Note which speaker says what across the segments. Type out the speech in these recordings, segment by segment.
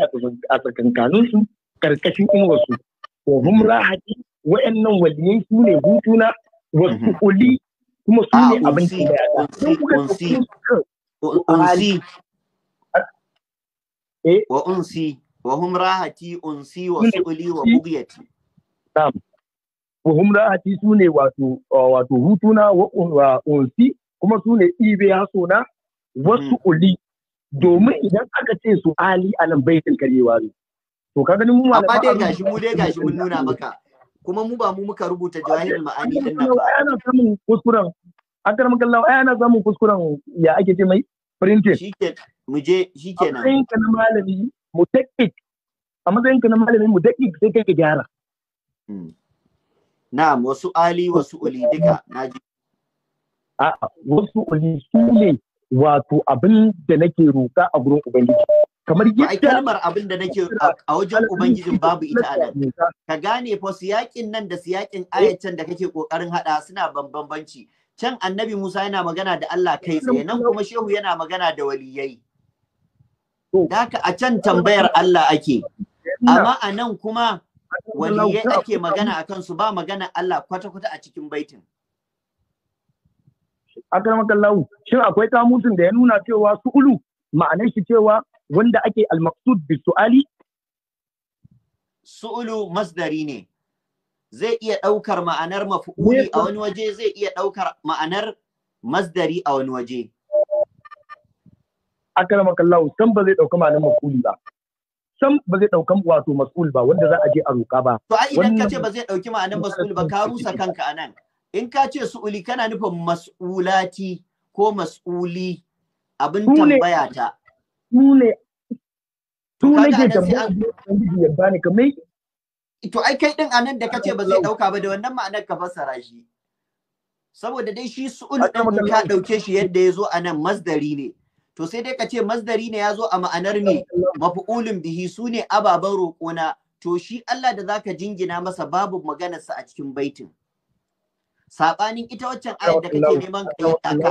Speaker 1: matakai a tsakankaninsu karkashin inuwarsu wa hum rahati wa'annan waliyai su ne hutuna wasu mhm. uli kuma su ne ah, abinci da
Speaker 2: unsi eh? wa unsi wa hum rahati unsi wa suli wa bugiyati na'am
Speaker 1: wa hum rahati su ne wato wato hutuna wa unsi kuma su ne ibe hasona wasu mhm. uli domin idan aka ce su ali anan baitin karyewa ne to ka ganin mu ba. dai gashi mu dai gashi mun nuna maka
Speaker 2: kuma mu ba mu muka rubuta jawahirul ma'ani din nan
Speaker 1: ba ana samun kuskuren an karama kallon ai ana samun kuskuren ya ake ce mai printing
Speaker 2: shike mu je shikenan a matsayin
Speaker 1: ka na malami mu
Speaker 2: dakik a matsayin ka na malami mu dakik sai kai ka gyara hmm. na'am wasu ali wasu uli duka naji
Speaker 1: A'a wasu uli su ne wato abin da nake roƙa a gurin ubangiji kamar yadda kalmar abin
Speaker 2: da nake a wajen ubangijin babu ita anan ka gane fa siyakin nan da siyakin ayatan da kake kokarin hada suna bambanci can annabi Musa yana magana da Allah kai tsaye nan kuma shehu yana magana da waliyai Daka a can tambayar Allah ake, amma a nan kuma waliyai ake magana akan su ba magana Allah kwata-kwata a cikin baitin.
Speaker 1: Akar lahu shin akwai kamusin da ya nuna cewa su Ulu ma'anar shi cewa wanda ake al-maqsud bi
Speaker 2: su'ali su'ulu masdari ne zai iya ɗaukar ma'anar mafu'uli a wani waje zai iya ɗaukar ma'anar masdari a wani waje
Speaker 1: akramakan lahu san ba zai ɗauka ma'anar mafu'uli ba sam ba zai ɗaukan wato mas'ul ba wanda za a je a roƙa ba to ai idan ka ce ba zai ɗauki ma'anar mas'ul ba ka
Speaker 2: rusa kanka anan in ka ce su'uli kana nufin mas'ulati ko mas'uli abin tambaya ta. Tule. Tule ke tambaya to ai kai din anan da kace ba zai ɗauka ba da wannan ma'anar ka fassara shi saboda dai shi su'ul din ka ɗauke shi yadda ya zo anan masdari ne to sai dai ka ce masdari ne ya zo a ma'anar me maf'ulun bihi su ne ababen roƙona to shi Allah da zaka jingina masa babu maganarsa a cikin baitin sabanin ita waccan ayar da kake neman ka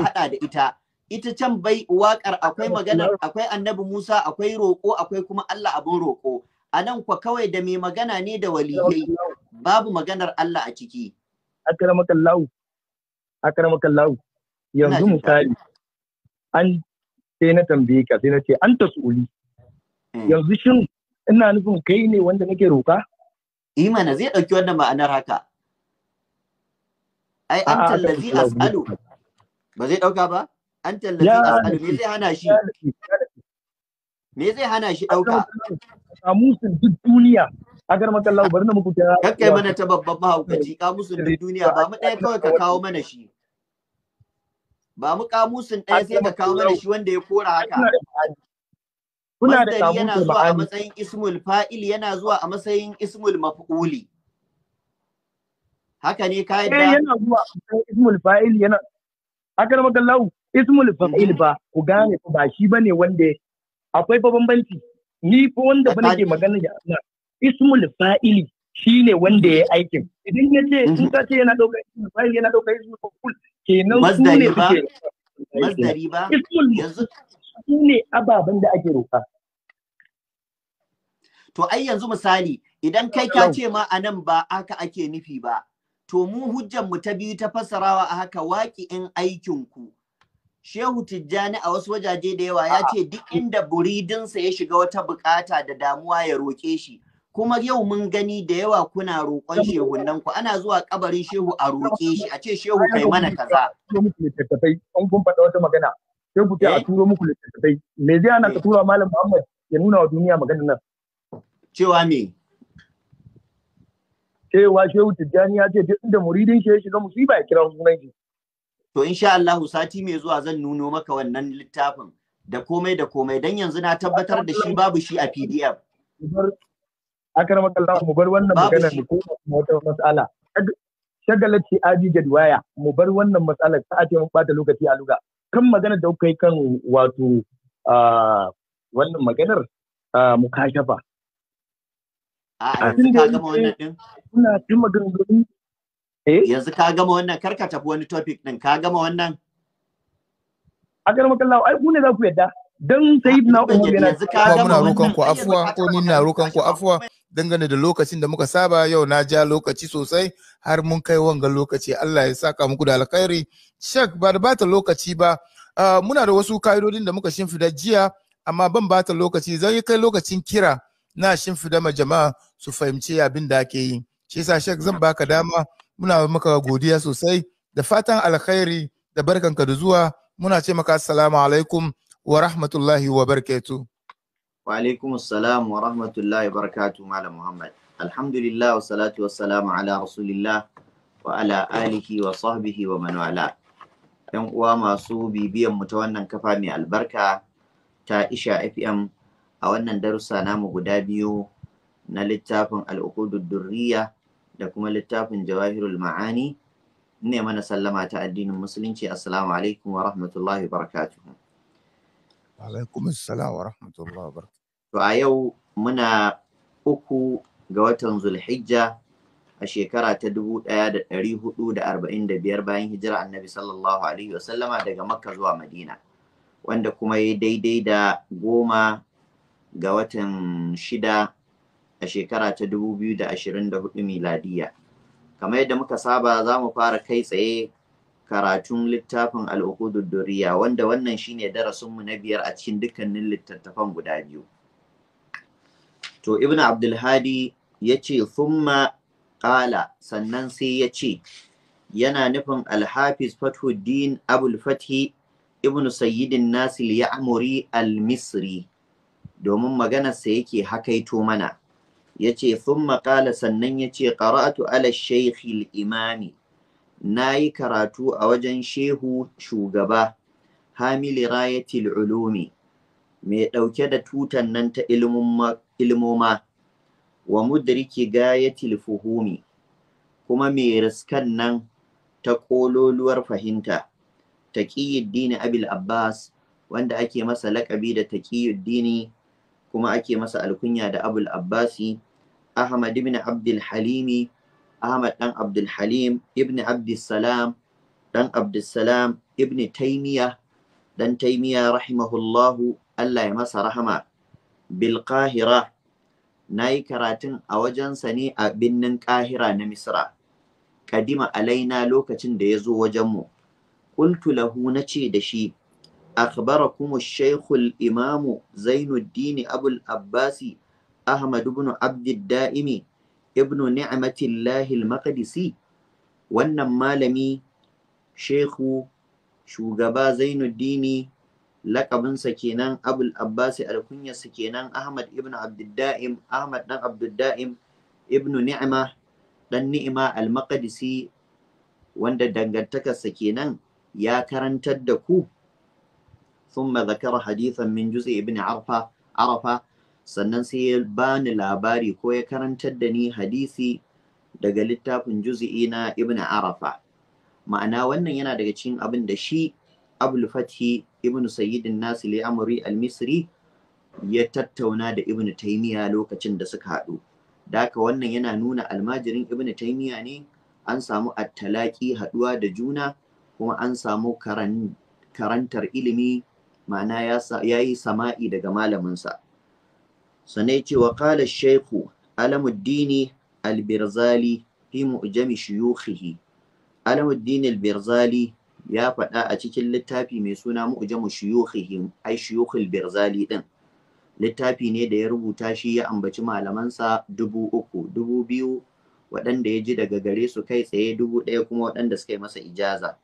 Speaker 2: hada da ita ita can bai waƙar akwai magana, akwai annabi Musa akwai roƙo akwai kuma Allah abin roƙo a nan kwa kawai da mai magana ne da waliyai babu maganar Allah a ciki
Speaker 1: akramakallahu akramakallahu yanzu misali an sai na tambaye ka sai na ce an tasuli eh. yanzu shin
Speaker 2: ina nufin kai ne wanda nake roƙa imana eh zai ɗauki wannan ma'anar haka ai an tallazi as'alu ba zai dauka ba an tallazi as'alu me zai hana shi me zai hana shi dauka
Speaker 1: kamusin duk duniya agar makallahu bari na muku ta kakkai mana
Speaker 2: ta babban mahaukaci kamusin duk duniya ba mu ɗaya kawai ka kawo mana shi ba mu kamusin ɗaya sai ka kawo mana shi wanda ya kora haka kuna da kamusin yana zuwa a matsayin ismul fa'il yana zuwa a matsayin ismul maf'uli
Speaker 1: haka ne ka eh, yadda yana zuwa ismul fa'il yana akar makallahu ismul fa'il ba ku gane ba shi bane wanda akwai fa bambanci ni ko wanda ba nake magana ya Allah ismul fa'ili ne wanda ya aikin idan ya ce in mhm. ka ce yana ɗaukar ismul fa'il yana ɗaukar ismul fa'il kenan su ne suke masdari ba
Speaker 2: yanzu su ne ababen da ake roƙa to ai yanzu misali idan kai ka ce ma anan ba aka ake nufi ba to mu hujjan mu ta biyu ta fassarawa a haka waki in aikin ku Shehu Tijjani a wasu wajaje da yawa ya ce duk inda buridinsa ya shiga wata bukata da damuwa ya roƙe shi kuma yau mun gani da yawa kuna roƙon nan ku ana zuwa kabarin shehu a roƙe shi a ce shehu kai mana kaza
Speaker 1: littattafai an kun faɗa wata magana sai ku a eh? turo muku littattafai me zai ana ka eh. tura malam Muhammad ya nuna wa duniya maganar nan cewa me cewa shehu tijjani ya ce duk inda muridin shi ya shiga musiba ya kira
Speaker 2: sunan shi to insha Allah sati mai zuwa zan nuno maka wannan littafin da komai da komai dan yanzu na tabbatar da shi babu shi a PDF
Speaker 1: akar makalla mu bar wannan maganar mu ko wata matsala shagalaci abi jadwaya mu bar wannan matsalar ta ce mun bata lokaci a luga kan maganar da kuka yi kan wato ah, wannan maganar ah, mu kashafa.
Speaker 2: yanzu ka gama wannan
Speaker 1: maganganun
Speaker 2: eh? yanzu ka gama wannan kar tafi wani topic din ka gama wannan a ga ai za ku yadda dan yanzu ka gama muna roƙon ku afuwa
Speaker 3: ko ni na ku afuwa dangane da lokacin da muka saba yau na ja lokaci sosai har mun kai wanga lokaci Allah ya saka muku da alkhairi shek ba da bata lokaci ba muna da wasu ka'idodin da muka shimfida jiya amma ban bata lokaci zan yi kai lokacin kira na shimfida ma jama'a su fahimci abin da ake yi shi yasa shek zan baka dama muna maka godiya sosai da fatan alkhairi da barkanka da zuwa muna ce maka assalamu alaikum wa rahmatullahi wa barakatuh
Speaker 2: wa alaikum assalam wa rahmatullahi wa malam muhammad alhamdulillah wa salatu wa salamu ala rasulillah wa ala alihi wa sahbihi wa man wala yan uwa masu bibiyan mu ta wannan kafa mai albarka ta isha fm a wannan darussa namu guda biyu na littafin al'ukudu durriya da kuma littafin jawahirul ma'ani ne mana sallama ta addinin musulunci assalamu alaikum wa rahmatullahi alaikum wa rahmatullahi to a yau muna uku ga watan zulhijja a shekara ta dubu ɗaya da dari hudu da arba'in da biyar bayan hijira annabi sallallahu alaihi wa Sallama, daga makka zuwa madina wanda kuma ya daidai da goma ga watan shida a shekara ta da da hudu miladiya. Kamar yadda muka saba za mu fara kai tsaye karatun littafin al'ukudud duriya wanda wannan shine darasinmu na biyar a cikin dukkanin littattafan guda biyu. To Ibn Abdulhadi ya ce, "Thumma ƙala sannan sai ya ce, yana nufin Alhafiz Fathuddin Abul Fathi Ibn Sayyidin Nasir Ya'muri Al-Misri. domin maganarsa yake hakaito mana yace thumma qala sannan yace qara'atu ala shaykh al-imami nayi karatu a wajen shehu shugaba hamili rayatil ulumi mai dauke da tutan nan ta ilmoma wa mudriki gayatil fuhumi kuma mai riskan nan ta kololuwar fahimta taqiyuddin abil abbas wanda ake masa laƙabi da dini. kuma ake masa alkunya da abul abbasi ahmad ibn abdul halimi ahmad dan abdul halim ibn abdul salam dan abdul salam ibn taymiya dan taymiya rahimahullahu allah ya masa rahama bil qahira nayi karatun a wajensa ne a binnin qahira na misra kadima alaina lokacin da ya zo wajenmu qultu lahu nace da shi أخبركم الشيخ الإمام زين الدين أبو الأباس أحمد بن عبد الدائم ابن نعمة الله المقدسي wannan malami shehu shugaba zainuddini lakabinsa kenan abul abbasi alkunyarsa kenan ahmad ibn abdudda'im ahmad dan abdudda'im ibn ni'ma dan ni'ma al-maqdisi wanda dangantakarsa kenan ya karantar da ku ثم ذكر حديثا من جزء ابن عرفة عرفة sannan sai ya bani labari ko ya karantar da ni hadisi daga littafin juzi'i na ibn arafa ma'ana wannan yana daga cikin abin da shi abul fathi ibn sayyidin nasili amuri al-misri ya tattauna da ibn taymiya lokacin da suka haɗu da wannan yana nuna almajirin ibn taymiya ne an samu attalaƙi haɗuwa da juna kuma an samu karantar ilimi ma'ana ya yi sama'i daga malaminsa sanai ce wa qala shaykhu alamuddini albirzali fi mu'jami shuyukhihi alamuddini albirzali ya faɗa a cikin littafi mai suna mu'jamu shuyukhihi ai shuyukhul birzali din littafi ne da ya rubuta shi ya ambaci malamansa dubu uku dubu biyu waɗanda ya ji daga gare su kai tsaye dubu ɗaya kuma waɗanda suka yi masa ijaza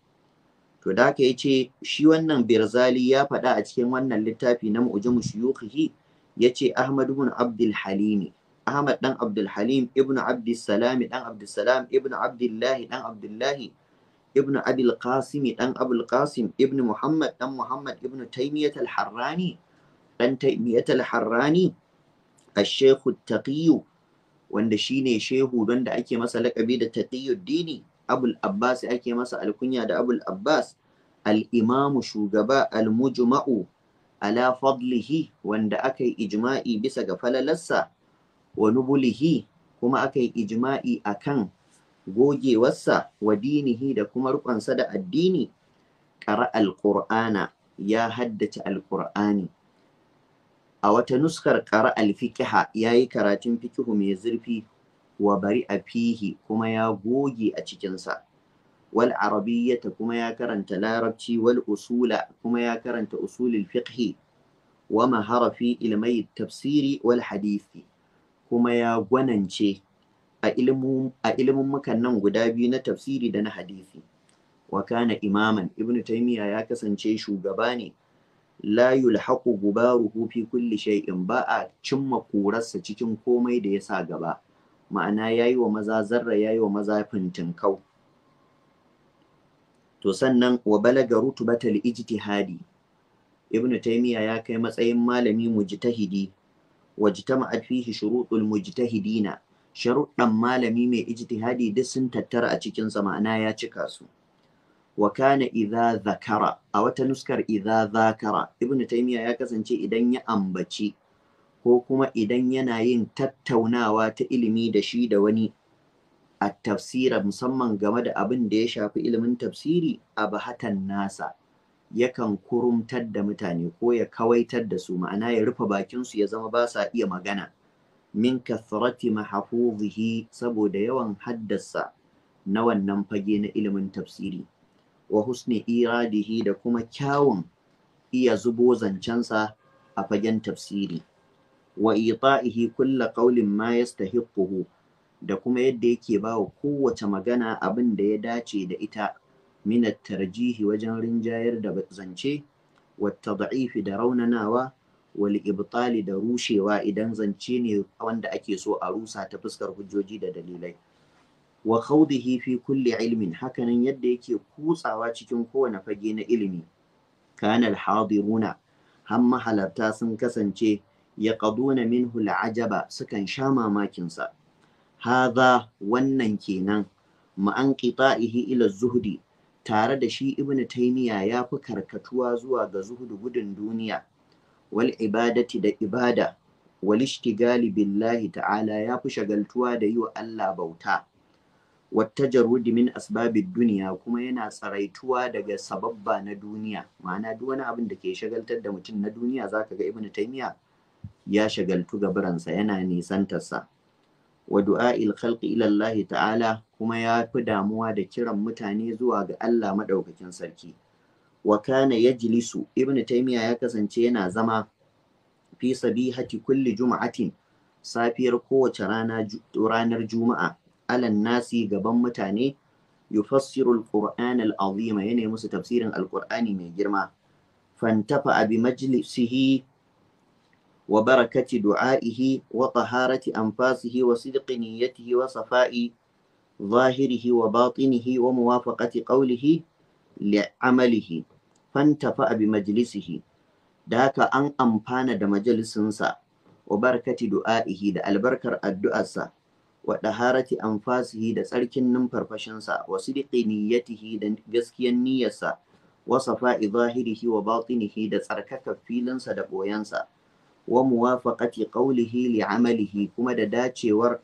Speaker 2: to da haka ce shi wannan birzali ya faɗa a cikin wannan littafi na mu'jamu shuyukhihi ce Ahmad ibn Abdul Halimi Ahmad dan Abdul Halim ibn Abdul Salam dan Abdul Salam ibn Abdullah dan Abdullah ibn Abil Qasim dan Abul Qasim ibn Muhammad dan Muhammad ibn Taymiyyah al-Harrani dan Taymiyyah al-Harrani al-Sheikh wanda shine shehu wanda ake masa laƙabi da dini. abul abbas ake masa alkunya da abul abbas al-imamu shugaba al-mujma'u ala fadlihi wanda aka yi ijma'i bisa ga falalarsa wa nubulihi kuma aka yi ijma'i akan gogewarsa wa dinihi da kuma rukunsa da addini ƙara alƙur'ana ya haddace alƙur'ani a wata nuskar ƙara alfikiha ya yi karatun fikihu mai zurfi wa bari a fihi kuma ya goge a cikinsa wal arabiyyata kuma ya karanta larabci wal usula kuma ya karanta usulin fiqhi wa mahara ilmai tafsiri wal hadisi kuma ya gwanance a ilimin mukan nan guda biyu na tafsiri da na hadisi wa kana imaman ibn taymiya ya kasance shugaba ne la yulhaqu gubaruhu fi kulli shay'in ba a cimma kurarsa cikin komai da ya sa gaba ma'ana ya yi wa maza zarra ya yi wa maza fintinkau to sannan wa balaga rutubatal ijtihadi ibnu taymiya ya kai matsayin malami mujtahidi wajtama'at fihi shurutul mujtahidina sharuɗan malami mai ijtihadi duk sun tattara a cikin ma'ana ya cika su wa kana idza zakara a wata nuskar idza zakara ibnu taymiya ya kasance idan ya ambaci ko kuma idan yana yin tattaunawa ta ilimi da shi da wani a tafsira musamman game da abin da ya shafi ilimin tafsiri a bahatan nasa yakan kurumtar da mutane ko ya kawaitar da su ma'ana ya rufe bakin su ya zama ba sa iya magana min kathrati mahafuzihi saboda yawan haddasa na wannan fage na ilimin tafsiri wa husni iradihi da kuma kyawun iya zubo zancensa a fagen tafsiri wa ita'ihi kulla qaulin ma da kuma yadda yake ba wa kowace magana abin da ya dace da ita min tarjihi wajen rinjayar da zance wa tad'ifi da raunanawa wal ibtali da rushewa idan zance ne wanda ake so a rusa ta fuskar hujjoji da dalilai wa khawdihi fi kulli ilmin hakanan yadda yake kutsawa cikin kowane fage na ilimi kana al-hadiruna har mahalarta sun kasance Ya yaqaduna minhu su sukan sha mamakinsa. Ha za wannan kenan ma an ihi ila zuhdi tare da shi Ibn taymiya ya fi karkatuwa zuwa ga zuhudu gudun duniya wal ibadati da ibada wal ishtigali billahi ta'ala ya fi shagaltuwa da yi wa Allah bauta jarudi min أسباب duniya kuma yana tsaraituwa daga sababba na duniya ma'ana duk wani abin da ke shagaltar da mutum na duniya zaka ga Ibn taymiya ya shagaltu gabaransa yana nisantarsa wa du'a'il khalqi ila Allah ta'ala kuma ya fi damuwa da kiran mutane zuwa ga Allah madaukakin sarki wa kana yajlisu ibn taymiya ya kasance yana zama fi sabihati kulli juma'atin safiyar kowace rana ranar juma'a alan nasi gaban mutane yufassiru al-qur'an yana musu tafsirin al mai girma fantafa bi majlisihi وبركة دعائه وطهارة أنفاسه وصدق نيته وصفاء ظاهره وباطنه وموافقة قوله لعمله فانتفأ بمجلسه ذاك أن أمبان دا مجلسنسا وبركة دعائه دا البركة الدعاء wa ɗaharati anfasihi da tsarkin numfarfashinsa wa sidiki niyyatihi da gaskiyar niyyarsa wa safa'i zahirihi wa batinihi da tsarkaka filinsa da ɓoyensa wa muwafaqati qawlihi li amalihi kuma da dacewar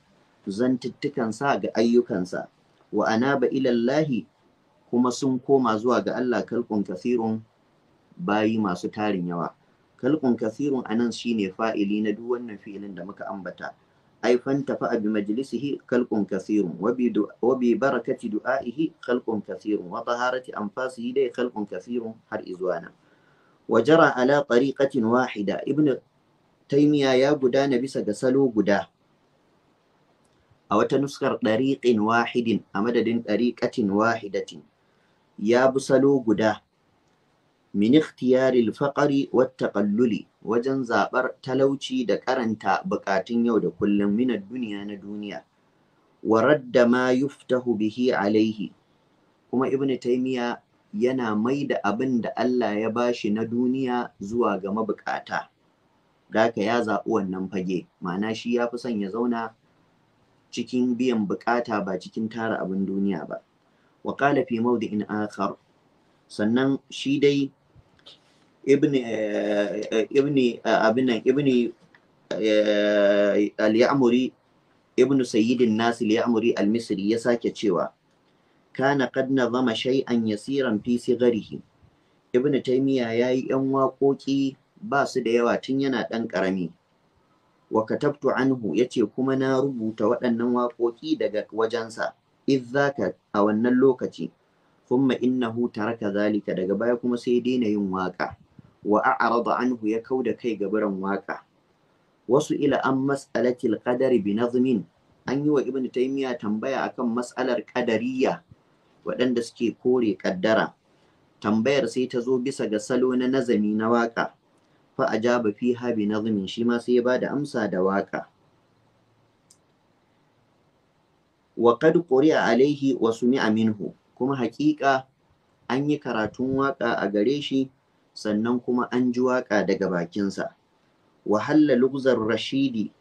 Speaker 2: zantuttukansa ga ayyukansa wa anaba ila Allah kuma sun koma zuwa ga Allah kalqun kathirun bayi masu tarin yawa kalqun kathirun anan shine fa'ili na duk wannan fi'ilin da muka ambata ai fantafa bi majlisihi kalqun kathirun wa bi barakati du'aihi kalqun kathirun wa taharati anfasihi dai kalqun kathirun har izuwana nan وجرى على طريقة واحدة ابن taimiya ya gudana bisa ga salo guda a wata nuskar ɗariƙin wahidin a madadin ɗariƙatin wahidatin ya bi salo guda min ikhtiyaril faqari wat wajen zaɓar talauci da karanta buƙatun yau da kullum min duniya na duniya wa radda ma yuftahu bihi alaihi kuma ibnu taymiya yana maida abin da Allah ya ba shi na duniya zuwa ga mabukata da haka ya zaɓi wannan fage ma'ana shi ya fi son ya zauna cikin biyan buƙata ba cikin tara abin duniya ba wa qala fi in akhar sannan shi dai ibni eh, ibni eh, abinan ibni eh, al-ya'muri ibnu sayyidin nasi al-ya'muri al-misri ya sake cewa kana qad nazama shay'an yasiran fi sigarihi ibnu taymiya yayi yan waƙoƙi ba su da yawa tun yana ɗan ƙarami wa katabtu anhu yace kuma na rubuta waɗannan waƙoƙi daga wajensa izzaka a wannan lokaci kuma innahu taraka zalika daga baya kuma sai daina yin waƙa wa a'rada anhu ya kau da kai ga gabaran waƙa wasu ila an mas'alatil qadari bi nazmin an yi wa ibn taymiya tambaya akan mas'alar qadariyya waɗanda suke kore kaddara tambayar sai ta zo bisa ga salo na nazami na waƙa fa ajaba fi habi nazmin shi ma sai ya da amsa da waka wa qad quri'a alaihi wa sumi'a minhu kuma haƙiƙa an yi karatun waka a gare shi sannan kuma an ji waka daga bakinsa wa halla lugzar rashidi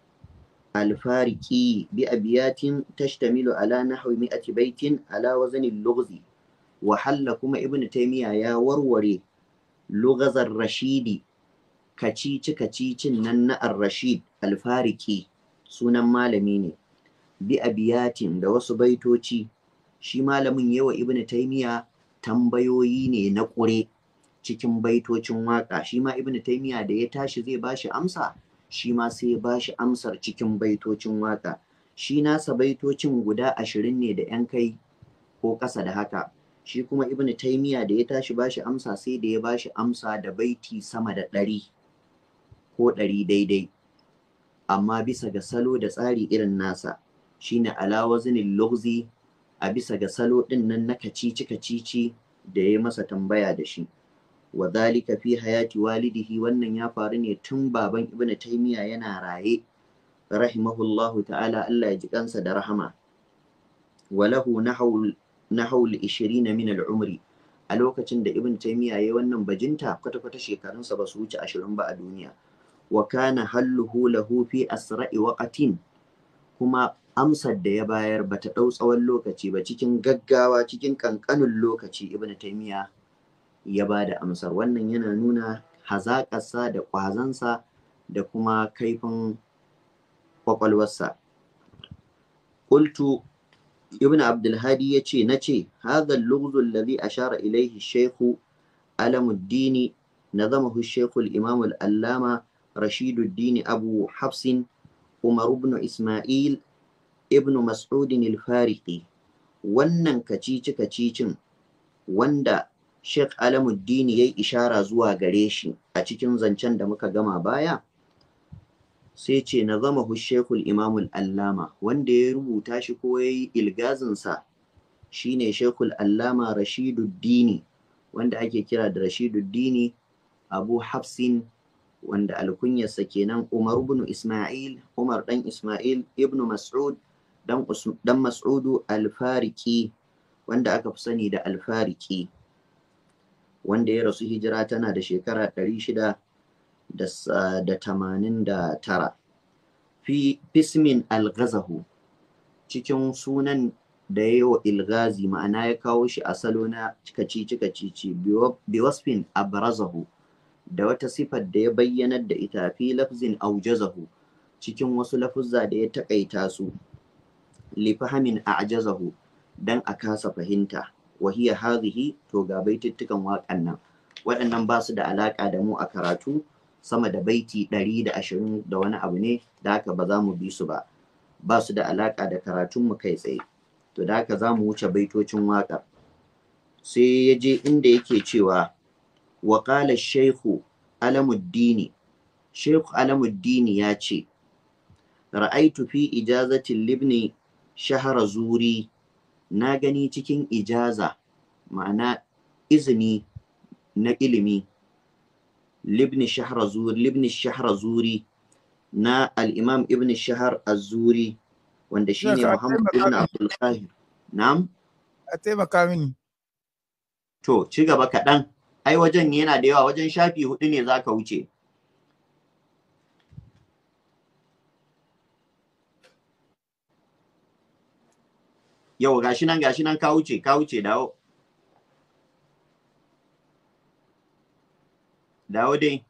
Speaker 2: alfariki bi abiyatin tashtamilu ala nahwi mi'ati baitin ala wazanin lugzi wa halla kuma ibnu taymiya ya warware lugazar rashidi kacici kacicin nan na ar-rashid al-fariki sunan malami ne bi abiyatin da wasu baitoci shi malamin yawa ibnu taymiya tambayoyi ne na ƙure cikin baitocin waƙa shi ma ibnu taymiya da ya tashi zai bashi amsa shi ma sai ya bashi amsar cikin baitocin waƙa shi nasa baitocin guda ashirin ne da yan kai ko ƙasa da haka shi kuma ibnu taymiya da ya tashi bashi amsa sai da ya bashi amsa da baiti sama da ɗari ko ɗari daidai amma bisa ga salo da tsari irin nasa shine alawazinin zinin lughzi a bisa ga salo ɗin nan na kacici kacici da ya masa tambaya da shi wa zalika fi hayati walidihi wannan ya faru ne tun baban ibnu taimiya yana raye rahimahullahu ta'ala Allah ya ji kansa da rahama Walahu lahu haul 20 min al-umri a lokacin da ibn ya yayi wannan bajinta kwata-kwata shekarunsa ba su wuce ashirin ba a duniya wa kana halluhu lahu fi asra'i waqatin kuma amsar da ya bayar ba ta ɗau tsawon lokaci ba cikin gaggawa cikin ƙanƙanin lokaci ibn taimiya ya ba da amsar wannan yana nuna hazaƙarsa da ƙwazansa da kuma kaifin ƙwaƙwalwarsa ƙultu ibn abdulhadi ya ce na ce hadha lugzu alladhi ashara ilaihi shaykhu alamuddini nazamahu zama al-imam al-allama rashiduddin abu hafsin umar ibn isma'il ibn mas'udin al-fariqi wannan kacici kacicin wanda Sheikh Alamuddini ya yi ishara zuwa gare shi a cikin zancen da muka gama baya, sai ce na zama Shekul Imamul Allama wanda ya rubuta shi ko ya yi ilgazinsa shi ne Shekul Allama Rashiduddini wanda ake kira da Rashiduddini Abu Hafsin wanda alkunyarsa kenan Umar ibn Ismail, Umar dan Ismail ibn Mas'ud dan dan Mas'udu al-Fariki wanda aka fi sani da al-Fariki wanda ya rasu hijira tana da shekara 689 fi fismin al-Ghazahu cikin sunan da ya yi wa ilgazi ma'ana ya kawo shi a salo na cikaci cikacici biwasfin abrazahu da wata sifar da ya bayyanar da ita fi lafzin aujazahu cikin wasu lafuzza da ya takaita su li a a'jazahu dan a kasa fahimta wa hiya hadhihi to ga baitittukan waƙan nan waɗannan ba su da alaƙa da mu a karatu sama da baiti ɗari da ashirin da wani abu ne da haka ba za mu bi su ba ba su da alaƙa da karatun mu kai tsaye to da haka za mu wuce baitocin waƙar sai ya je inda yake cewa wa qala shaykhu alamuddini shaykhu alamuddini ya ce ra'aitu fi ijazatin libni shahara zuri na gani cikin ijaza ma'ana izini na ilimi libni shahara zuri na al-imam ibn shahar az wanda shine muhammad ibn abdul to ci gaba kaɗan ai wajen yana da yawa wajen shafi hudu ne zaka wuce yau gashi nan gashi nan ka wuce ka wuce dawo dawo dai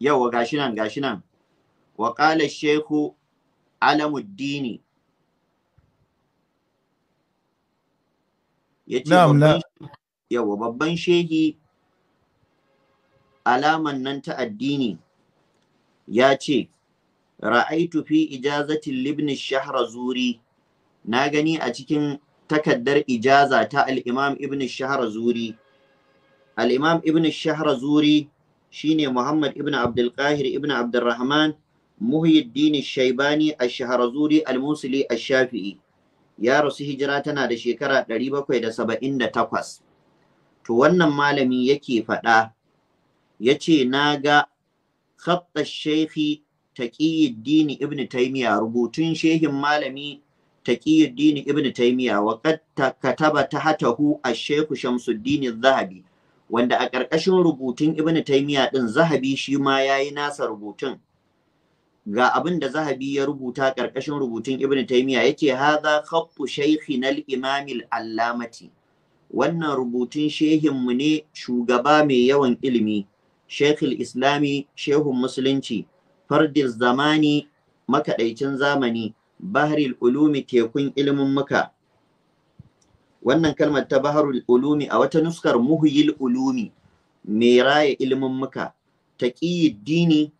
Speaker 2: yau gashi nan gashi nan wa qala shaykhu alamuddini ya yawa babban shehi alaman nan ta addini ya ce ra'aitu fi ijazatin libni shahra zuri na gani a cikin takaddar ijaza ta al'imam ibn shahra zuri al'imam ibn shahra zuri shine muhammad ibn abdulkahir ibn abdulrahman muhyiddin shaibani a shahra zuri al-musuli a shafi'i ya rasu hijira tana da shekara 778 to wannan malami yake faɗa ya ce na ga khatta shehi taƙiyuddini ibn taimiya rubutun shehin malami dini ibn taimiya wa kataba ta hatahu a shehu shamsuddini zahabi wanda a ƙarƙashin rubutun ibn taimiya ɗin zahabi shi ma ya yi nasa rubutun ga abin da zahabi ya rubuta ƙarƙashin rubutun ibn taymiya yake hadha khattu shaykhin al-imam al-allamati wannan rubutun shehin mu ne shugaba mai yawan ilimi shaykhul islami shehun musulunci fardil zamani makaɗaicin zamani baharil ulumi tekun ilimin muka wannan kalmar ta baharul ulumi a wata nuskar muhyil ulumi mai raya ilimin muka taqiyyid dini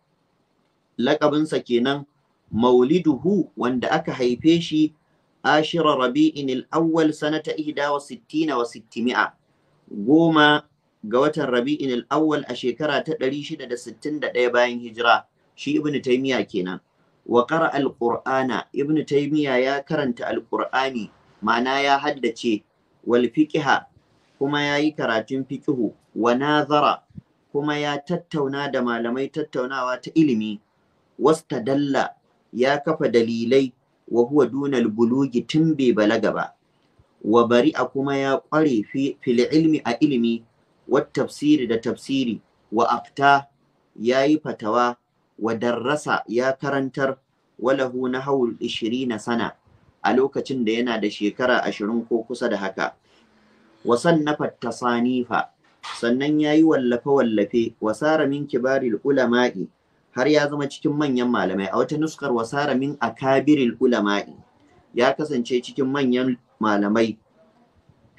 Speaker 2: lakabinsa kenan mauliduhu wanda aka haife shi ashira rabi'in al-awwal sanata ihda wa sittina wa sittimi'a goma ga watan rabi'in al a shekara ta 661 bayan hijira shi ibnu taymiya kenan wa qara al-qur'ana ibnu taymiya ya karanta al-qur'ani ma'ana ya haddace wal fiqha kuma yayi karatun fiƙihu wa nazara kuma ya tattauna da malamai tattaunawa ta ilimi wastadalla ya kafa dalilai wa huwa dunal bulugi tun bai balaga ba wa bari a kuma ya ƙware fil ilmi a ilimi wa tafsiri da tafsiri wa afta ya yi fatawa wa darrasa ya karantar walahu na haul ishirina sana a lokacin da yana da shekara ashirin ko kusa da haka wa sannafa tasanifa sannan ya yi wallafe-wallafe wa sara min kibaril ulama'i har ya zama cikin manyan malamai a wata nuskar wasara min akabiril ulama'i ya kasance cikin manyan malamai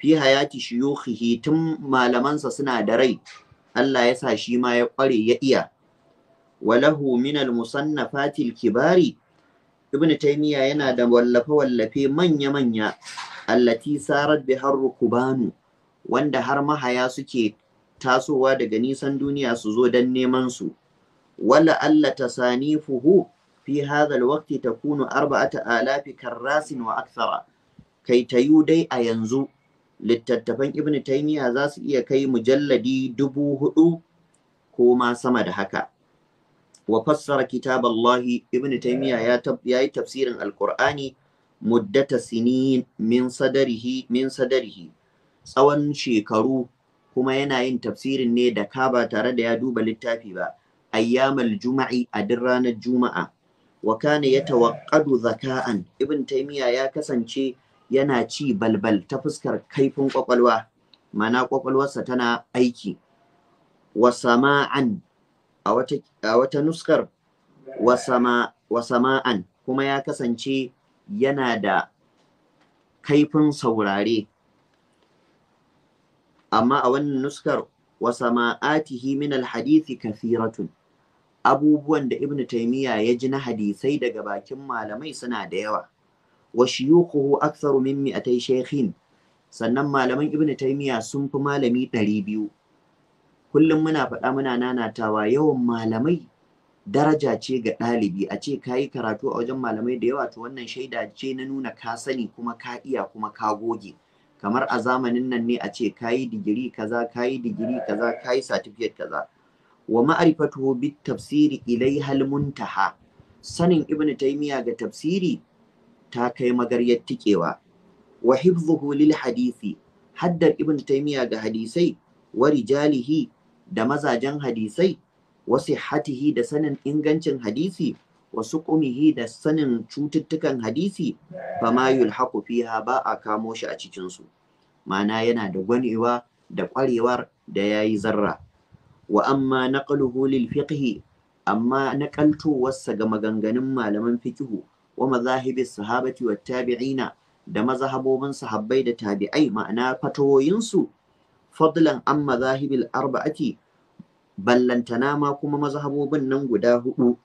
Speaker 2: fi hayati shuyukhihi tun malamansa suna da rai Allah ya sa shi ma ya kware ya iya walahu min musannafatil kibari ibn taymiya yana da wallafe wallafe manya manya allati sarat bi kubanu wanda har mahaya suke tasowa daga nisan duniya su zo don neman su wala sani tasanifuhu fi ta alwaqti arba'a ta alafi rasin wa akthara kai tayu dai a yanzu littattafan ibnu taymiya za su iya kai mujalladi dubu hudu ko ma sama da haka wa fassara kitab Allah ibnu taymiya ya yayi tafsirin alqur'ani muddata sinin min sadarihi min sadarihi tsawon shekaru kuma yana yin tafsirin ne da ka ba tare da ya duba littafi ba ayyamal juma'i a duk ranar juma'a wa kana yatawaqqadu zaka'an ibn taymiya ya kasance yana ci balbal ta fuskar kaifin kwakwalwa mana kwakwalwarsa tana aiki wa sama'an a wata nuskar wa sama'an kuma ya kasance yana da kaifin saurare amma a wannan nuskar wa sama'atihi min alhadithi kathiratun abubuwan da ibn taymiya ya ji na hadisai daga bakin malamai suna da yawa wa shuyukuhu aktsaru min mi'atay shaykhin sannan malaman ibn taymiya sun fi malami ɗari biyu. kullum muna faɗa muna nanatawa yawan malamai daraja ce ga ɗalibi a ce ka yi karatu a wajen malamai da yawa to wannan shaida ce na nuna ka sani kuma ka iya kuma ka goge kamar a zamanin nan ne a ce ka yi digiri kaza ka yi digiri kaza ka yi certificate kaza wa ma'rifatuhu bit tafsiri ilaiha muntaha sanin ibn taymiya ga tafsiri ta kai magaryar tikewa wa hifdhuhu lil hadisi haddar ibn taymiya ga hadisai wa rijalihi da mazajen hadisai wa sihhatihi da sanin ingancin hadisi wa suqumihi da sanin cututtukan hadisi fama yulhaqu fiha ba a kamo shi a cikin su ma'ana yana da gwanewa da kwarewar da yayi zarra wa amma na lil fiqhi amma nakaltowarsa ga maganganun malaman fikihu wa mazahibis sahabati wat tabi'ina da mazhabobin sahabbai da tabi'ai ma'ana fatawoyinsu fadlan an mazahibil arba'ati ballantana ma kuma mazhabobin nan guda hudu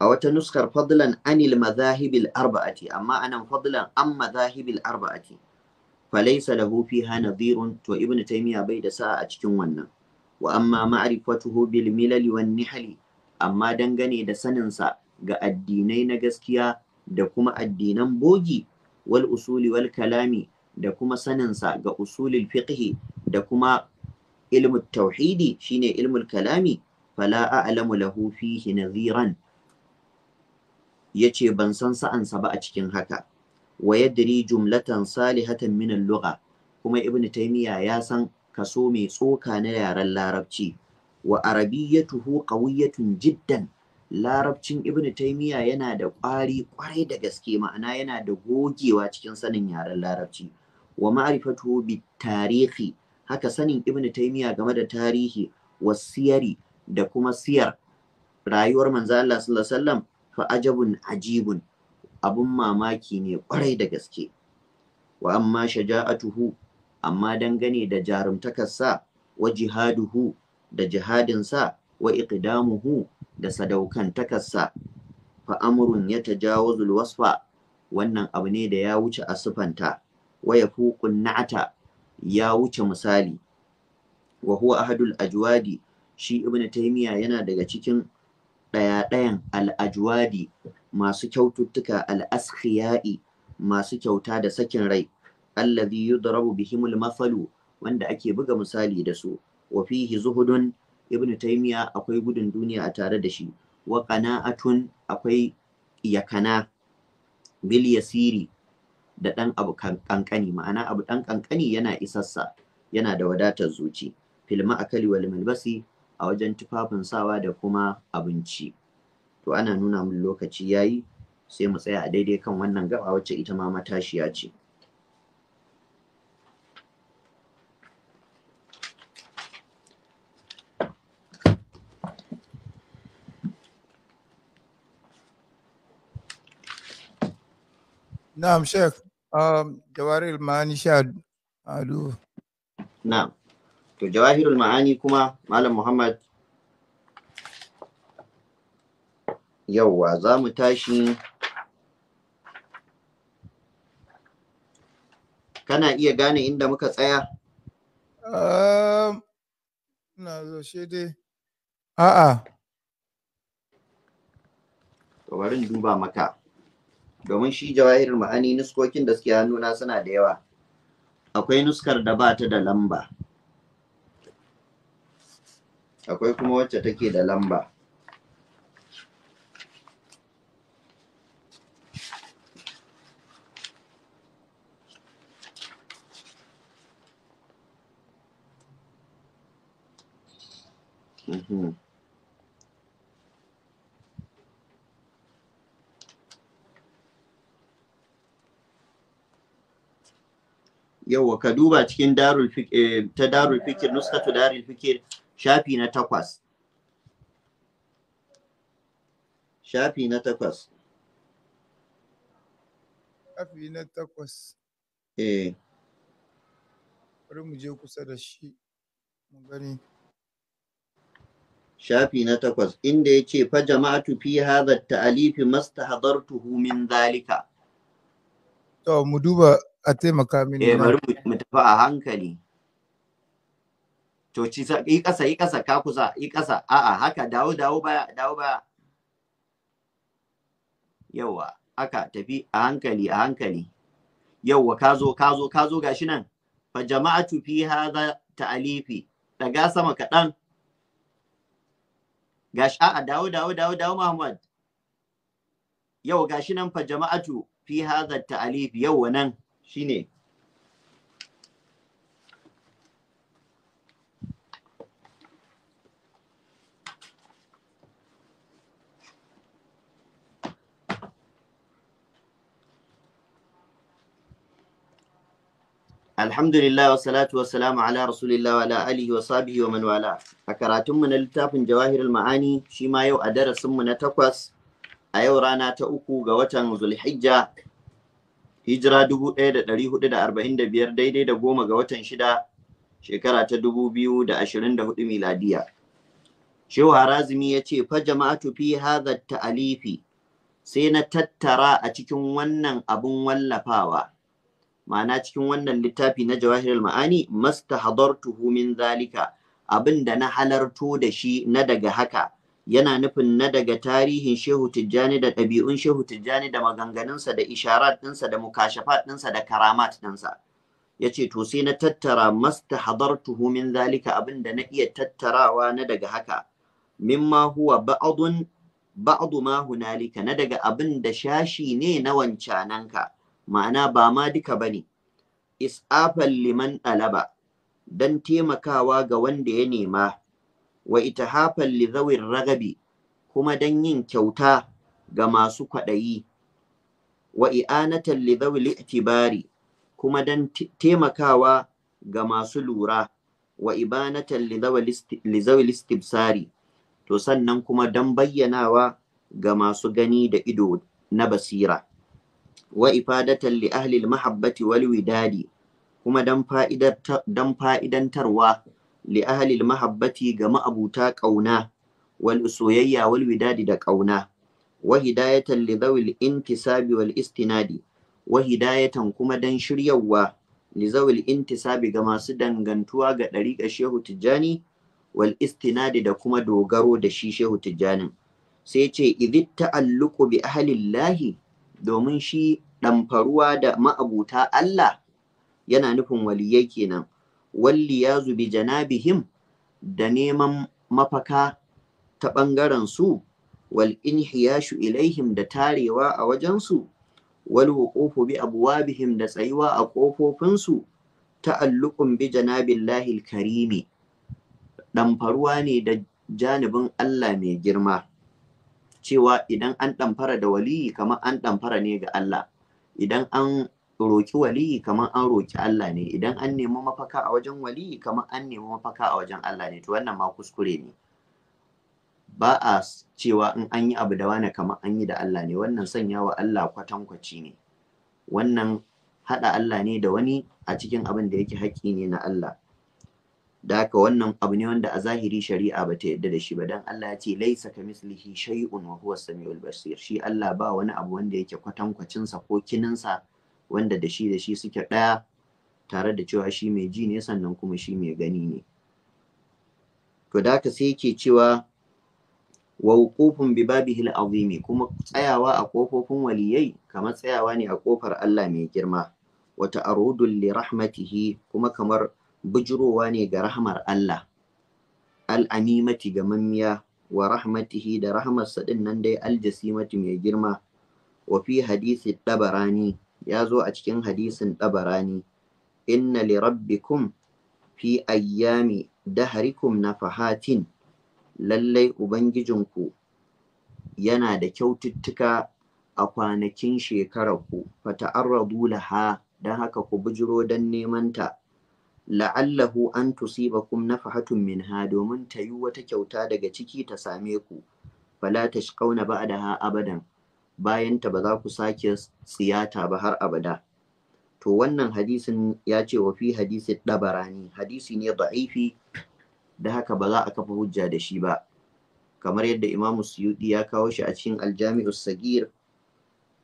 Speaker 2: a wata nuskar fadlan anil mazahibil arba'ati amma anan fadlan an mazahibil arba'ati falaisa lahu fiha nadhirun to ibn taymiya bai da sa'a a cikin wannan wa amma ma'rifatuhu bil milali wan nihali amma dangane da sanin sa ga addinai na gaskiya da kuma addinan bogi wal usuli wal kalami da kuma saninsa ga usulul fiqhi da kuma ilmu tauhidi shine ilmul kalami fala a'lamu lahu fihi nadhiran yace ban san sa'ansa ba a cikin haka wa yadri jumlatan salihatan min al-lugha kuma ibnu taymiya ya san kaso mai tsoka na yaren larabci wa arabiyyatuhu qawiyatun jiddan larabcin ibnu taymiya yana da ƙwari ƙwarai da gaske ma'ana yana da gogewa cikin sanin yaren larabci wa ma'rifatuhu bit tarihi haka sanin ibnu taymiya game da tarihi wasiyari da kuma siyar rayuwar manzo Allah sallallahu alaihi wasallam fa ajabun ajibun abun mamaki ne kwarai da gaske wa amma shaja'atuhu amma dangane da jarumtakarsa wa jihaduhu da jihadinsa wa iqdamuhu da sadaukantakarsa fa amrun ya tajawuzul wasfa wannan abu ne da ya wuce a sufanta wa yafuqun na'ata ya wuce misali wa huwa ahadul ajwadi shi ibnu taymiya yana daga cikin ɗaya-ɗayan al-ajwadi masu kyaututtuka al masu kyauta da sakin rai allazi yudrabu bihimul mafalu wanda ake buga misali da su wa fihi zuhudun Ibn Taimiya akwai gudun duniya a tare da shi wa qana'atun akwai yakana bil yasiri da ɗan abu kankani ma'ana abu ɗan ƙanƙani yana isassa yana da wadatar zuci filma Akali wal malbasi a wajen tufafin sawa da kuma abinci to ana nuna min lokaci yayi sai mu tsaya a daidai kan wannan gaba wacce ita ma matashiya ce
Speaker 3: Na'am Sheikh, um, Jawaril Ma'ani sha
Speaker 2: Na'am. To Jawahirul Ma'ani kuma Malam Muhammad yauwa za mu tashi kana iya gane inda muka tsaya na zo shi dai a'a to bari in duba maka domin shi jawahirul ma'ani nuskokin da suke hannuna suna da yawa akwai nuskar da ba ta da lamba akwai kuma wacce take da lamba Yau ka duba cikin darul eh, ta darul fikir ta darul fikir shafi na takwas. Shafi na takwas.
Speaker 3: Shafi na takwas. Eh. Bari mu je kusa da shi mu gani.
Speaker 2: shafi na takwas inda ya ce fa jama'atu fi hadha ta'alifi mastahadartuhu min zalika
Speaker 3: to mu duba a taimaka
Speaker 2: mini eh bari mu tafi a hankali to ci sa yi ƙasa, yi ƙasa, ka kusa yi ƙasa. a'a haka dawo dawo baya dawo baya yawa aka tafi a hankali a hankali yawa ka zo ka zo ka zo gashi nan fa jama'atu fi hadha ta'alifi daga sama kaɗan gashi a'a dawo dawo dawo dawo Muhammad yau gashi nan fa jama'atu fi hadha ta'alif yau nan shine Alhamdulillah wa salatu wa ala rasulillah wa ala wa sahbihi wa man A karatunmu na littafin jawahirin Ma'ani shi ma yau a darasinmu na takwas a yau rana ta uku ga watan Zulhijja hijira 1445 daidai da goma ga watan shida shekara ta 2024 miladiya. Shehu Harazimi ya ce fa jama'atu fi hadha ta'alifi sai na tattara a cikin wannan abun wallafawa. ma'ana cikin wannan littafi na jawahirul ma'ani mastahadartuhu min zalika abin da na halarto da shi na daga haka yana nufin na daga tarihin shehu tijjani da ɗabi'un shehu tijjani da maganganunsa da isharat ɗinsa da mukashafat ɗinsa da karamat ɗinsa ya ce to sai na tattara mastahadartuhu min zalika abin da na iya tattarawa na daga haka mimma huwa ba'adu ma hunalika na daga abin da shashi ne na wancananka ma'ana ba ma duka bane is'afan liman ɗalaba don taimakawa ga wanda ya nema wa itahafan li ragabi kuma don yin kyauta ga masu kwaɗayi wa i'anatan li zawil itibari kuma don taimakawa ga masu lura wa ibanatan li zawil istibsari to sannan kuma don bayyanawa ga masu gani da ido na basira wa ifadatan li ahli al-mahabbati wal widadi kuma dan fa'idar dan fa'idantarwa li ahli al-mahabbati ga ma'abuta kauna wal soyayya wal widadi da kauna wa hidayatan li dhawil intisabi wal istinadi wa hidayatan kuma dan shiryawa li zawil intisabi ga masu dangantuwa ga dariqa Shehu Tijjani wal istinadi da kuma dogaro da shi Shehu Tijjanin sai ce idit ta'alluqu bi ahlillahi domin shi ɗamfaruwa da ma'abuta Allah yana nufin waliyai kenan walli ya zubi janabihim da neman mafaka ta ɓangaren su wal inhiyashu ilaihim da tarewa a wajensu wal wuqufu bi abwabihim da tsayuwa a ƙofofinsu ta'alluqun bi janabillahi karimi ɗamfaruwa ne da janibin Allah mai girma cewa idan an ɗamfara da waliyi kamar an ɗamfara ne ga Allah idan an roki waliyi kamar an roki Allah ne idan an nemi mafaka a wajen waliyi kamar an nemi mafaka a wajen Allah ne to wannan ma kuskure ne ba a cewa in an yi abu da wani kamar an yi da Allah ne wannan sanya wa Allah kwatankwaci ne wannan haɗa Allah ne da wani a cikin abin da yake haƙƙi ne na Allah da haka wannan abu ne wanda a zahiri shari'a ba ta yadda da shi ba dan Allah ya ce laisa mislihi shay'un wa huwa samiul basir shi Allah ba wani abu wanda yake kwatankwacin sa ko kinin sa wanda da shi da shi suke daya tare da cewa shi mai ji ne sannan kuma shi mai gani ne to da haka sai yake cewa wa wuqufun bi babihil azimi kuma tsayawa a kofofin waliyai kamar tsayawa ne a kofar Allah mai girma wa ta'arudu li rahmatihi kuma kamar bujurowa ne ga rahmar Allah al'amimati ga mamiya wa rahmatihi da rahmar saɗin nan dai aljasi mati mai girma wa fi hadisi ɗabarani, ya zo a cikin hadisin ɗabarani. inna li rabbikum fi ayyami daharikum nafahatin lallai ubangijinku yana da kyaututtuka a kwanakin shekararku fata'arradu laha don haka ku bujiro don nemanta. la'allahu an tusibakum nafahatun ha domin ta yi wata kyauta daga ciki ta same ku fala da ha abadan bayan ta ba za ku sake tsiyata ba har abada to wannan hadisin ya ce wa fi hadisi dabarani hadisi ne ba da'ifi da haka ba za a kafa hujja da shi ba kamar yadda imam suyudi ya kawo shi a cikin aljami'us sagir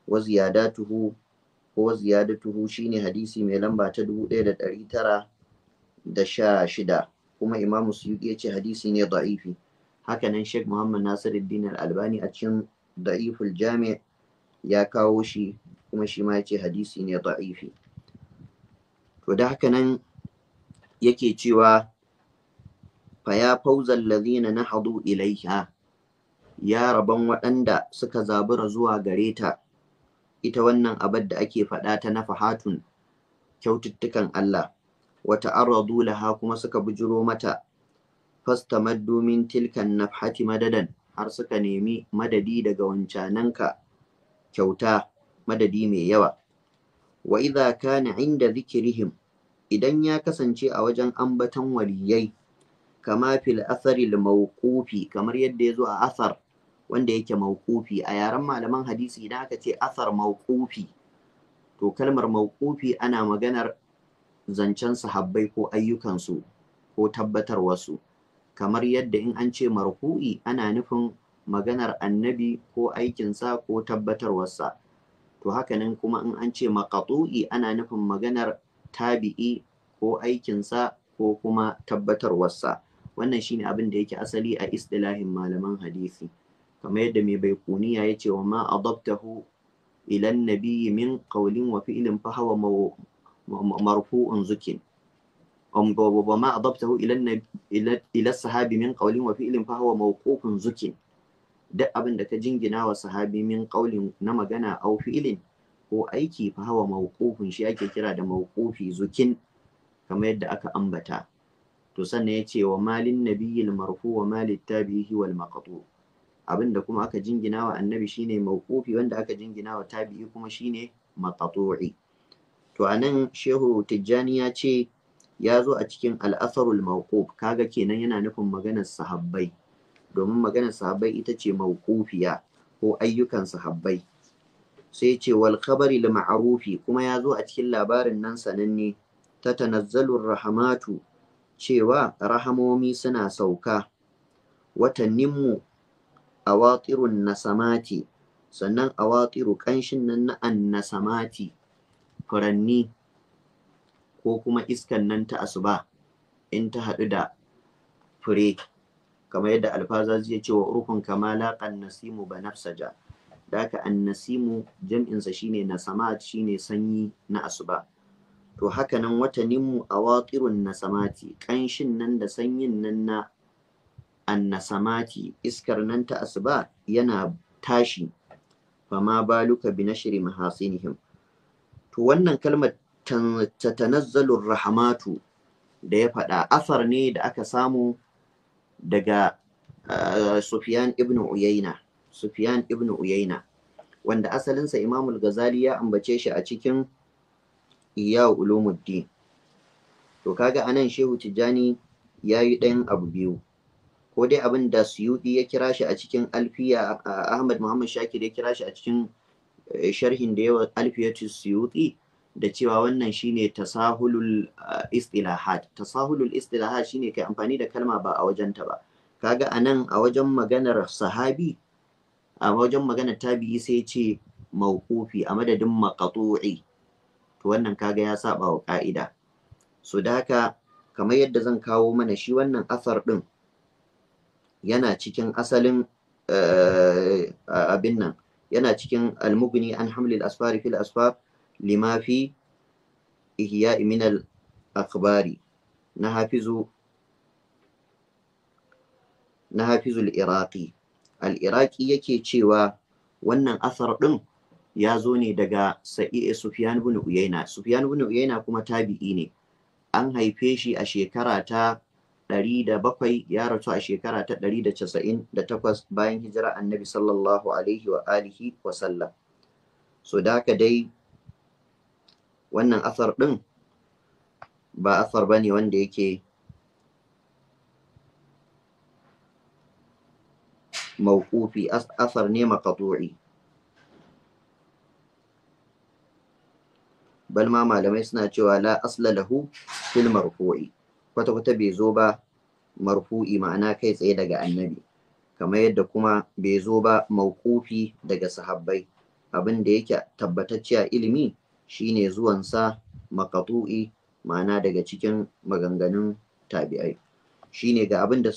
Speaker 2: wa ziyadatuhu ko ziyadatuhu shine hadisi mai lamba ta 1900 da sha shida kuma imamu suyuki ya ce hadisi ne da'ifi hakanan sheikh muhammad nasiruddin albani a cikin da'iful jami ya kawo shi kuma shi ma ya ce hadisi ne da'ifi to da hakanan yake cewa faya fauzan lazina na hadu ilaiha ya rabon waɗanda suka zabura zuwa gare ta ita wannan abar da ake faɗa ta na fahatun kyaututtukan Allah Wata ta'arradu laha kuma suka bujiro mata fastamaddu min tilkan nafhati madadan har suka nemi madadi daga wancananka kyauta madadi mai yawa wa idza kana inda zikirihim, idan ya kasance a wajen ambaton waliyai kama fil asari mawqufi kamar yadda ya zo a asar wanda yake mawqufi a yaren malaman hadisi idan aka ce asar mawqufi to kalmar mawqufi ana maganar zancen sahabbai ko ayyukansu ko tabbatar wasu, kamar yadda in an ce marfu'i ana nufin maganar annabi ko aikinsa ko tabbatar tabbatarwarsa to hakanan kuma in an ce maqatu'i ana nufin maganar tabi'i ko aikinsa ko kuma tabbatarwarsa wannan shine abin da yake asali a istilahin malaman hadisi kamar yadda mai baikuniya ya ce wa ma adabtahu ilan nabiyyi min qawlin wa fi'lin fa huwa مرفوع زكين وما أضبته إلى النبي إلى إلى الصحابي من قول وفعل فهو موقوف زكين da abin da ka jingina wa sahabi min na magana au fi'ilin ko aiki fa hawa mawqufin shi ake kira da mawqufi zukin kamar yadda aka ambata to sannan ya ce wa malin nabiyil marfu wa malit tabihi wal maqtu abin da kuma aka jingina wa annabi shine mawqufi wanda aka jingina wa tabi'i kuma shine maqtu'i to anan shehu tijjani ya ce ya zo a cikin al'asarul mawquf kaga kenan yana nufin maganar sahabbai domin maganar sahabbai ita ce mawqufiya ko ayyukan sahabbai sai ce wal khabari lil ma'rufi kuma ya zo a cikin labarin nan sananne ta "Tanazzalun rahamatu cewa rahamomi suna sauka watanninmu awatirun nasamati sannan awatiru kanshin nan na annasamati furanni ko kuma iskan nan ta asuba in ta haɗu da fure kamar yadda alfazazi ya ce wa urkun kamala kan nasimu ba nafsaja da haka annasimu jam'insa shine na sama shine sanyi na asuba to haka nan a waƙirun nasamati ƙanshin nan da sanyin nan na annasamati iskar nan ta asuba yana tashi fama baluka bi mahasinihim to wannan kalmar tatanazzalur rahamatu da ya faɗa asar ne da aka samu daga ah, Sufyan ibn Uyayna Sufyan ibn Uyayna wanda asalinsa Imamul Ghazali ya ambace shi a cikin Iya Ulumuddin to kaga anan Shehu Tijjani ya yi ɗayan abu biyu ko dai abin da Suyuɗi ya kira shi a cikin Alfiya ah, Ahmad Muhammad Shakir ya kira shi a cikin Eh, sharhin da yawa alfiyatu suyuti da cewa wannan shine tasahulul eh, istilahat tasahulul istilahat shine kai amfani da kalma ba a wajenta ba kaga anan a wajen maganar sahabi a wajen maganar tabi'i sai ce mawqufi a madadin maqtu'i to wannan kaga ya saba wa ka'ida so da haka kamar yadda zan kawo mana shi wannan asar din yana cikin asalin eh, abin nan yana cikin almugni an hamlil asfari fil asfar lima fi ihya min na hafizu na hafizul iraqi al iraqi yake cewa wannan asar ɗin ya zo ne daga sa'i sufyan ibn uyayna sufyan ibn uyayna kuma tabi'i ne an haife shi a shekara ta da bakwai ya rasu a shekara ta da da casa'in takwas, bayan hijira annabi sallallahu alaihi wa alihi wa sallam so da haka dai wannan asar ɗin ba asar ba ne wanda yake mawqufi asar ne maqdu'i Balma malamai suna cewa la asla lahu fil kwata-kwata bai zo ba marfu'i ma'ana kai tsaye daga annabi kamar yadda kuma bai zo ba mauqufi daga sahabbai abin da yake tabbatacciya ilimi shine zuwansa makatu'i ma'ana daga cikin maganganun tabi'ai shine ga abin da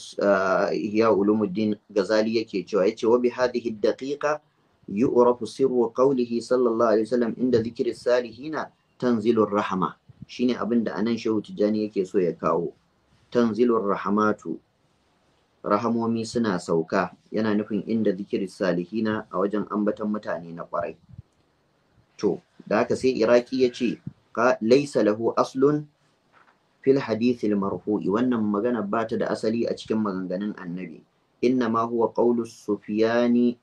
Speaker 2: eh, ya ulumuddin gazali yake cewa yace wa bi hadhihi daqiqa yu'rafu sirru qawlihi sallallahu alaihi wasallam inda dhikri salihina tanzilur rahma shine abin da anan shehu tijjani yake so ya kawo tanzilur rahamatu rahamomi suna sauka yana nufin inda zikiri salihina a wajen ambatan mutane na kwarai to da haka sai iraki ya ce laisa lahu aslun fil hadithil marfu'i wannan magana ba ta da asali a cikin maganganun annabi inna ma huwa qawlu sufyani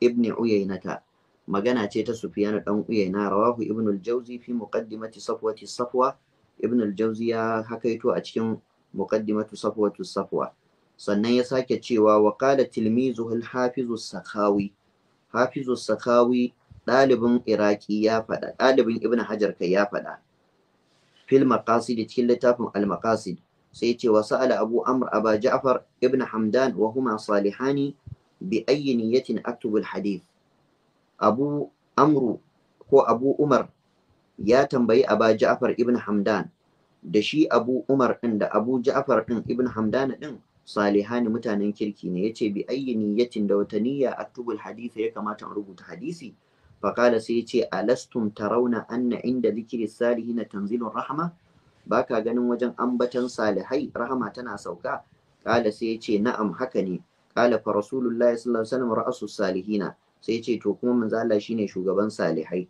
Speaker 2: ibn uyaynata magana ce ta Sufyan dan Uyayna rawahu Ibn al-Jawzi fi muqaddimati safwati safwa Ibn al-Jawzi ya hakaito a cikin muqaddimatu safwatu safwa sannan ya sake cewa wa qala tilmizuhu al-hafiz as-Sakhawi hafiz as sakhawi hafiz sakhawi Iraki ya faɗa dalibin Ibn Hajar kai ya faɗa fil maqasid cikin littafin al maqasid sai ce wa sa'ala abu amr aba ja'far ibn hamdan wa huma salihani bi ayyi niyyatin aktubu al hadith abu amru ko abu umar ya tambayi aba ja'far ibn hamdan da shi abu umar din da abu ja'far din ibn hamdan din salihani mutanen kirki ne yace bi ayyi niyyatin da wata niyya aktubul hadith ya kamata in rubuta hadisi faqala sai yace alastum tarawna anna inda dhikri salihin tanzilur rahma baka ganin wajen ambatan salihai rahama tana sauka qala sai yace na'am haka ne qala fa rasulullahi sallallahu alaihi wasallam ra'asus salihina sai ce to kuma manzo Allah shine shugaban salihai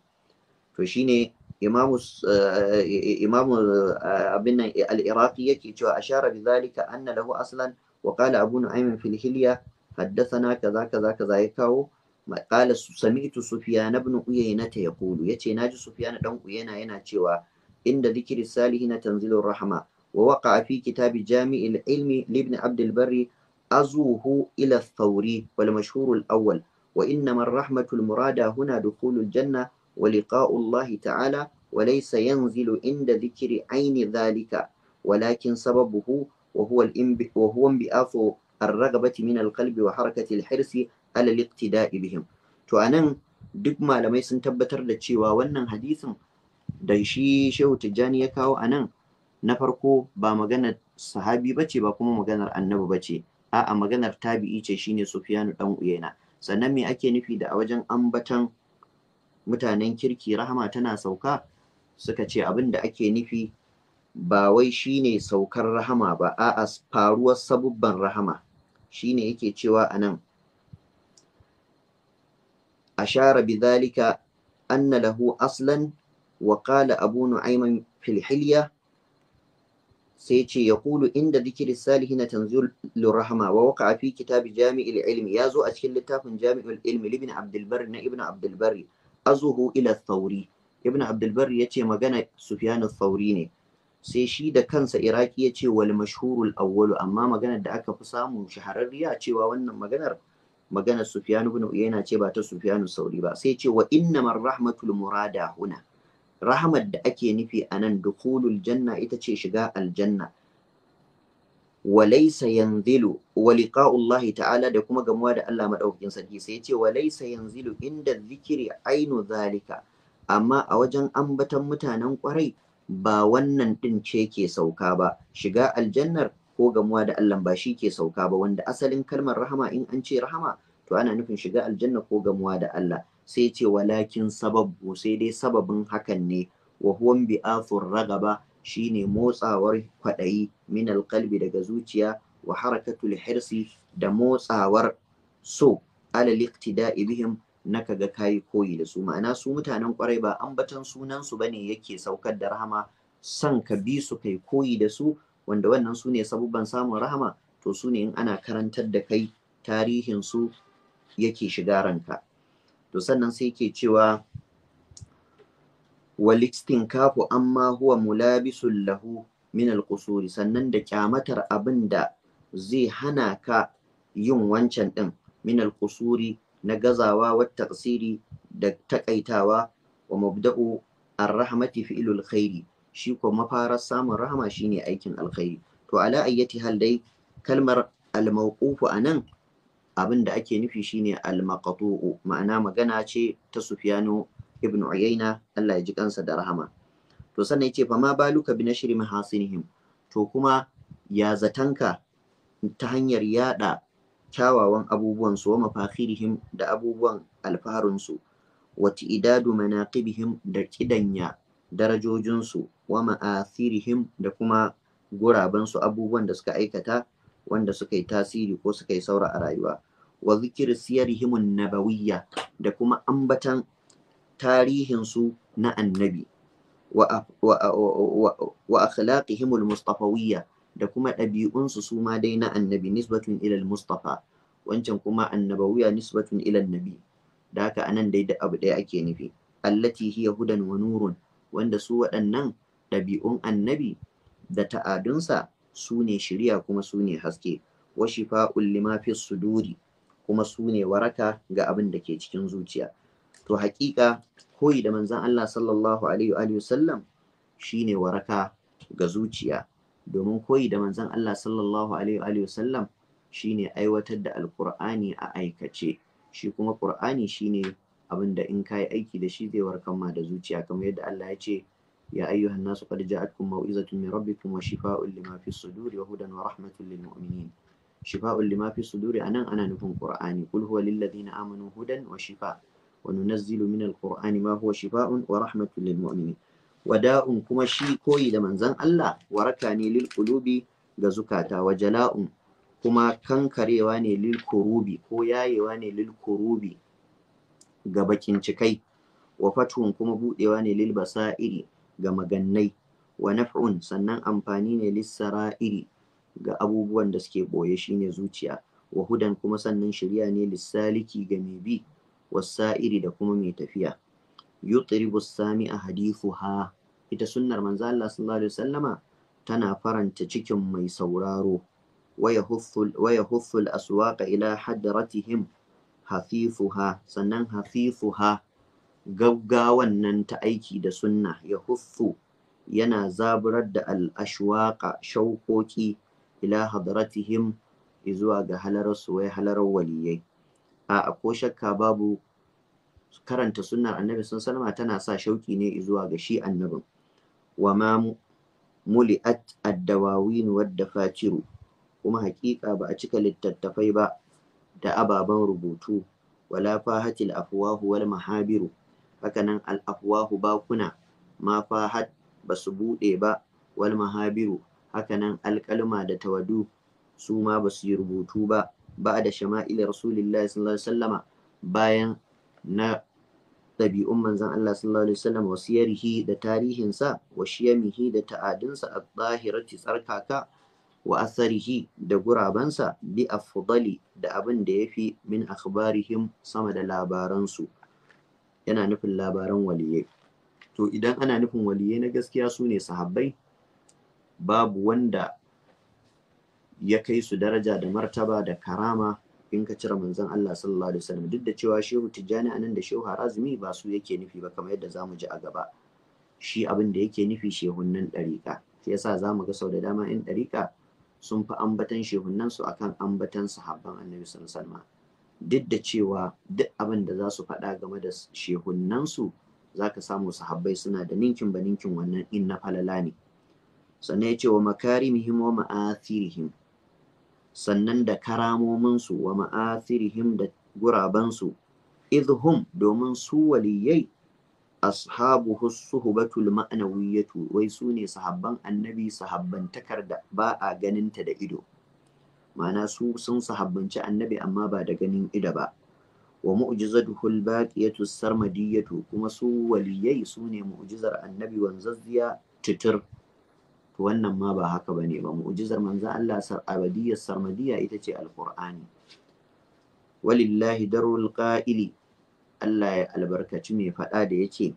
Speaker 2: to shine imamu eh, eh, imamu eh, abin nan al-iraqi yake cewa ashara bi zalika anna lahu aslan wa qala abu nu'aym fil hilya haddathana kaza kaza kaza ya kawo qala sami'tu sufyan ibn uyayna ta yaqulu yace naji sufyan dan uyayna yana cewa inda dhikri salihin tanzilur rahma wa waqa'a fi kitabi jami'il ilmi li ibn abd al-barri azuhu ila ath-thawri wal mashhur awwal وإنما الرحمة المرادة هنا دخول الجنة ولقاء الله تعالى وليس ينزل عند ذكر عين ذلك ولكن سببه وهو وهو انبعاث الرغبة من القلب وحركة الحرص على الاقتداء بهم to anan duk malamai sun tabbatar da cewa wannan hadisin da shi Shehu Tijjani ya kawo anan na farko ba maganar sahabi bace ba kuma maganar annabi bace a'a maganar tabi'i ce shine Sufyanu dan Uyena sannan me ake nufi da a wajen ambatan mutanen kirki rahama tana sauka suka ce abin da ake nufi ba wai shine saukar rahama ba a'a faruwar sabubban rahama shine yake cewa anan share bidhalika anna lahu aslan wa qala abu nu'aiman fil hilya sai ce ya kulu inda zikiri salihi na tanzilul rahama wa waka fi kitabi jami'il ilmi ya zo a cikin littafin jami'ul ilmi ibn abdulbari na ibn abdulbari azuhu ila thauri ibn abdulbari ya ce magana sufyanu thauri ne sai shi da kansa iraki ya ce wal mashhurul awwalu amma maganar da aka fi samu shahararriya cewa wannan maganar maganar sufyanu ibn uyayna ce ba ta Sufiyanu sauri ba sai ce wa innamar rahmatul murada huna rahamar da ake nufi a nan dukhulul janna ita ce shiga aljanna walaisa yanzilu wa liqa'ullahi ta'ala da kuma gamuwa da Allah madaukakin sarki sai ce walaisa yanzilu inda zikiri ainu zalika amma a wajen ambatan mutanen kwarai ba wannan din ce ke sauka ba shiga aljannar ko gamuwa da Allah ba shi ke sauka ba wanda asalin kalmar rahama in an ce rahama to ana nufin shiga aljanna ko gamuwa da Allah sai ce walakin sababu sai dai sababin hakan ne wa huwan bi'afur ragaba shine motsawar kwaɗayi min alqalbi daga zuciya wa harakatul hirsi da motsawar so alal iktida'i bihim na kaga kayi koyi da su ma'ana su mutanen kwarai ba ambatan sunan su bane yake saukar da rahama san ka bi su kai koyi da su wanda wannan su ne sabubban samun rahama to su ne in ana karantar da kai tarihin su yake shiga ranka to sannan sai ke cewa walistin kafu amma huwa mulabisul lahu min alqusuri sannan da kyamatar abin da zai hana ka yin wancan din min alqusuri na gazawa wa taqsiri da takaitawa wa mabda'u arrahmati fi'lul khairi shi ko mafarar samun rahama shine aikin alkhairi to ala ayyati hal dai kalmar al-mawqufu anan abin da ake nufi shine al-maqtu'u ma'ana magana ce ta Sufyanu ibn Uyayna Allah ya ji kansa da rahama to sannan yace fa ma baluka bi nashri mahasinihim to kuma ya zatanka ta hanyar yada kyawawan abubuwan su wa mafakhirihim da abubuwan alfarun su wa idadu manaqibihim da kidanya darajojinsu wa ma'athirihim da kuma gurabansu abubuwan da suka aikata wanda suka yi tasiri ko suka yi saura a rayuwa wa zikir siyarihimun nabawiyya da kuma ambatan tarihinsu na annabi wa akhlaqihimul mustafawiyya da kuma ɗabi'unsu su ma dai na annabi nisbatun ilal mustafa wancan kuma annabawiya nisbatun ilal nabi da haka anan dai da abu ɗaya ake nufi allati hiya hudan wa nurun wanda su waɗannan ɗabi'un annabi da ta'adunsa Sune shiriya kuma sune haske wa shifa'ul lima fi suduri kuma sune waraka ga abin da ke cikin zuciya to haƙiƙa koyi da manzon Allah sallallahu alaihi wa sallam shine waraka ga zuciya domin koyi da manzon Allah sallallahu alaihi wa sallam shine aiwatar da alqur'ani a aikace shi kuma qur'ani shine abin da in kai aiki da shi zai warkar ma da zuciya kamar yadda Allah ya ce يا أيها الناس قد جاءتكم موعظة من ربكم وشفاء لما في الصدور وهدى ورحمة للمؤمنين شفاء لما في الصدور أنا أنا نفهم قرآني قل هو للذين آمنوا هدى وشفاء وننزل من القرآن ما هو شفاء ورحمة للمؤمنين وداء كما شي كوي لمن زن الله وركاني للقلوب غزكاتا وجلاء كما كان كريواني للكروب كويايواني للكروب غبكين شكي وفتح كما بوديواني للبصائر ga magannai wa naf'un sannan amfani ne iri ga abubuwan da suke boye ne zuciya wa hudan kuma sannan shirya ne lissaliki ga mai bi wasa iri da kuma mai tafiya yutribu sami'a ha ita sunnar manzo Allah sallallahu alaihi wasallama tana faranta cikin mai sauraro waya hufful aswaqa ila hadratihim hafifuha sannan hafifuha gaggawan nan ta aiki da sunna ya huffu yana zaburar da al'ashwaƙa shauƙoƙi ila hadratihim zuwa ga halararsu wai halarar waliyai a ko shakka babu karanta sunna, annabi sun salama tana sa shauki ne zuwa ga shi annabin wa ma muli'at addawawin wadda faciru kuma haƙiƙa ba a cika littattafai ba da ababen rubutu wala fahatil afwahu wal mahabiru haka nan al'afwahu bakuna ma fahat ba su buɗe ba wal mahabiru haka nan alƙalma da tawadu su ma ba su yi rubutu ba ba da shama'ila rasulillahi sallallahu alaihi wasallama bayan na ɗabi'un manzon Allah sallallahu alaihi wasallam wasiyarhi da tarihinsa wa shiyamihi da ta'adinsa a zahirati tsarkaka wa asarihi da gurabansa bi afdali da abin da yafi min akhbarihim sama da labaransu yana nufin labaran waliyyai, to idan ana nufin waliyai na gaskiya su ne sahabbai babu wanda ya kai su daraja da martaba da karama in ka cire manzon Allah sallallahu alaihi wasallam duk da cewa shehu tijjani anan da shehu harazmi ba su yake nufi ba kamar yadda zamu ji a gaba shi abin da yake nufi shehunnan dariqa shi yasa zamu ga sau da dama in Ɗarika sun fi ambatan shehunnan su akan ambatan sahabban annabi sallallahu alaihi wasallam duk da cewa duk abin da za su faɗa game da shehunnansu za ka samu sahabbai suna da ninkin ba ninkin wannan in na falala ne sannan ya ce wa muhimmi wa ma'athirihim sannan da karamominsu wa ma'athirihim da gurabansu idhum domin su waliyai ashabu batul ma'anawiyatu wai su ne sahabban annabi sahabbantakar da ba a ganinta da ido ma'ana su sun sahabbanci annabi amma ba da ganin ida ba wa mu'jizatuhu al-baqiyatu sarmadiyatu kuma su waliyai su ne mu'jizar annabi wanzazziya titir to wannan ma ba haka bane ba mu'jizar manzo Allah sar abadiyyar sarmadiyya ita ce alqur'ani walillahi darul qa'ili Allah ya albarkaci mai faɗa da yake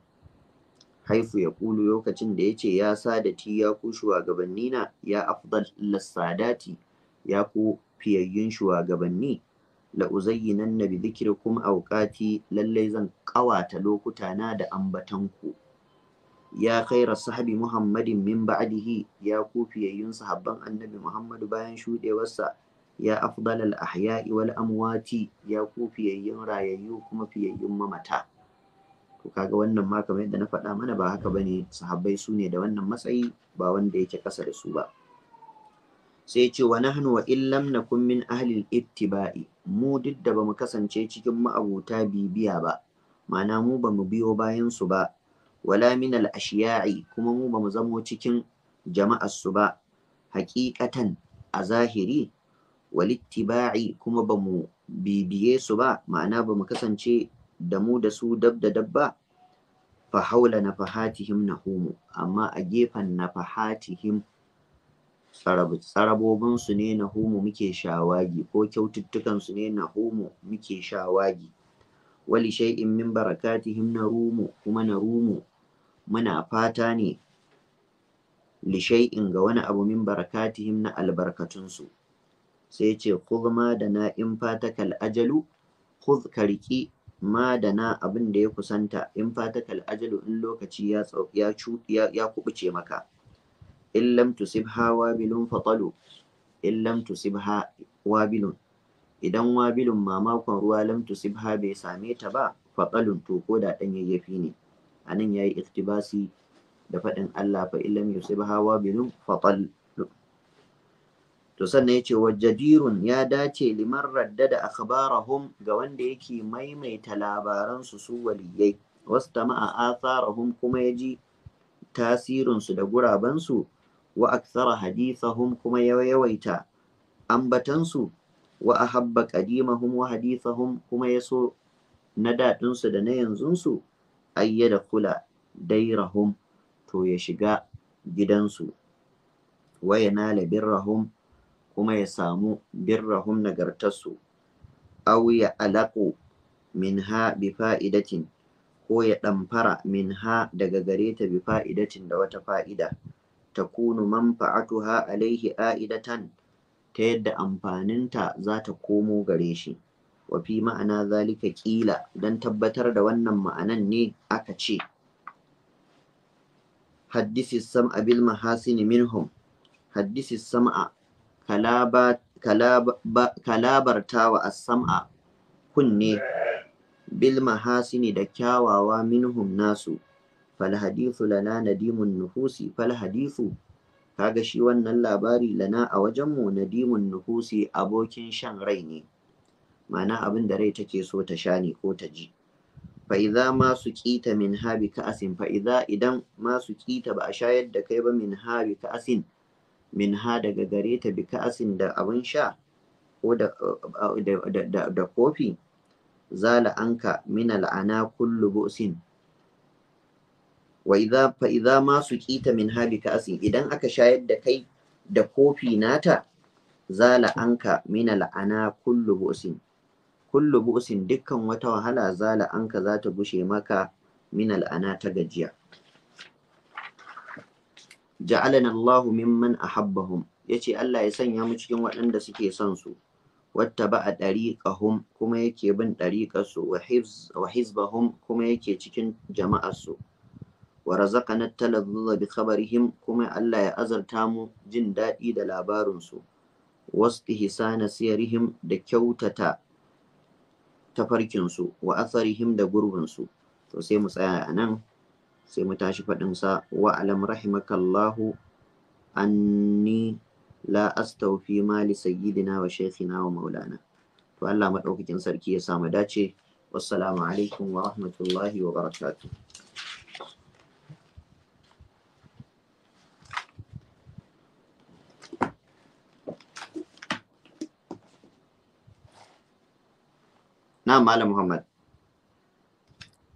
Speaker 2: haifu ya kulu lokacin da yace ya sadati ya kushuwa shugabanni na ya afdal sadati ya ku fiyayyun shugabanni la'uzayyinan na a awqati lallai zan ƙawata lokuta na da ambatan ku ya khaira sahabi muhammadin min ba'dihi ya ku fiyayyun sahabban annabi muhammadu bayan shudewarsa ya al ahya'i wal amwati ya ku fiyayyun rayayyu kuma fiyayyun mamata to kaga wannan ma kamar yadda na faɗa mana ba haka bane sahabbai sune da wannan matsayi ba wanda yake ƙasa da su ba sai ce wa nahnu wa illam na min ahlil ittiba'i mu duk da bamu kasance cikin ma'abota bibiya ba ma'ana mu bamu biyo bayan su ba wala min al ashiya'i kuma mu bamu zamo cikin jama'ar su ba haqiqatan a zahiri walittiba'i kuma bamu bibiye su ba ma'ana bamu kasance da mu da su dab da dabba fa haula nafahatihim nahumu amma a gefen nafahatihim Tsarabobinsu ne na homo muke shawagi ko kyaututtukansu ne na homo muke shawagi wali shay'in min barakatihim na rumu kuma na rumu muna fata ne li shay'in ga wani abu min barakatihim na albarkatunsu sai ce khudh ma da na in kal ajalu khudh ka ma da na abin da ya kusanta in kal ajalu in lokaci ya ya kubuce maka in lam tusibha wabilun fatalu idan wabilun mamakon ruwa lam tusibha bai same ta ba fatalun to ko da dan yayyafi ne anan yayi iktibasi da faɗin Allah fa in lam yusibha wabilun fatal to sannan yace wajadirun ya dace liman raddada akhbarahum ga wanda yake maimaita labaransu su waliyyai, su waliyai wastama'a atharahum kuma yaji tasirin su da gurabansu wa aktsara Hum kuma ya yawaita ambatansu wa ahabba qadimahum wa Hum kuma ya so na daɗinsu da na yanzunsu ayyada kula dairahum to ya shiga gidansu wa yanala nala birrahum kuma ya samu birrahum nagartarsu aw ya alaqu minha bi fa'idatin ko ya ɗamfara minha daga gareta bi fa'idatin da wata fa'ida takunu manfa'atuha alaihi a'idatan ta yadda amfaninta za ta komo gare shi wa fi ma'ana zalika ƙila don tabbatar da wannan ma'anan ne aka ce haddisi sam'a bil mahasini minhum haddisi sam'a kalabartawa as-sam'a kunne bil mahasini da kyawawa minhum nasu fal lana nadimun nuhusi fal kaga shi wannan labari lana a wajenmu nadimun nuhusi abokin shan rai ne ma'ana abin da rai take so ta sha ne ko ta ji fa'iza ma su min habi fa fa'iza idan ma su ƙita ba a shayar da kai ba min habi asin? min ha daga gare ta bi asin da abin sha ko da kofi zala anka min al'ana kullu bu'sin wa idza fa idza ma suqita min habika asin idan aka shayar da kai da kofi nata zala anka min al'ana kullu bu'sin kullu bu'sin dukkan wata wahala zala anka za ta gushe maka min al'ana ta gajiya ja'alana Allah mimman ahabbahum yace Allah ya sanya mu cikin waɗanda suke son su wata ba a ɗariƙahum kuma yake bin ɗariƙarsu wa hizbahum kuma yake cikin jama'arsu wa razaqana talazzuza bi khabarihim kuma Allah ya azarta mu jin daɗi da labarin su wastihsana siyarihim da kyautata tafarkin su wa atharihim da gurbin su to sai mu tsaya a nan sai mu tashi faɗin sa wa alam rahimakallahu anni la astawfi mali sayyidina wa shaykhina wa maulana to Allah maɗaukakin sarki ya samu dace wassalamu alaikum wa rahmatullahi wa barakatuh na malam muhammad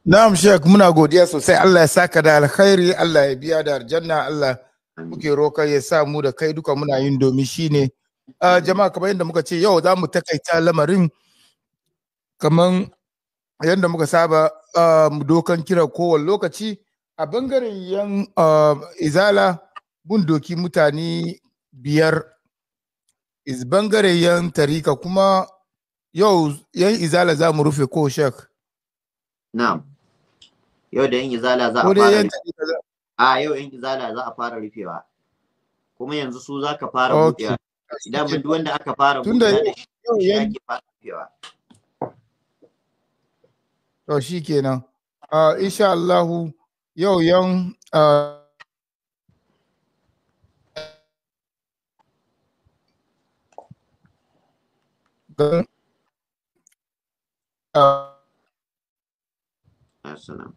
Speaker 2: Na'am Sheikh
Speaker 3: muna godiya sosai Allah ya saka da alkhairi Allah ya biya da aljanna Allah muke roƙa ya sa mu da kai duka muna yin domin shine uh, ah, jama'a kamar yadda muka ce yau za mu takaita lamarin kamar yadda muka saba uh, dokan kira kowane lokaci a bangaren yan ah, izala mun doki mutane biyar is bangaren yan tarika kuma Yau yan izala za mu rufe ko shek.
Speaker 2: Na'am. Yau da yan izala za a fara rufe? A yau yan izala za a fara rufewa. Kuma yanzu su za ka fara buɗewa. Idan bin wanda aka fara buɗewa da yan ake fara rufewa.
Speaker 3: To shi kenan. Uh, insha Allahu yau yan uh,
Speaker 2: Essa não.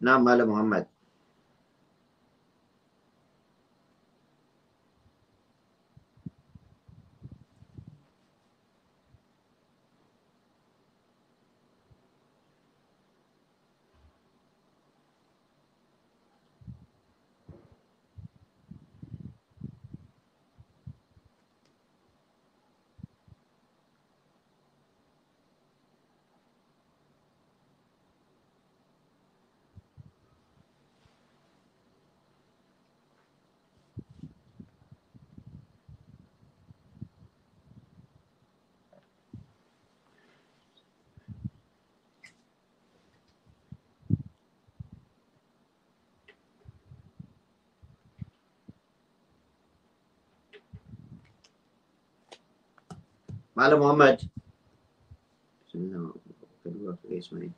Speaker 2: na malam muhammad Mala Muhammad. No, kedua ke Ismail.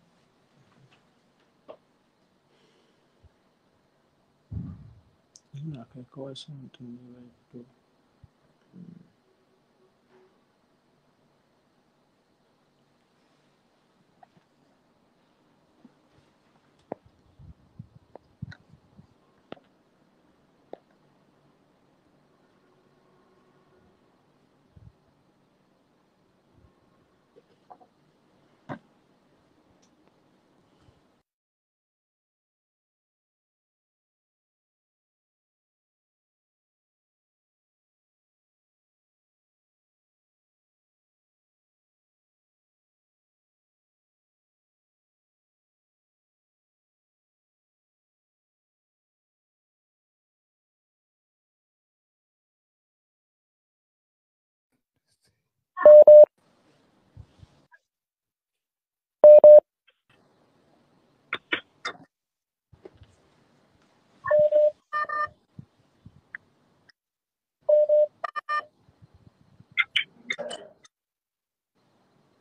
Speaker 4: Nak kau asal tu ni baik tu.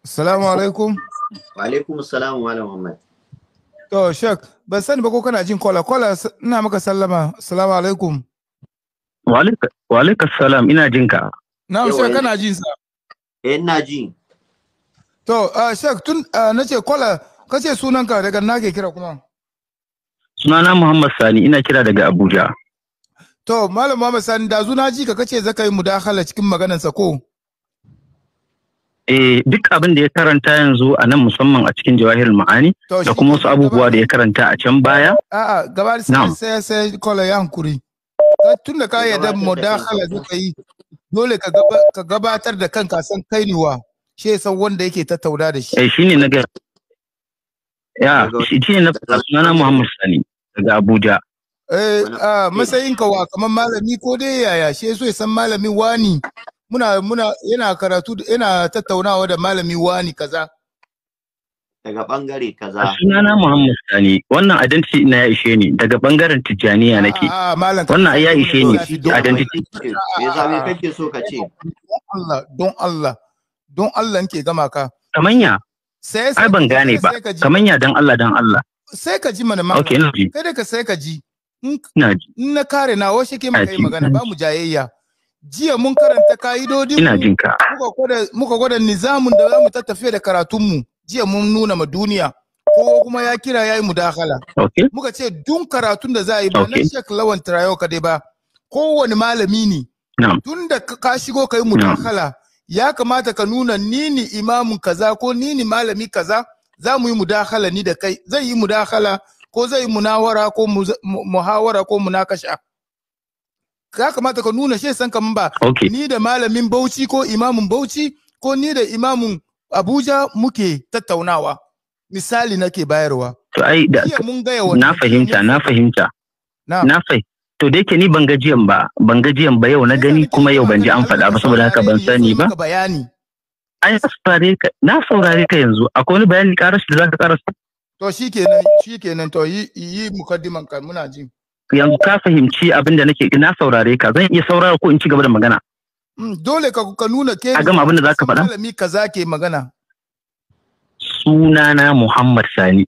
Speaker 2: Assalamu alaikum. Wa alaikum assalam malam Muhammad.
Speaker 3: To Shek, ban sani ba ko kana jin kola kola ina maka sallama. Assalamu alaikum.
Speaker 2: Wa alaikum salam ina jin ka.
Speaker 3: Na Shek kana jin sa.
Speaker 2: Eh ina ji.
Speaker 3: To ah, Shek tun ah, nace kola kace sunanka daga na ke kira kuma.
Speaker 2: Sunana Muhammad
Speaker 1: Sani ina kira daga Abuja.
Speaker 3: To Malam Muhammad Sani da zuna ji ka kace zaka yi mudahala cikin sa ko?
Speaker 1: eh duk abin da ya karanta yanzu a nan musamman a cikin jawahir ma'ani da kuma wasu abubuwa da ya karanta a can baya
Speaker 3: a'a gabar sai sai sai kola ya hankuri tun da ka yarda mudakhala zaka yi dole ka gabatar da kanka san kai ne wa shi san wanda yake tattauna da shi eh
Speaker 1: shine na ga ya ne na sunana Muhammad Sani daga Abuja
Speaker 3: eh a matsayinka wa kamar malami ko dai yaya shi so ya san malami wani muna muna yana karatu yana tattaunawa da malami wani kaza
Speaker 2: daga bangare kaza
Speaker 1: sunana Muhammad Sani wannan identity na ya ishe ni daga bangaren Tijjaniya ah, nake ah, wannan ya ishe ni identity eh,
Speaker 2: me zabe kake so ka ce
Speaker 3: Allah don Allah don Allah nke gama ka
Speaker 1: kamanya sai sai ban gane ba kamanya dan Allah dan Allah
Speaker 3: sai ka ji mana okay ina kada ka sai ka ji in na kare na washe ke maka magana ba mu jayayya jiya mun karanta ka'idodi ina jin ka muka gwada muka nizamin da zamu ta tafiya da karatun mu jiya mun nuna ma duniya ko kuma ya kira yayi mudakala okay. muka ce dun karatun da za a yi ba na shek Lawan Trayo dai ba kowane malami ne tun da ka shigo kai mudakala ya kamata ka nuna nini imamun kaza ko nini malami kaza za mu yi mudakala ni da kai zai yi mudakala ko zai yi munawara ko muhawara ko munakasha ya kamata ka nuna shi san kaman ba ni da malamin Bauchi ko imamun Bauchi ko ni da imamun Abuja muke tattaunawa misali nake bayarwa
Speaker 1: to ai da na fahimta na fahimta na fahimta to da yake ni ban gajiyan ba ban gajiyan ba yau na gani kuma yau ban ji an faɗa ba saboda haka ban sani ba ai saurare ka na saurare ka yanzu akwai wani bayani karashi da zaka karasa
Speaker 3: to shikenan shikenan to yi yi mukaddiman ka muna jin
Speaker 1: yanzu ka fahimci abin da nake na saurare ka zan iya saurara ko in ci gaba da magana
Speaker 3: hmm, dole ka ka nuna ke a gama abin da zaka faɗa malami kaza ke magana
Speaker 1: sunana Muhammad Sani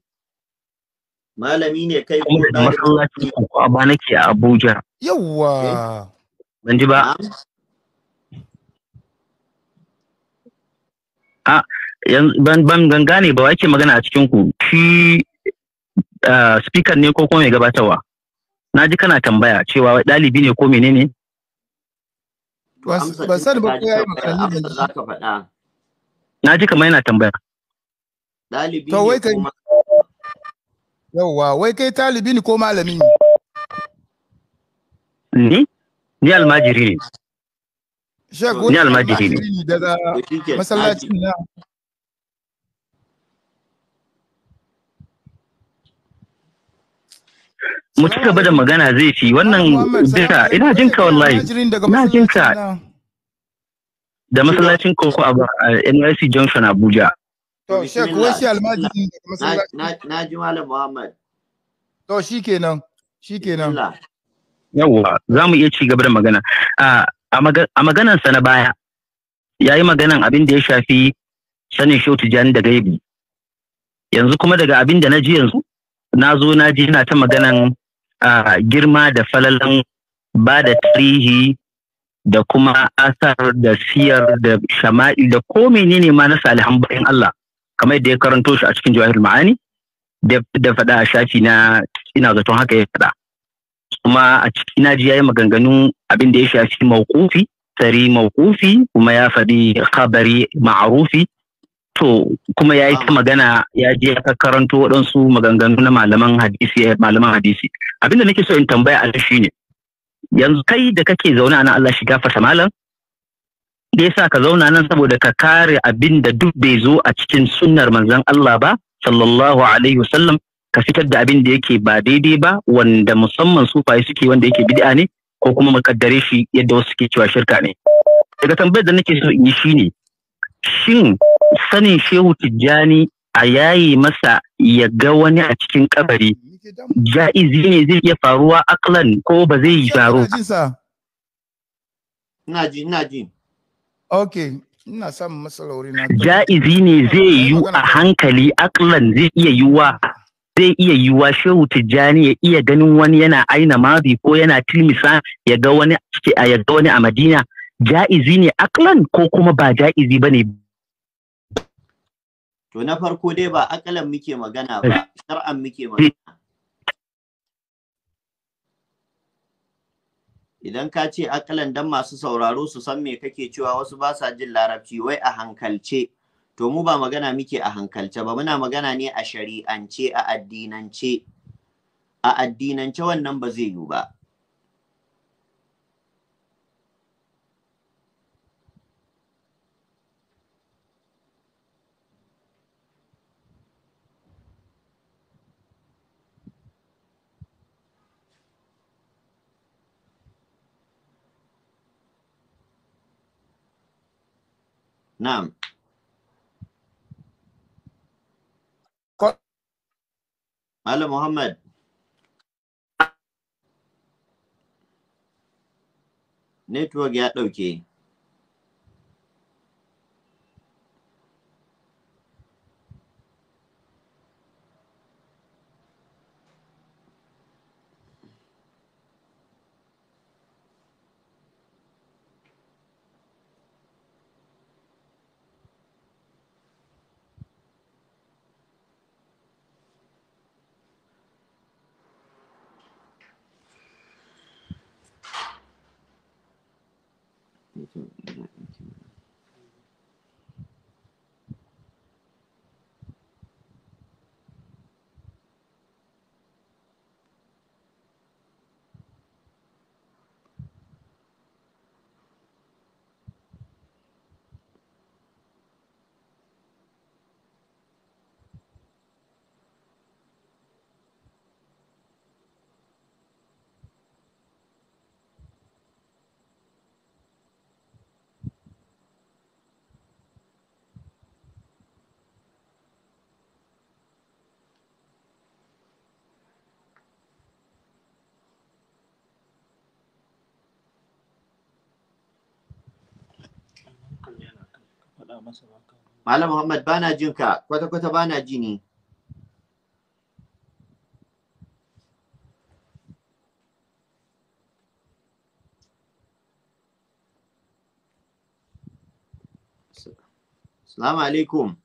Speaker 2: malami ne kai ko da masallaci
Speaker 1: ko ba nake a Abuja
Speaker 2: yawa eh? ban ji ba
Speaker 1: a ban ban gane ba ke magana a cikin ku shi ah, speaker ne ko kuma mai gabatarwa na ji kana tambaya cewa wai ɗalibi ne ko menene
Speaker 2: ba sani ba ko yayi makarani da zaka faɗa
Speaker 1: na ji kamar yana tambaya
Speaker 3: ɗalibi to wai kai yawwa wai kai talibi ne ko malami ne
Speaker 1: ni ni almajiri ne
Speaker 3: Shek, ni almajiri ne daga masallacin na
Speaker 1: mu ci gaba da magana zai ci wannan duka ina jin ka wallahi ina jin ka da masallacin koko a NYC Junction Abuja
Speaker 3: to shek wai shi almajiri na ji malam Muhammad to shikenan shikenan
Speaker 1: yawwa za mu iya ci gaba da magana a maganarsa na baya ya yi maganan abin da ya shafi sanin shau tijani da gaibi yanzu kuma daga abin da na ji yanzu na zo na ji na ta maganan girma da falalan ba da tarihi da kuma asar da siyar da shama'il da ko ne ma na salihan bayan Allah kamar yadda ya karanto shi a cikin jawahir ma'ani da faɗa a shafi na ina zaton haka ya faɗa kuma a ji na ya yi maganganu abin da ya shafi mawqufi sari mawqufi kuma ya faɗi khabari ma'arufi To kuma ya yi ta magana ya je ya karanto waɗansu maganganu na malaman hadisi eh, malaman hadisi. Abinda nake so in tambaya a shi ne. Yanzu kai da kake zaune a nan Allah shi gafarta malam. Da yasa ka zauna nan saboda ka kare abin da duk bai zo a cikin sunnar manzon Allah ba sallallahu alaihi wasallam ka fitar da abin da yake ba daidai ba wanda musamman sufaye suke wanda yake bid'a ne ko kuma makaddare shi yadda wasu suke cewa shirka ne. Daga tambayar da nake so in yi shi ne, shin sanin shehu tijjani a yayi masa ya ga wani a cikin kabari ja'izi ne zai iya faruwa aklan ko ba zai yi faru ja'izi ne zai yi a hankali aklan zai iya yiwa zai iya yiwa shehu tijjani ya iya ganin wani yana aina mazi ko yana tilmisa ya ga wani a madina ja'izi ne aklan ko kuma ba ja'izi ba ne
Speaker 2: To na farko dai ba akalan muke magana ba, shar'an muke magana. Idan ka ce akalan dan masu sauraro su san me kake cewa wasu ba sa jin larabci wai a hankalce. To mu ba magana muke a hankalce ba, muna magana ne a shari'ance, a addinance. A addinance wannan ba zai yiwu ba. نعم هلا محمد network ya ɗauke. Malam Muhammad bana jin ka kwata-kwata bana ji ne. Salamu alaikum.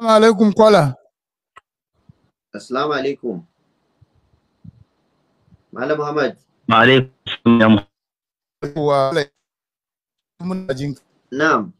Speaker 3: Assalamu alaikum kwala.
Speaker 2: Assalamu alaikum. Malam Muhammad. Wa alaikum. Na'am.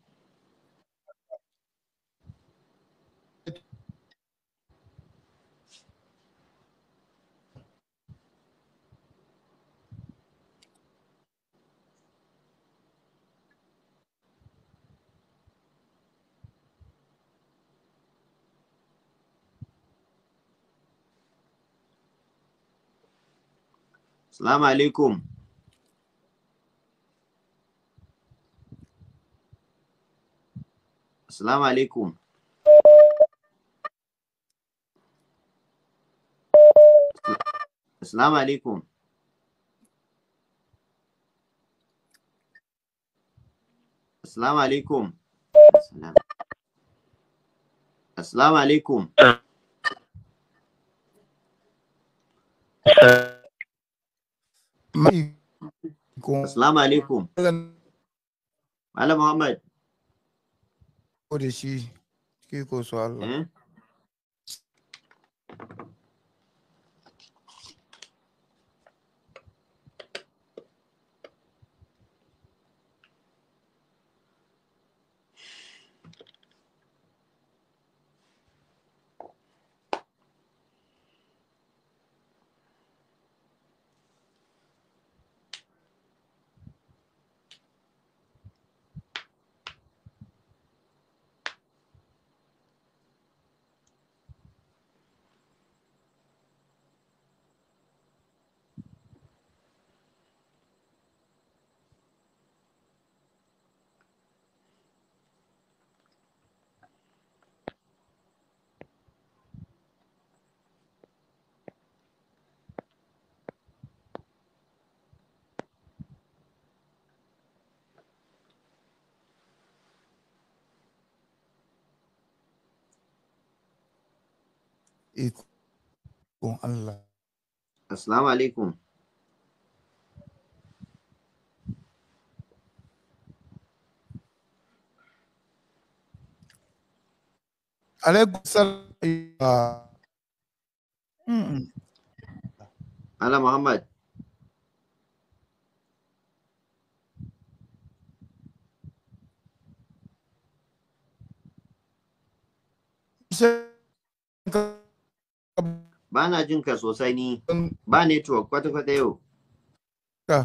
Speaker 2: Салам алейкум. Салам алейкум. Салам алейкум. Салам алейкум. Салам алейкум. Assalamu alaikum. Malam Muhammad. Ko da shi,
Speaker 3: ko su Allah. Eh?
Speaker 2: يكون الله السلام عليكم
Speaker 3: عليكم السلام
Speaker 2: أنا محمد Thank you. Ba na jin ka sosai ni. Ba network kwata-kwata yau. Ka.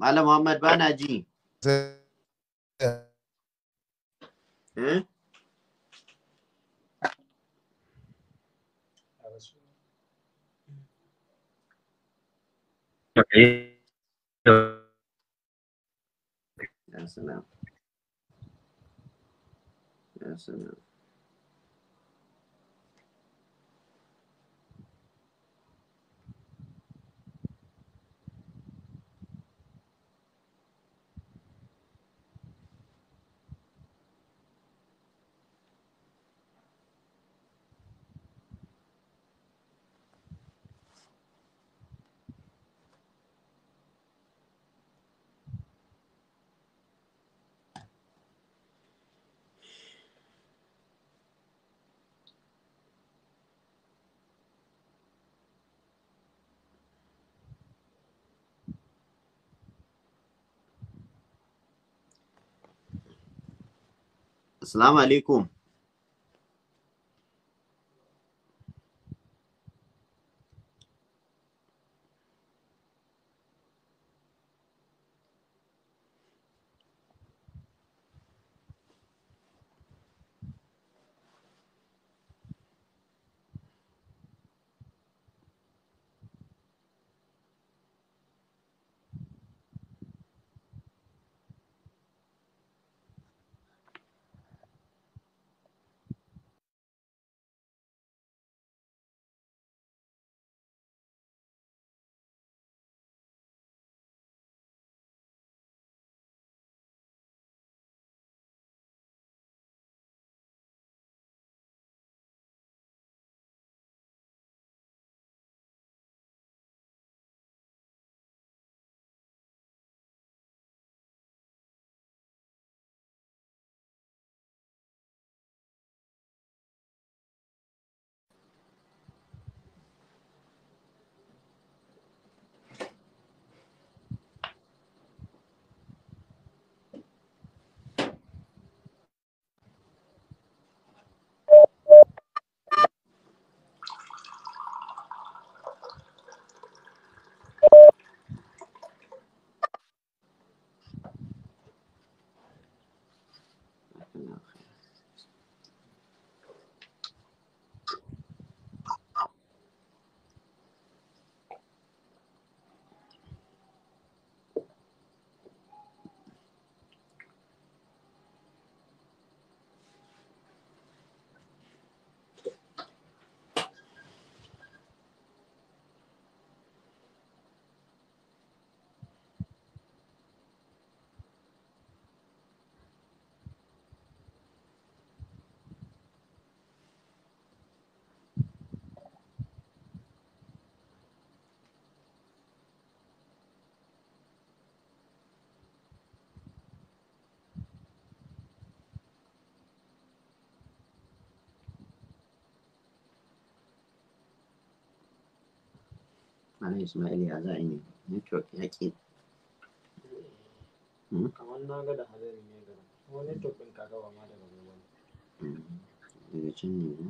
Speaker 2: Malam Muhammad ba na ji. Eh? Ya salam.
Speaker 5: Ya salam.
Speaker 2: Assalamu alaikum. Malam Ismail ya za a yi network ya ke. Hmm?
Speaker 1: Kamar na ga da hadari ne kuma network ɗin ma daga gaba ne.
Speaker 2: Hmm. Daga can ne ba?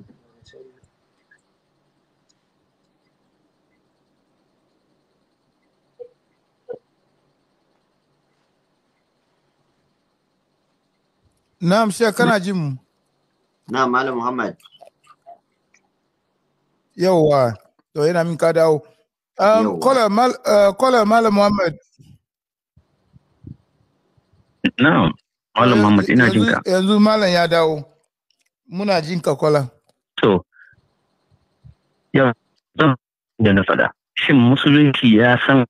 Speaker 3: Na'am kana jin mu?
Speaker 2: Na'am Malam Muhammad.
Speaker 3: Yawwa, to yana min ka dawo. Kola um, uh, Malam Muhammad.
Speaker 5: Na'am.
Speaker 1: Malam Muhammad ina jinka.
Speaker 3: Yanzu Malam ya dawo. Muna jinka ka Kola.
Speaker 1: To. Ya zan da na faɗa. Shin musulunci ya san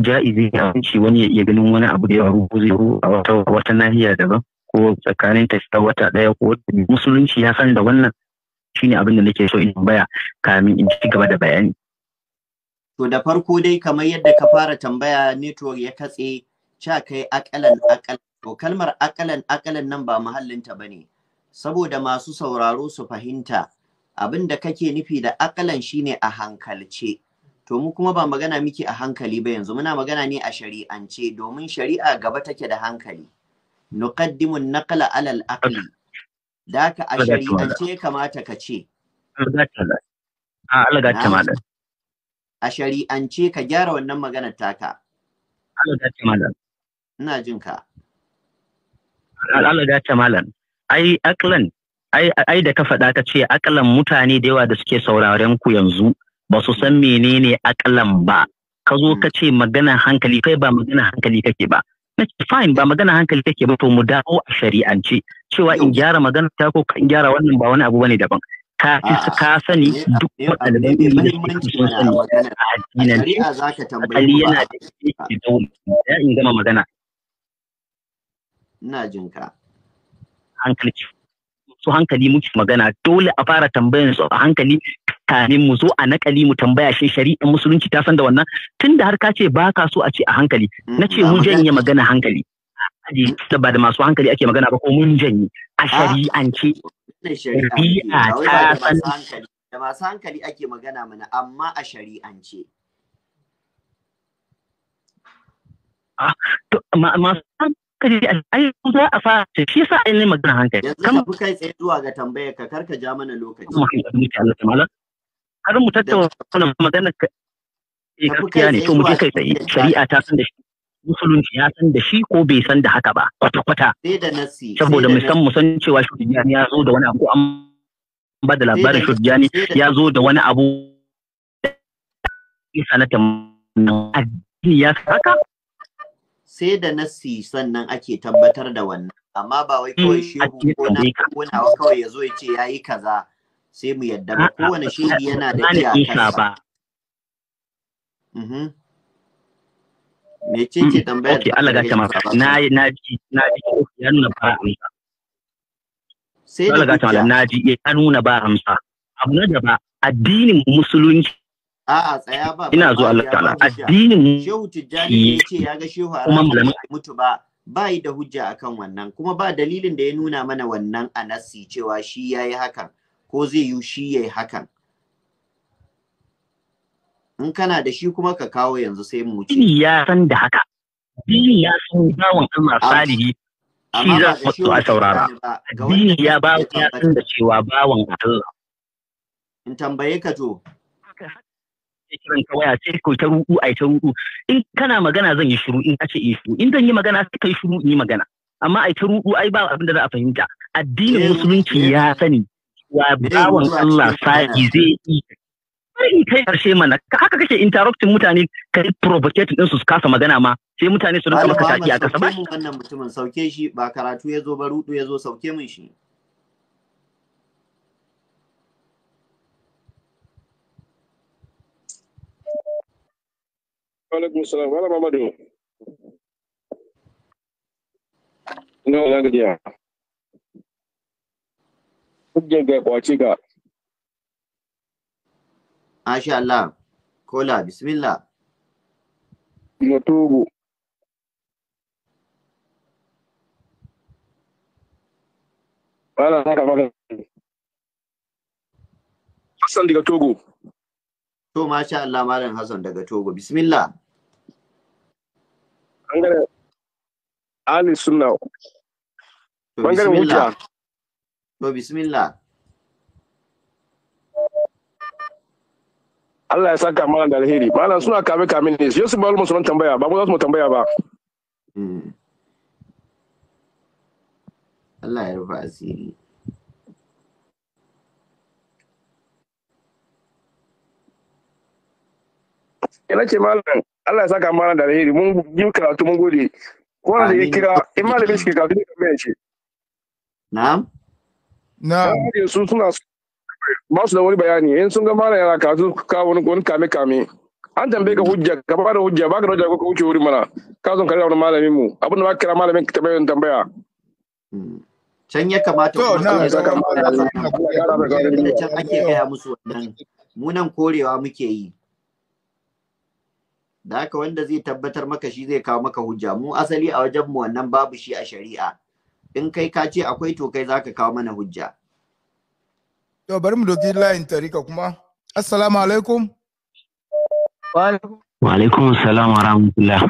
Speaker 1: ja'izi ya ci wani ya iya ganin wani abu da ya ko zai a wata wata nahiya daban ko tsakanin ta ta wata daya ko musulunci ya san da wannan shine abin da nake so in baya kamin in ci gaba da bayani
Speaker 2: To da farko dai kamar yadda ka fara tambaya network ya katse cha kai akalan akalan. To kalmar akalan akalan nan ba muhallin ta bane. Saboda masu sauraro su fahimta abin da kake nufi da akalan shine a hankalce. To mu kuma ba magana miki a hankali ba yanzu muna magana ne a shari'ance domin shari'a gaba take da hankali. Nuqaddimu naqla alal aqli. Daka a shari'ance kamata ka ce. Allah ga a shari'ance ka gyara wannan maganar taka. Allah ta malam. Ina jin ka.
Speaker 1: Allah ta malam. Ai aklan ai da ka faɗa ka ce akalan mutane da yawa da suke sauraren ku yanzu ba su san menene akalan ba. Ka zo ka ce maganar hankali kai ba maganar hankali kake ba. fine ba magana hankali kake ba to mu dawo a shari'ance cewa in gyara magana ta ko in gyara wannan ba wani abu bane daban ka ka sani duk waɗannan muhimmanci sani a addinan
Speaker 2: Ali yana da
Speaker 1: yake da in gama magana
Speaker 2: ina jin ka
Speaker 1: hankali su hankali muke magana dole a fara tambayan su a hankali kamin mu zo a nakali mu tambaya shi shari'a. musulunci ta san da wannan tunda har ka ce ba ka so a ce a hankali mm, na ce mun janye magana hankali mm. ba da masu hankali ake magana ba ko mun janye a shari'ance shari'a ta san
Speaker 2: da masu hankali ake magana mana amma a shari'ance
Speaker 1: masu hankali ai za a fara shi sa ai ne magana hankali yanzu ka
Speaker 2: fi kai tsaye zuwa ga tambayar ka karka ja mana lokaci
Speaker 1: har mu tattauna
Speaker 2: maganar ka eh, gaskiya ne to mu je kai tsaye
Speaker 1: shari'a ta san da shi musulunci ya san da shi ko bai san da haka ba kwata-kwata.
Speaker 2: Saboda mu san mu
Speaker 1: san cewa Shujjani ya zo da wani abu an ba da labarin Shujjani ya zo da wani abu ya sanatan addini ya
Speaker 2: haka. Sai da nasi sannan ake tabbatar da wannan. Amma ba wai kawai hmm, shehu ko na kawai ya zo ya ce ya yi kaza sai mu yadda ba kowane shi yana da iyakarsa. me ce ce hmm. tambayar da Allah ga tama na na
Speaker 1: ji na ji ya nuna ba amsa sai da ga tama na ji eh, ya nuna ba amsa abu na gaba addinin musulunci
Speaker 2: a'a tsaya ba ina zo Allah ta'ala addinin shehu tijjani ya ce ya ga shehu arabi mutu ba ba yi da hujja akan wannan kuma ba dalilin da ya nuna mana wannan anasi cewa shi yayi hakan ko zai yi shi yayi hakan in kana da shi kuma ka kawo yanzu sai mu ci.
Speaker 1: ya san da haka dini ya san bawan Allah salihi
Speaker 2: shi za su a saurara dini ya ba ya san da cewa bawan Allah in tambaye ka to kiran ka waya
Speaker 1: sai ko ta ruɗu ai ta ruɗu in kana magana zan yi shiru in ce yi eh shiru in zan yi magana sai kai shiru in yi magana amma ai ta ruɗu ai ba abin da za a fahimta addinin eh, musulunci eh. ya sani wa bawan Allah sa'i zai yi in kai karshe mana ka haka kake interrupting mutane ka yi provocating din su su kasa magana ma sai mutane su rinka maka taki a kasa ba
Speaker 2: wannan mutumin sauke shi ba karatu ya zo ba rudu ya zo sauke min shi
Speaker 1: alaikum salam wala mamadu
Speaker 2: ina wala gajiya hujjar ga kwaci ga Masha Allah. Kola, bismillah. Daga Togo. Bala na Hassan daga Togo. To, masha Allah, Malam Hassan daga Togo. Bismillah. Ali Sunna.
Speaker 5: Bangaren Wuta.
Speaker 2: To, bismillah. Allah ya saka mana da alheri malam
Speaker 4: suna kame kame ne yau su ba mu sunan tambaya ba mu za mu tambaya ba
Speaker 2: hmm. Allah ya rufa asiri
Speaker 4: ina ce malam Allah ya saka mana da alheri mun yi karatu mun gode ko da ya kira in malamin shi karatu ne kamar shi na'am na'am su suna so ba su da wani bayani in sun ga malam yana karatu ka wani wani kame kame an tambaye ka hujja ka ba da hujja ba ka da hujja ko ka wuce wurin mana ka zan kare wani malamin mu abin da ba kira malamin ka
Speaker 2: tambaya tambaya can ya kamata to na can ake gaya musu wannan munan korewa muke yi da haka wanda zai tabbatar maka shi zai kawo maka hujja mu asali a wajen mu wannan babu shi a shari'a in kai ka ce akwai to kai zaka kawo mana hujja
Speaker 3: To bari mu doki layin tarika kuma. Assalamu alaikum.
Speaker 2: Wa
Speaker 1: alaikum assalam wa rahmatullah.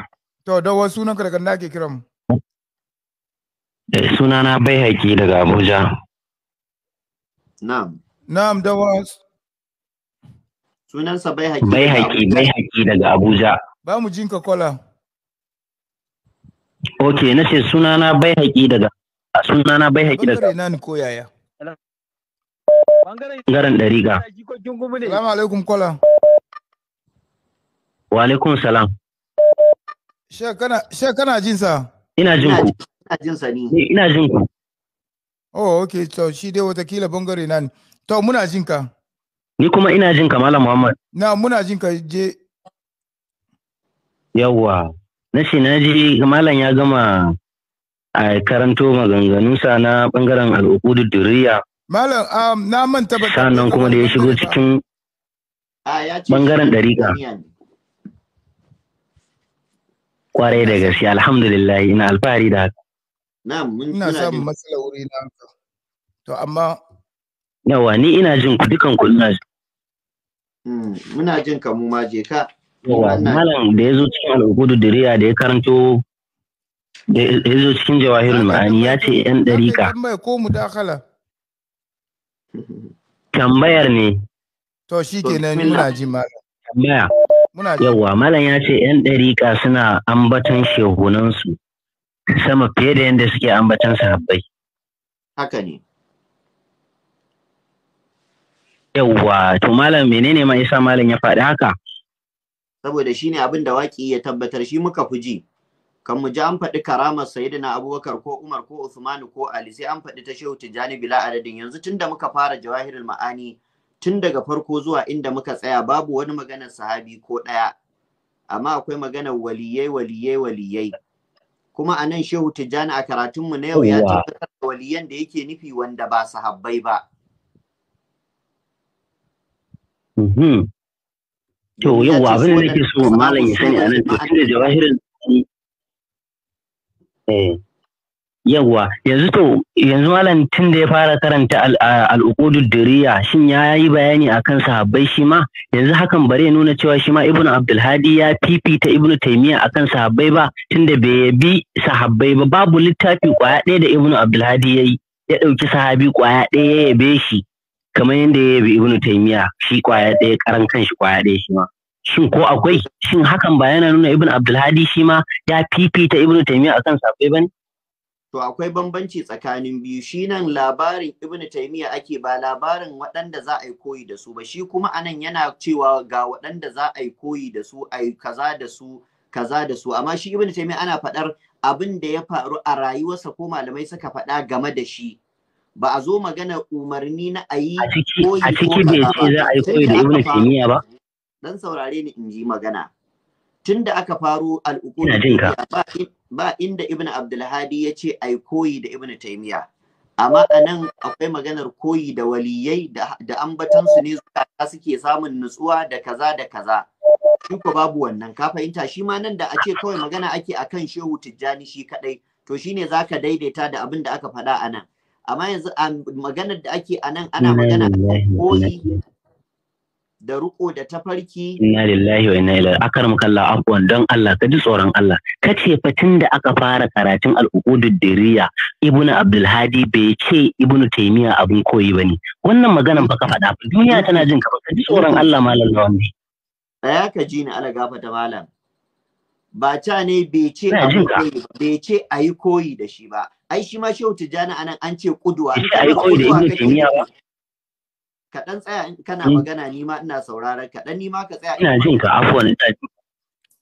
Speaker 3: To da wasu sunan ka daga na ke kiran mu.
Speaker 1: Eh, na bai haƙi daga Abuja.
Speaker 2: Na'am. Na'am da wasu. Sunansa bai haƙi. Bai haƙi bai haƙi
Speaker 1: daga Abuja.
Speaker 3: Ba mu jinka kola.
Speaker 1: Ok, na sunana bai haƙi daga sunana bai haƙi daga. Bangare
Speaker 3: nan ko yaya?
Speaker 1: Bangaren ɗariƙa.
Speaker 3: Salamu alaikum kola.
Speaker 1: Wa alaikum salam. Ina jin ku.
Speaker 3: Ina na muna jin
Speaker 1: Ni kuma ina jin Malam Muhammad. Na Na ce na ji Malam ya gama a eh, karanto maganganunsa na bangaren al'ukudu duriya
Speaker 3: Malam, um, na manta ba. Sannan kuma da ya
Speaker 1: shigo cikin
Speaker 3: bangaren ɗariƙa.
Speaker 1: Kwarai da gaske, alhamdulillah, ina alfahari da haka.
Speaker 2: Ina samun matsala wuri na haka. To, amma.
Speaker 1: Yawa, ni ina jin ku dukan ku ina jin.
Speaker 2: Hmm, muna jin ka mu ma je ka.
Speaker 1: Yawa, malam da ya zo cikin al'ukudu diriya da ya karanto da ya zo cikin jawahirul ma'ani ya ce 'yan ɗariƙa.
Speaker 3: Ko mu dakala.
Speaker 1: tambayar ne
Speaker 3: to shi nan muna ji malam
Speaker 1: tambaya yawwa malam ya ce yan ɗariƙa suna ambatan shehunansu sama fiye da yadda suke ambatan sahabbai haka ne yawwa to malam menene ma isa malam ya faɗi haka
Speaker 2: saboda shi ne abin da waƙi ya tabbatar shi muka fi ji kan mu ji an faɗi karamar sayyidina abubakar ko umar ko usmanu ko ali sai an faɗi ta shehu tijjani bila adadin yanzu tun da muka fara jawahirul ma'ani tun daga farko zuwa inda muka tsaya babu wani maganar sahabi ko ɗaya amma akwai maganar waliyai waliyai waliyai kuma a nan shehu tijjani a karatunmu na yau ya tabbatar da waliyan da yake nufi wanda ba sahabbai ba mhm. To yau abin da nake
Speaker 5: so malam ya sani a nan to da jawahirin
Speaker 1: Eh. Yawwa, yanzu to yanzu malam tun da ya fara karanta al'uqudud diriya shin ya yi bayani akan sahabbai shi ma yanzu hakan bare nuna cewa shi ma Ibn Abdulhadi ya fifita Ibn Taimiya akan sahabbai ba tun da bai yabi sahabbai ba babu littafi kwaya ɗaya da Ibn Abdulhadi ya yi ya ɗauki sahabi kwaya ɗaya ya yabe shi kamar yadda ya yabi Ibn taimiyya shi kwaya ɗaya karan kanshi kwaya ɗaya shi ma. shin ko akwai shin hakan ba yana nuna ibn abdulhadi shi ma ya fifita ibn taymiya akan sabai bane
Speaker 2: to akwai bambanci tsakanin biyu shi nan labarin ibn taymiya ake ba labarin waɗanda za a yi koyi da su ba shi kuma anan yana cewa ga waɗanda za a yi koyi da su a kaza da su kaza da su amma shi ibn taymiya ana faɗar abin da ya faru a rayuwarsa ko malamai suka faɗa game da shi ba a zo magana umarni na a yi koyi ko ba koyi da ibn taymiya ba dan saurare ni in ji magana tunda aka faro al'uqud ba inda ibn abdulhadi ya ce ai koyi da ibn taymiya amma anan akwai maganar koyi da waliyai da ambatan su ne zuwa suke samun nutsuwa da kaza da kaza shi ko babu wannan ka fahimta shi ma nan da a ce kawai magana ake akan shehu tijjani shi kadai to shine zaka daidaita da abin da aka faɗa anan amma yanzu maganar da ake anan ana magana koyi da riko da tafarki inna lillahi
Speaker 1: wa inna ilaihi akar mukalla afwan don Allah ka ji tsoron Allah kace fa da aka fara karatun al-uqudud diriya ibn abdul hadi bai ce ibn taymiya abun koyi bane wannan maganan fa ka faɗa duniya tana jin ka ka ji tsoron Allah malam lawan ne
Speaker 2: tsaya ka ji ni ala ta malam ba ta ne bai ce abun koyi bai ce ayi koyi da shi ba ai shi ma shehu tijani anan an ce kuduwa an yi koyi da ibn taymiya Kaɗan tsaya in kana hmm. magana ni ma ina sauraron ka dan ni ma ka tsaya ina jin ka afwan ina jin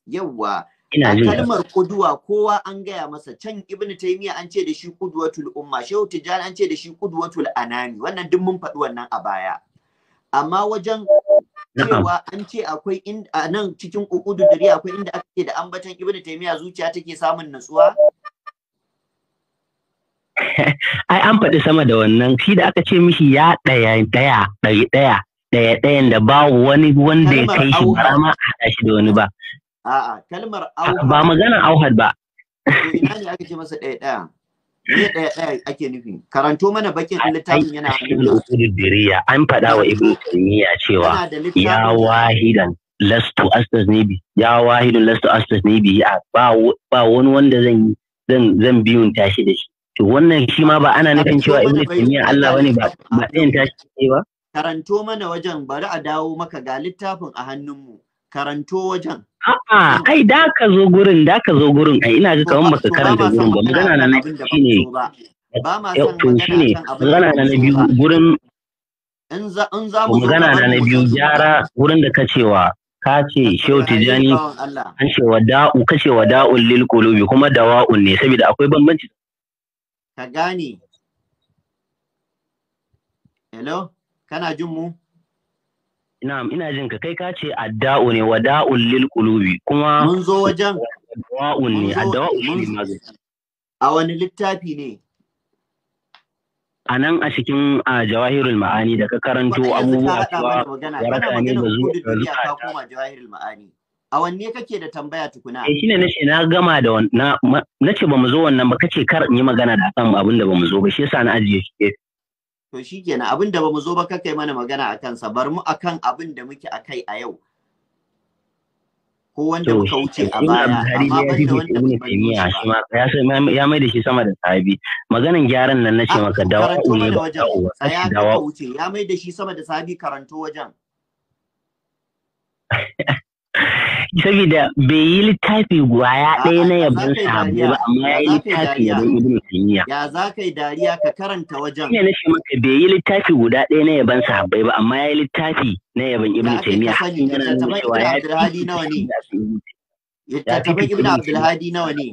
Speaker 2: yawa ina jin kalmar kuduwa kowa an gaya masa can ibnu taymiya an ce da shi kuduwatul umma shehu tijani an ce da shi kuduwatul anami wannan duk mun faɗi wannan a baya amma wajen cewa an ce akwai a nan cikin uqudu dare akwai inda aka ce da ambatan ibnu taymiya zuciya take samun natsuwa
Speaker 1: ai an faɗi sama da wannan shi da aka ce mishi ya ɗaya ɗaya ɗari ɗaya ɗaya ɗayan da ba wani wanda ya kai shi ba ma a haɗa shi da wani ba.
Speaker 2: A'a kalmar auhad. Ba magana auhad ba. Eh, ina ne aka ce masa ɗaya ɗaya? Me ɗaya ɗaya ake nufi? Karanto mana bakin littafin yana hannun Ibn
Speaker 1: an faɗa wa Ibn Taymiyyah cewa ya wahidan lastu astasnibi ya wahidan lastu astasnibi ba wani wanda zan zan biyun tashi da shi. to wannan shi ma ba ana nufin cewa ibnu taymiya Allah bane ba ba ɗayan tashi ba
Speaker 2: karanto mana wajen bari a dawo maka ga littafin a hannunmu karanto wajen
Speaker 1: a'a ai da ka zo gurin da ka zo gurin ai ina ji kaman baka karanta gurin ba magana na
Speaker 2: shine ba ma san
Speaker 1: magana na biyu gurin
Speaker 2: in za mu magana na na biyu gyara
Speaker 1: wurin da ka cewa ka ce shehu tijani
Speaker 2: an
Speaker 1: ce wa ka ce da'un lil kuma dawa'un ne saboda akwai bambanci
Speaker 2: ka gane hello kana jin mu Na'am, ina jin ka kai ka ce adda'u ne wa
Speaker 1: da'ul lil qulubi kuma mun zo
Speaker 2: wajen wa'un ne adda'u ne magani a wani littafi ne
Speaker 1: a nan a cikin a jawahirul ma'ani da ka karanto abubuwa cewa waraka ne da zuwa ka
Speaker 2: koma jawahirul ma'ani A wanne kake da tambaya tukuna? Eh
Speaker 1: shine nace na gama da na nace bamu zo wannan ba kace kar in yi magana da kan abin da bamu zo ba shi yasa na ajiye shi.
Speaker 2: To shikenan abin da bamu zo ba kakai mana magana akan sa bar mu akan abin da muke akai a yau. Ko wanda muka wuce a baya amma da wanda
Speaker 1: shi ma ya ya mai da shi sama da sahibi. maganan gyaran nan nace ah, maka dawa ne ba dawa
Speaker 2: ya mai da shi sama da sahibi karanto wajen.
Speaker 1: saboda bai yi littafi gwaya ɗaya na yabon sabo ba amma ya yi littafi yabon ibn taymiya ya
Speaker 2: za ka yi dariya ka karanta wajen ne nace
Speaker 1: maka bai yi littafi guda ɗaya na yabon sahabbai ba amma ya yi littafi na yabon ibn taymiya yana nuna cewa ya yi littafi nawa ne littafin ibn abdulhadi nawa ne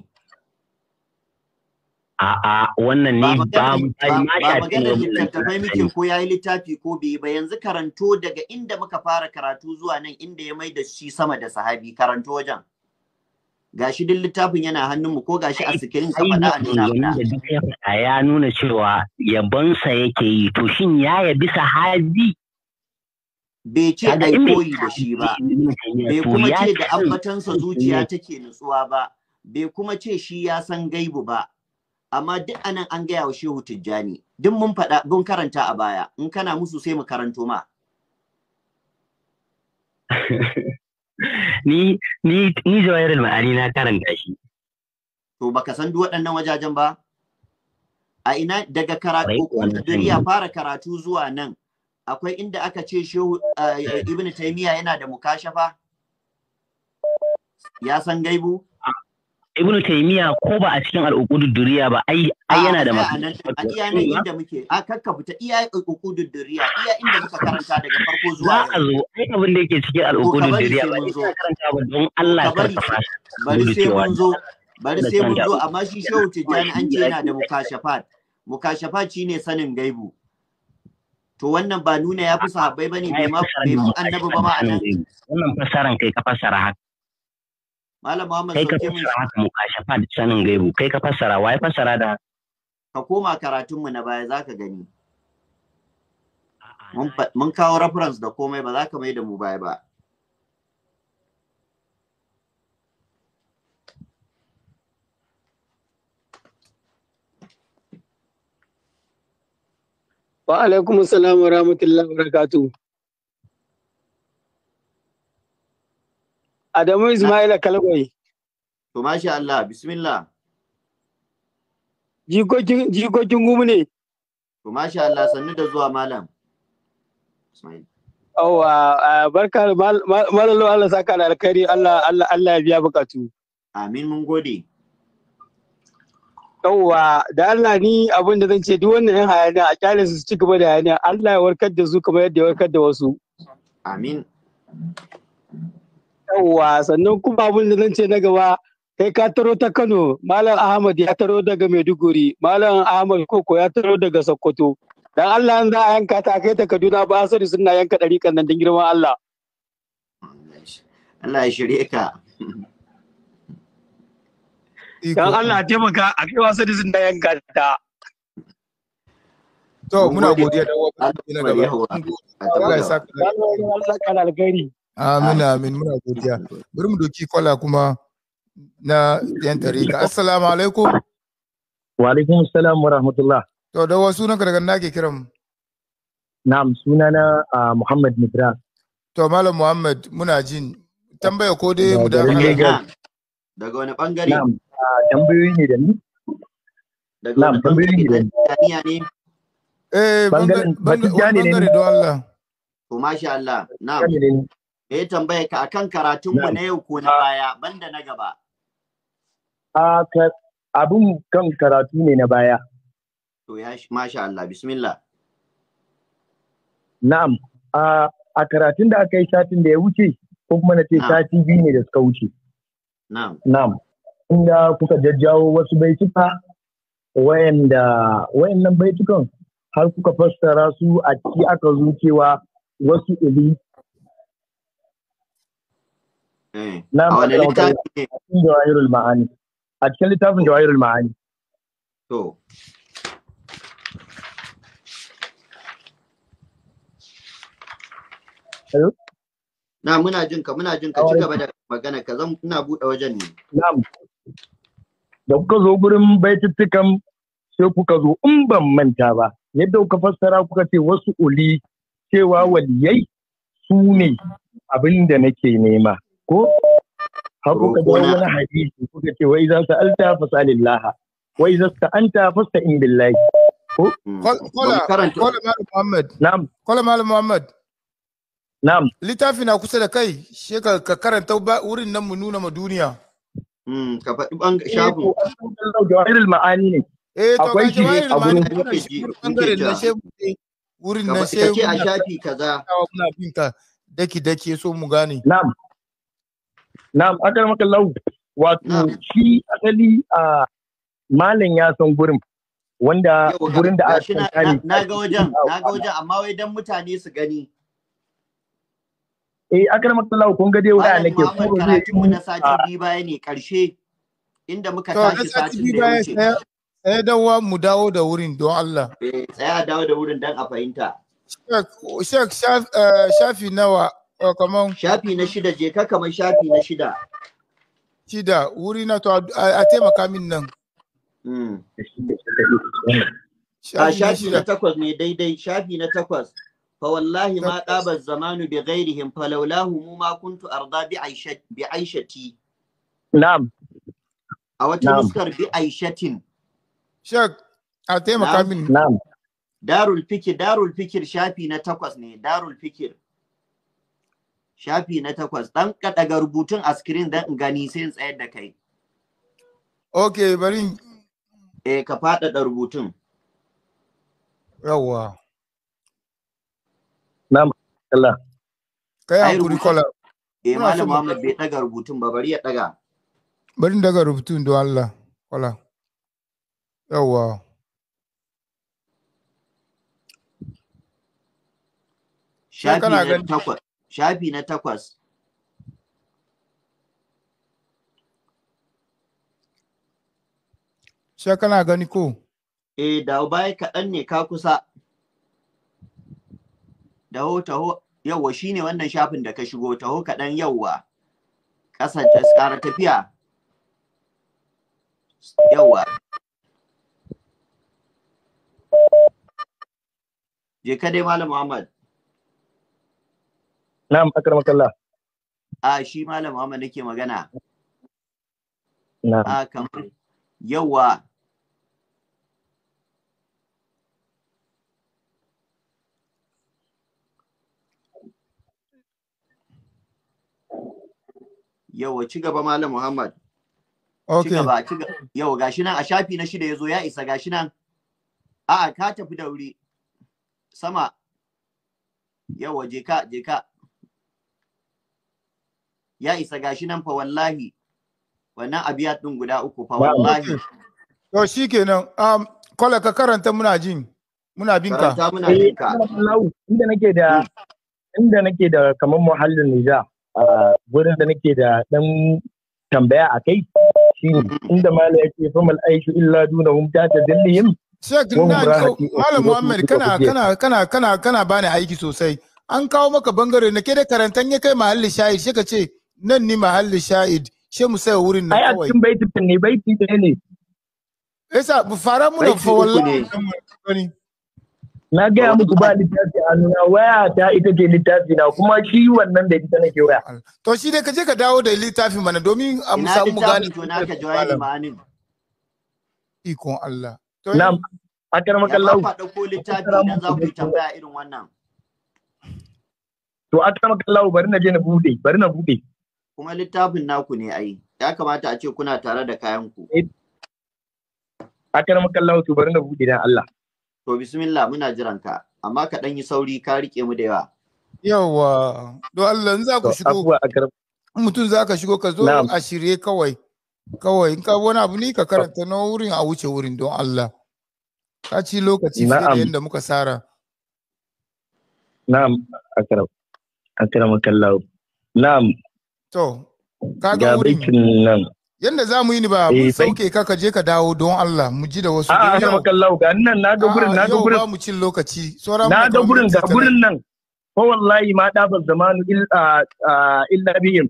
Speaker 1: A'a wannan ne ba mu magana littattafai muke
Speaker 2: ko ya yi littafi ko bai ba yanzu karanto daga inda muka fara karatu zuwa nan inda ya mai da shi sama da sahabi karanto wajen. Gashi duk littafin yana hannunmu ko gashi a sikirin ka da a nuna faɗa.
Speaker 1: Ya nuna cewa yabonsa yake yi to shin ya yabi sahabi
Speaker 2: bai ce ai koyi da shi ba bai kuma ce da ambatansa zuciya eh. take nutsuwa ba bai kuma ce shi ya san gaibu ba amma duk anan an gaya wa shehu tijjani duk mun faɗa mun karanta a baya in kana musu sai mu karanto ma
Speaker 1: ni ni ni jawahirul ma'ani na karanta shi
Speaker 2: to baka san duk waɗannan wajajen ba a ina daga karatu duniya fara karatu zuwa nan akwai inda aka ce shehu eh, ibnu taymiya yana da mukashafa ya san gaibu
Speaker 1: Ibn taymiya ko ba a cikin al'uqudud duriya ba ai ai yana da maka a iya nan inda
Speaker 2: muke a kakka fita iya al'uqudud duriya iya inda muka karanta daga farko
Speaker 1: zuwa za a zo ai abin da yake cikin al'uqudud duriya ba ina karanta ba don Allah ya karfafa bari sai mun zo bari sai mun zo amma
Speaker 2: shi shehu tijani an ce yana da mukashafat mukashafat shine sanin gaibu to wannan ba nuna ya fi sahabbai bane bai ma bai annabi ba ma anan
Speaker 1: wannan fasaran kai ka fasara haka
Speaker 2: Malam Muhammad kai ka fassara
Speaker 1: maka muka fa da sanin gaibu kai ka fassara wai fassara da
Speaker 2: ka koma karatun mu na baya zaka gani mun kawo reference da komai ba za ka mai da mu baya ba
Speaker 3: Wa alaikum salam wa rahmatullahi
Speaker 2: wa barakatuh. Adamu Ismaila Kalwai. To masha Allah, bismillah. Jikokin gumu ne. To masha Allah, sannu da zuwa malam.
Speaker 1: Awa, Yawwa, barka malam Allah saka da alkhairi Allah Allah Allah ya biya bukatu. Amin mun gode. Yawwa, da Allah ni abin da zan ce duk wannan yan hayaniya a kyale su ci gaba da hayaniya Allah ya warkar da su kamar yadda ya warkar da wasu. Amin. Yawwa sannan kuma abin da zan ce na gaba kai ka taro ta Kano, Malam Ahmad ya taro daga Maiduguri, Malam Ahmad Koko ya taro daga Sokoto. Dan Allah an za a yanka ta kai ta Kaduna
Speaker 2: ba asali suna yanka ɗari kan nan don girman Allah. Allah ya shirye ka.
Speaker 1: Dan Allah taimaka a kai wasu suna yanka ta.
Speaker 3: To muna godiya da
Speaker 1: wani gaba.
Speaker 3: Allah ya saka. Allah ya saka Amin amin muna godiya. Bari mu doki kwala kuma na yan tarika. Assalamu alaikum. Wa alaikum assalam wa rahmatullah. To da wasu nan daga na ke kiran. Na'am sunana Muhammad Midras. To Malam Muhammad muna jin tambaya ko dai mu
Speaker 2: da daga wani bangare. Na'am
Speaker 3: tambayoyi ne da ni.
Speaker 2: Daga tambayoyi ne da ni. Eh bangare bangare don Allah. To masha Allah. Na'am. da ya tambaya ka akan karatunmu na yau ko na baya banda na gaba. Abin kan karatu ne na baya. To ya shi masha Allah bismillah.
Speaker 1: Na'am, a karatun da aka yi satin da ya wuce, ko kuma na ce sati biyu ne da suka wuce. Na'am. Na'am. Inda kuka jajjawo wasu baituka wayanda wayannan baitukan har kuka fassara su a ciki aka zo cewa wasu ili
Speaker 5: Eh. na a cikin
Speaker 1: littafin jawahirul ma'ani
Speaker 2: to na muna jin ka muna jin ka ci gaba da magana ka zan ina bude wajen ne na'am da kuka zo gurin baitittikan
Speaker 1: sai kuka zo in ban manta ba yadda kuka fassara kuka ce wasu uli cewa waliyai su ne abin da nake nema ko haku ka wani hadisi kuka ce wai za su alta fasalillaha wai za su
Speaker 3: anta fasta in billahi ko
Speaker 1: kola hmm. kola
Speaker 3: malam muhammad na'am kola malam muhammad na'am littafi na kusa da kai shekar ka karanta wurin nan mu nuna ma duniya Mm, ka faɗi ban
Speaker 1: eh,
Speaker 2: shago.
Speaker 3: Jawahirul ma'ani ne. Eh, to akwai shi a gurin bangaren na wurin na shehu. Ka ce a shafi kaza. Muna daki daki so mu gane. Na'am.
Speaker 1: na'am aka maka lau wato shi asali a malam ya san gurin wanda gurin da aka kankare na ga wajen na ga wajen
Speaker 2: amma wai dan mutane su gani
Speaker 1: eh aka maka lau kun ga dai waya nake kuma karatun mu na
Speaker 2: sati biyu baya ne karshe inda muka tashi sati biyu baya sai dan wa mu dawo da wurin don Allah eh tsaya dawo da wurin dan a fahimta Shek,
Speaker 3: eh, shafi nawa Eh, shafi na shida je ka kamar shafi na shida. Shida wuri na to a taimaka min nan.
Speaker 5: Hmm.
Speaker 2: shafi na takwas ne daidai shafi na takwas. Fa wallahi ma ɗabar zamanu bi ghairihim falaulahu mu ma kuntu arda bi aishati. Na'am. A wata fuskar bi aishatin. Shek a taimaka min. Na'am. Darul fikir darul fikir shafi na takwas ne darul fikir. shafi na takwas dan ka daga rubutun a screen dan in gani sai in tsayar da kai okay bari eh ka faɗaɗa rubutun yawwa na'am Allah kai kuri kola eh malam Muhammad bai daga rubutun ba bari ya daga
Speaker 3: bari daga rubutun don Allah kola yawwa
Speaker 2: shafi na takwas shafi na takwas
Speaker 3: sai kana gani ko
Speaker 2: eh da baya kaɗan ne ka kusa taho taho yawa shine wannan shafin da ka shigo taho kaɗan yawa ƙasar ta tsara tafiya yawa je ka dai malam muhammad
Speaker 1: Na'am Allah.
Speaker 2: A shi malam Muhammad nake magana. Na'am. A kamar yawa Yawa ci gaba Malam Muhammad. Okay. Ci gaba, ci Yawa gashi nan a shafi na shida yazo ya isa gashi nan. A'a ka tafi da wuri. Sama. Yawa je ka je ka. ya isa gashi nan fa wallahi wannan ya din guda uku fa wallahi to
Speaker 3: kenan, um kola ka karanta muna jin muna
Speaker 1: binka karanta muna eh, inda nake da hmm. inda nake da kamar muhallin nija gurin da nake da dan tambaya a kai shi hmm. inda mala yake famal aishu illa duna hum ta
Speaker 3: tadillihim Sheikh Malam Muhammad kana kana kana kana kana bani aiki sosai an kawo maka bangare na ke da karantan ya kai mahallin shahid shi ka ce nan ni mahalli sha'id she mu sai wurin na kawai ai cikin baiti ne baiti ne ne yasa bu fara mu da fa wallahi na gaya muku ba littafi a nuna waya
Speaker 1: ta ita ce littafi na kuma shi wannan da ita nake waya
Speaker 3: to shi dai ka je ka dawo da littafin mana domin
Speaker 2: a mu samu mu gane to na ka jawabi
Speaker 3: ma'anin ikon Allah
Speaker 2: na'am
Speaker 1: akar makallahu ka
Speaker 2: ko littafi na za ku tambaya irin wannan
Speaker 1: to akar makallahu bari na je na bude bari na bude
Speaker 2: kuma littafin naku ne ai ya kamata a ce kuna tare da kayan ku eh. akar makallahu to bari na bude dan Allah to bismillah muna jiran ka amma ka dan yi sauri ka rike mu da yawa
Speaker 3: yawa do Allah in za ku shigo mutum za ka shigo ka zo a shirye kawai kawai in ka wani abu ne ka karanta na wurin a wuce wurin don Allah ka ci lokaci fiye da yadda muka sara
Speaker 1: na'am akram akram kallahu na'am
Speaker 3: To, kaga wurin nan. Yanda za mu yi ni ba mu eh, sauke ka ka je ka dawo don Allah mu ji da wasu. A'a sama kallahu ga nan na ga gurin na ga gurin. Yau ba mu cin lokaci. Na ga gurin ga gurin nan.
Speaker 1: Ko wallahi ma dabar zamanu illa bihim.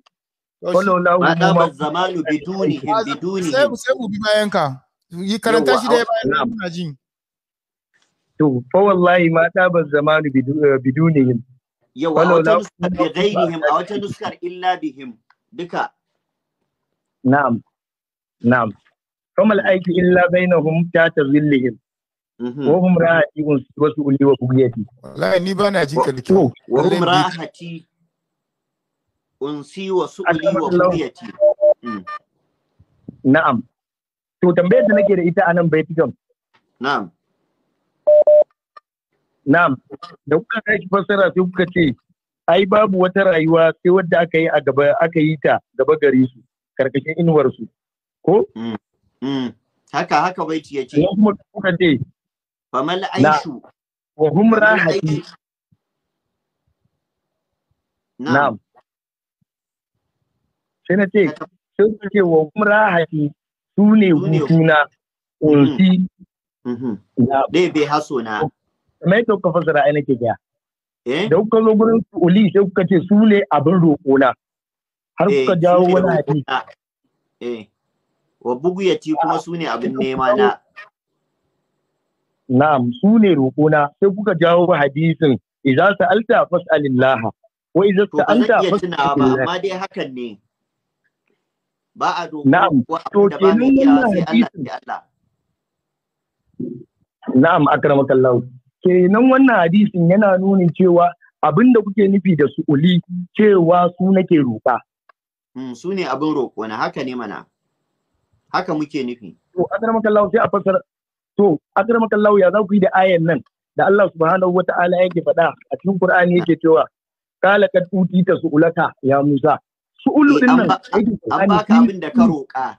Speaker 1: Ma dabar
Speaker 3: zamanu biduni biduni. Sai mu sai mu bi bayan ka. Yi karanta shi da bayan ka jin.
Speaker 1: To ko wallahi ma dabar zamanu eh, biduni.
Speaker 2: yau a wata nuskar bi ghairihim a wata nuskar illa bihim duka
Speaker 1: na'am na'am kamal aiki illa bainahum ta tazillihim mhm. wa hum ra'atun wasu uli wa bugiyati wallahi ni ba na ji ka kyau
Speaker 2: oh, wa hum ra'ati unsi wa su'uli wa bugiyati mm. na'am
Speaker 1: to tambayar da nake da ita anan baitikan na'am na'am da kuka kai fassara sai kuka ce ai babu wata rayuwa sai wadda aka yi a gaba aka yi ta gaba gare su
Speaker 2: karkashin inuwar su ko mm, mm. haka haka ce. yace kuma kuka ce famal aishu wa humra rahati
Speaker 1: na'am sai na ce sai kuka ce wa humra rahati su ne hutuna unsi
Speaker 2: mm, mm-hmm. na bai haso
Speaker 1: na kamar yadda kuka fasara a nake gaya eh? da kuka zo gurin uli sai kuka ce su ne abin roƙona har kuka eh, jawo wani
Speaker 2: Eh, wa buguyati kuma su ne abin nema na
Speaker 1: na'am su ne roƙona sai kuka jawo hadisin idza sa'alta fas'alillah wa idza sa'alta fas'alillah amma dai
Speaker 2: hakan ne ba a dogon Na'am, to da ba mai yawa
Speaker 1: na'am akramakallahu kenan wannan hadisin yana nuni cewa abin da kuke nufi da su'uli cewa su nake roƙa.
Speaker 2: Hmm, su ne abin roƙo na haka ne mana haka muke nufi. To lau sai a fasar, to akramakallahu ya za ku yi da ayan nan da Allah subhanahu wa ta'ala yake faɗa a cikin Kur'ani
Speaker 1: yake cewa kala kad ta su'ulaka ya Musa. Su'ulu din eh, nan an baka abin da ka
Speaker 2: roƙa.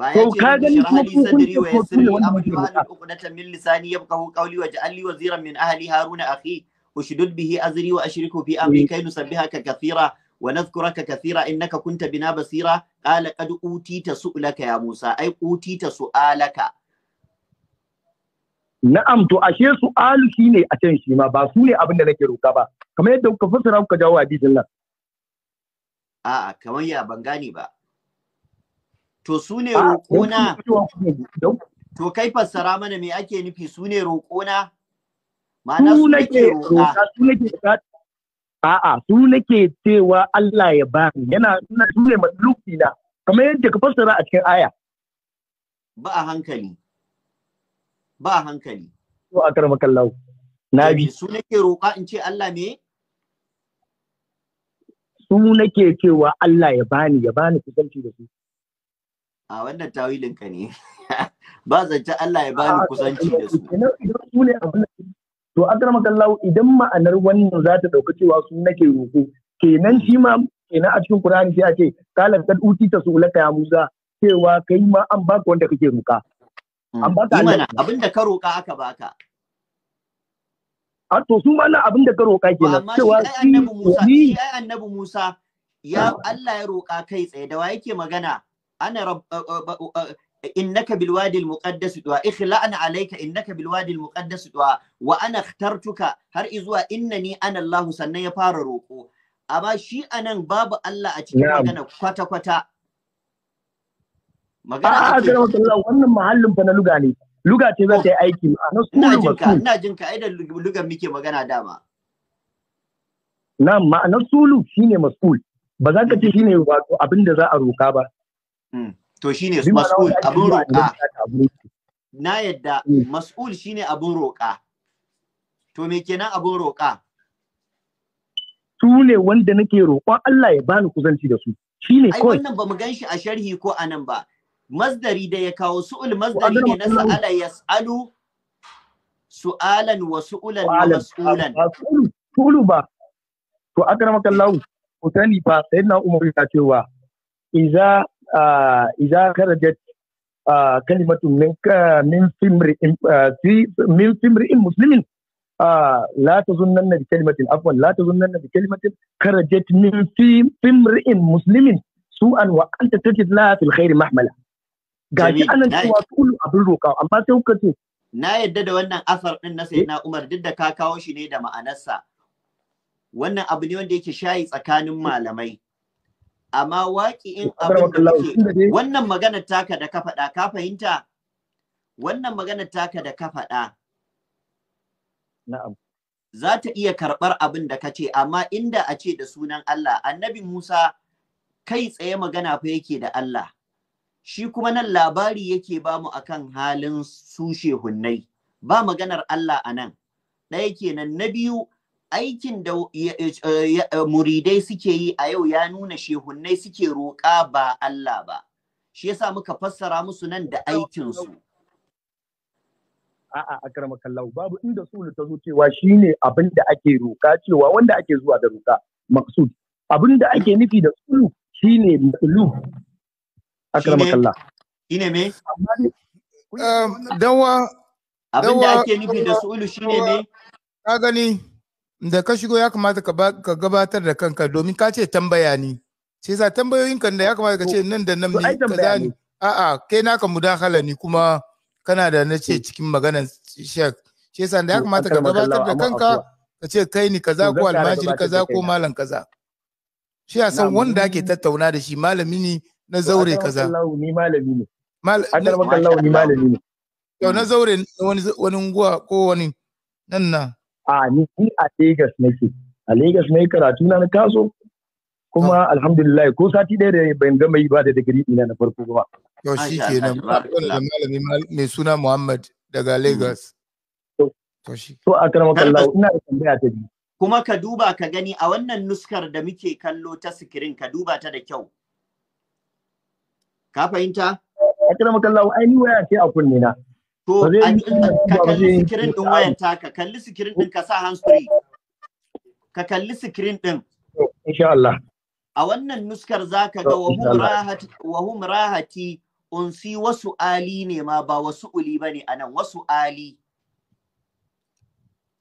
Speaker 2: bayan ce ka gani ko ku kun ce ko tun da wannan mutum uqdatan min lisani yafqahu qawli waj'al li waziran min ahli haruna akhi ushdud bihi azri wa ashriku fi amri kay nusabbihaka kathira wa nadhkuraka kathira innaka kunta bina basira qala qad utita su'laka ya musa ai utita su'alaka
Speaker 1: Na'am to ashe su'alu shi ne a can shi ma ba su ne abin da nake roka ba kamar yadda kuka fassara kuka jawo hadisin nan
Speaker 2: A'a kamar ya ban gane ba to su ne roƙona to kai fassara mana me ake nufi su ne roƙona ma'ana su nake roƙa su nake
Speaker 1: a'a su nake cewa Allah ya ba ni yana su ne maluki na kamar yadda ka fassara a cikin aya
Speaker 2: ba a hankali ba a hankali to a karma kallahu na bi su nake roƙa in ce Allah me
Speaker 1: su nake cewa Allah ya bani ya bani kusanci da su
Speaker 2: a wannan tawilin ka ne ba zance Allah ya bani kusanci da su
Speaker 1: idan su ne abin to akrama kallahu idan ma'anar wannan za ta dauka cewa su nake roko kenan shi ma kenan a cikin Qur'ani sai a ce qala kad su laka ya Musa cewa kai ma an baka wanda kake roƙa
Speaker 2: hmm. an baka abin da ka roƙa aka baka a to su ma na abin da ka roƙa kenan cewa shi annabi Musa annabi Musa ya Allah ya roƙa kai tsaye da wa yake magana ana rab innaka bilwadi almuqaddas du'a ikhla'na alayka innaka bilwadi almuqaddas du'a har izuwa innani ana Allah sannan ya fara roko amma shi anan babu Allah a cikin magana kwata kwata magana
Speaker 1: a wannan mahallin fa na luga ne luga ce za ta yi aiki ina ina
Speaker 2: jinka ai da lugan muke magana dama
Speaker 1: na ma'anar sulu shine masul ba za ka ce shine wato abin da za a roka ba
Speaker 2: Hmm. To shi ne mas'ul abin roƙa. Na yadda hmm. mas'ul shi ne abin roƙa. To me kenan abin roƙa?
Speaker 1: Su ne wanda nake roƙon Allah ya bani kuzanci da su.
Speaker 2: Shi ne kawai. Ai wannan ba mu gan shi a sharhi ko a nan ba. Mazdari da ya kawo su'ul mazdari ne na sa'ala yas'alu su'alan wa su'ulan wa mas'ulan.
Speaker 1: Su'ulu ba. To akramaka Allah ku sani fa sayyidina Umar ya cewa idza إذا خرجت كلمة منك من فمر من فمر مسلم لا تظنن بكلمة عفوا لا تظنن بكلمة خرجت من فمر مسلم su'an wa an ta tajid la fil khairi mahmala
Speaker 2: gashi anan cewa
Speaker 1: kullu abin roƙa. amma sai kuka ce
Speaker 2: na yadda da wannan asar din na sayyidina Umar duk da ka kawo shi ne da ma'anarsa wannan abu ne wanda yake shayi tsakanin malamai amma waƙi in abin da kake wannan magana taka da ka faɗa ka fahimta wannan magana taka da ka faɗa na'am za ta iya karɓar abin da ka ce amma inda a ce da sunan Allah annabi Musa kai tsaye magana fa yake da Allah shi kuma nan labari yake ba mu akan halin su shehunnai ba maganar Allah a nan ɗaya kenan na biyu aikin da eh, muridai suke yi a yau ya nuna shehunnai suke roƙa ba Allah ba shi yasa muka fassara musu nan da aikin su a'a a karama babu
Speaker 1: inda sulu ta zo cewa shine abin da ake roƙa cewa wanda ake zuwa da roƙa maksud abin da ake nufi da sulu shine matulu a karama
Speaker 3: shine me ehm, dawa abin da ake nufi da sulu shine me ka gani da ka shigo ya kamata ka gabatar da kanka domin ka ce tambaya ni sai sa tambayoyin kan da ya kamata ka ce nan da nan ne kaza ne a'a kai naka mudahala ne kuma kana da na ce cikin maganar shek sai sa da ya kamata ka gabatar da kanka ka ce kai ni kaza ko almajiri kaza ko malam kaza shi ya san wanda ake tattauna da shi malami ne na zaure kaza malami ne malami ne yau na zaure wani wani ko wani nan na a ni a
Speaker 1: Lagos nake a Lagos na yi karatu na kaso kuma ah. alhamdulillah ko sati ɗaya da ban gama yi ba da digiri ina na farko ba to
Speaker 3: shi ke nan malami mai suna Muhammad daga hmm. Lagos to shi to a karama kallahu ina da tambaya ta biyu
Speaker 2: kuma ka duba ka gani a wannan nuskar da muke kallo ta sikirin ka duba ta da kyau
Speaker 1: ka fahimta a karama kallahu ai ni waya ce a kunne na
Speaker 2: To, ka kalli sikirin ɗin wayan taka, kalli sikirin ɗin ka sa hands-free. Ka kalli sikirin ɗin. Insha Allah. A wannan nuskar za ka ga wahum rahati unsi wasu ali ne ma ba wasu uli ba ne a nan wasu ali.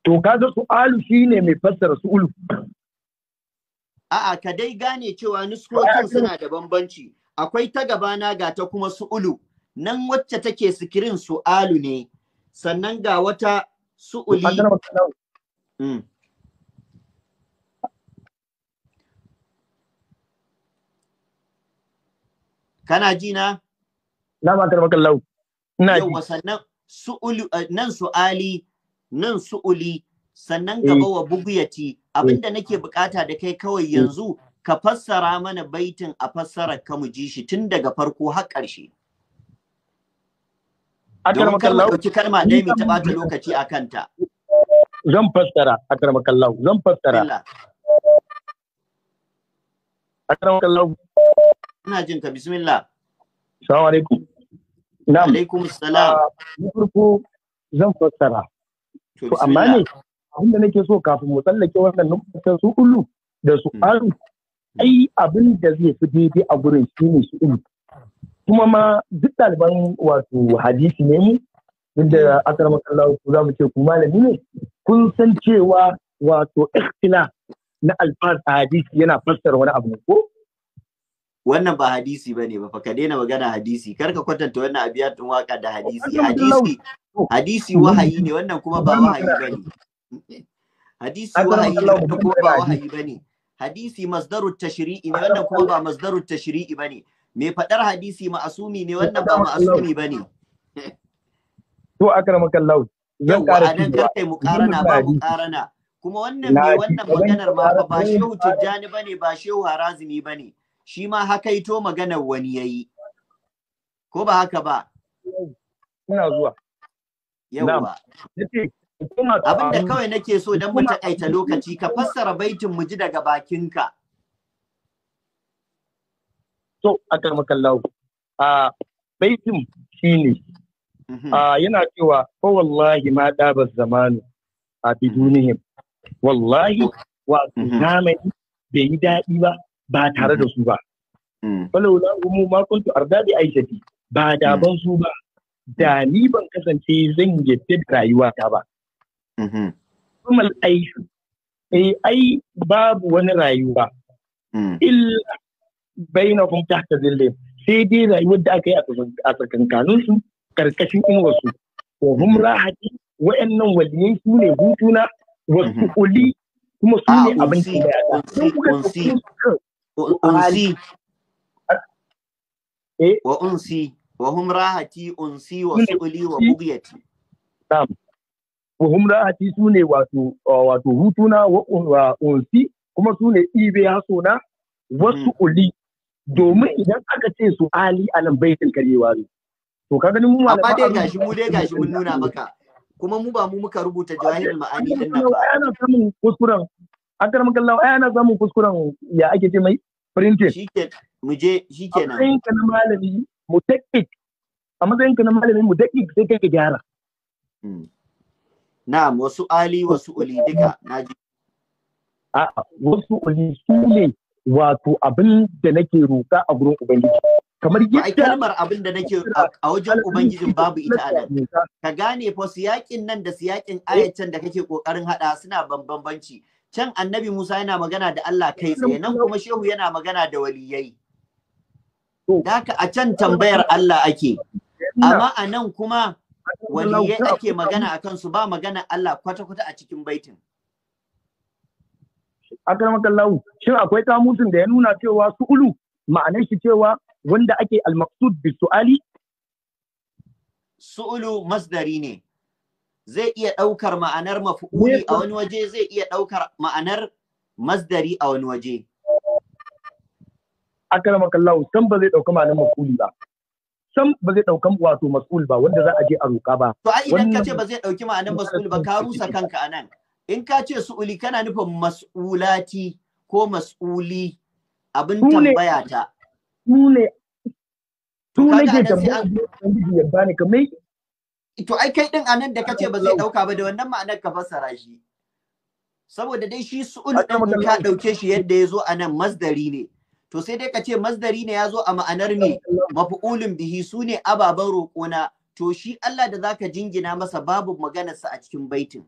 Speaker 1: To, ka ga su'alu shi ne mai fassara su'ulu.
Speaker 2: A'a, ka dai gane cewa nuskokin suna da bambanci. Akwai ta gabana ga ta kuma su'ulu. nan wacce take sikirin su'alu ne sannan ga wata su'uli mm. kana ji na na ina ji sannan su'uli eh, nan su'ali nan su'uli sannan gaba mm. wa bugiyati abinda nake bukata da kai kawai mm. yanzu ka fassara mana baitin a fassara ka mu ji shi tun daga farko har ƙarshe
Speaker 1: Domin kar mu ɗauki kalma ɗaya mai taɓa ta lokaci a kanta. Zan fassara akarmakallahu
Speaker 2: zan fassara. akarmakallahu. Ina jin ka bismillah. Assalamu alaikum. Na'am. Alaikum salam. Ah, Ni
Speaker 1: farko zan fassara.
Speaker 2: To amma ne
Speaker 1: Abin da nake so kafin mu tsallake wannan numfasan su ulu da su hmm. aru ai abin da zai fi daidai a gurin shi ne su ulu. kuma ma duk ɗaliban wato hadisi ne mu inda da mm. akar makallahu ku za mu ce ku malami ne kun san cewa wato ikhtila na alfaz
Speaker 2: a hadisi yana fassara wani abu ko wannan ba hadisi ba ne ba fa ka daina magana hadisi kar ka kwatanta wannan abiyatun waka da hadisi hadisi hadisi wahayi ne wannan kuma ba wahayi bane. hadisi wahayi ne wannan kuma ba wahayi bane. hadisi masdarut tashri'i ne wannan kuma ba masdarut tashri'i bane. mai faɗar hadisi ma'asumi ne wannan ba ma'asumi ba ne.
Speaker 1: To akramaka Allah. Zan ƙara ci ba. Yawwa muƙarana ba muƙarana.
Speaker 2: Kuma wannan mai wannan maganar ma ba shehu Tijjani bane ba shehu Harazimi bane. Shi ma hakaito maganar wani yayi. Ko ba haka ba? Ina zuwa. Yawwa. Abin da kawai nake so don mu taƙaita lokaci ka fassara baitin mu ji daga bakinka.
Speaker 1: to aka makallahu a baitin shi ne mhm. yana cewa ko wallahi ma zamanu a bidunihim wallahi wa mhm. zamani bai yi daɗi ba ba tare da su ba mhm. falaula umu ma kuntu arda bi aishati ba da ban su ba da ni ban kasance zan yadda da rayuwata ba kuma aishu eh, ai babu wani rayuwa illa bainahum tahta zillin sai dai rayuwar da aka yi a tsakankanin su karkashin inuwar su wa hum rahati wa'annan waliyai su ne hutuna wasu mhm. kuli
Speaker 2: kuma su ne ah, abinci da yada sun kuka unsi eh? wa unsi wa hum rahati unsi wa su'uli wa bugyati
Speaker 1: na'am wa hum rahati su ne wato wato hutuna wa unsi kuma su ne ibe hasona wasu mhm. uli domin idan aka ce su ali anan baitin karyewa ne to ka ganin mu amma dai gashi mu dai gashi mun nuna maka
Speaker 2: kuma mu ba mu muka rubuta jawahirul ma'ani din nan
Speaker 1: ba ana samun kuskuren an karama kallawa ai ana samun kuskuren ya ake ce mai printed shike mu je shikenan a matsayin ka na malami mu dakik a matsayin ka na malami mu dakik sai kai
Speaker 2: ka gyara hmm. na'am wasu ali wasu uli duka naji
Speaker 1: a wasu uli su ne wato abin da nake roƙa
Speaker 2: a gurin ubangiji kamar yadda kalmar abin da nake a wajen ubangijin babu ita a nan ka gane fa siyakin nan da siyakin ayatan da kake kokarin hada suna bambanci can annabi Musa yana magana da Allah kai tsaye nan kuma shehu yana magana da waliyai daka a can tambayar Allah ake amma a nan kuma waliyai ake magana akan su ba magana Allah kwata-kwata a cikin baitin
Speaker 1: akramakan lahu shin akwai kamusin da ya nuna cewa su'ulu ma'anar shi cewa wanda ake al-maqsud bi su'ali
Speaker 2: su'ulu masdari ne zai iya ɗaukar ma'anar mafu'uli a wani waje zai iya ɗaukar ma'anar masdari a wani waje akramakan
Speaker 1: lahu san ba zai ɗauka ma'anar mafu'uli ba san ba zai ɗauka wato mas'ul ba wanda za a je a
Speaker 2: roƙa ba to ai idan ka ce ba zai ɗauki ma'anar mas'ul ba ka rusa kanka anan in ka ce su'uli kana nufin mas'ulati ko mas'uli abin tambaya ta tule tule ke tambaya to ai kai din anan da kace ba zai ɗauka ba da wannan ma'anar ka fassara shi saboda dai shi su'ul ɗin ka ɗauke shi yadda ya zo anan masdari ne to sai dai kace masdari ne ya zo a ma'anar me maf'ulun bihi su ne ababen roƙona to shi Allah da zaka jingina masa babu maganarsa a cikin baitin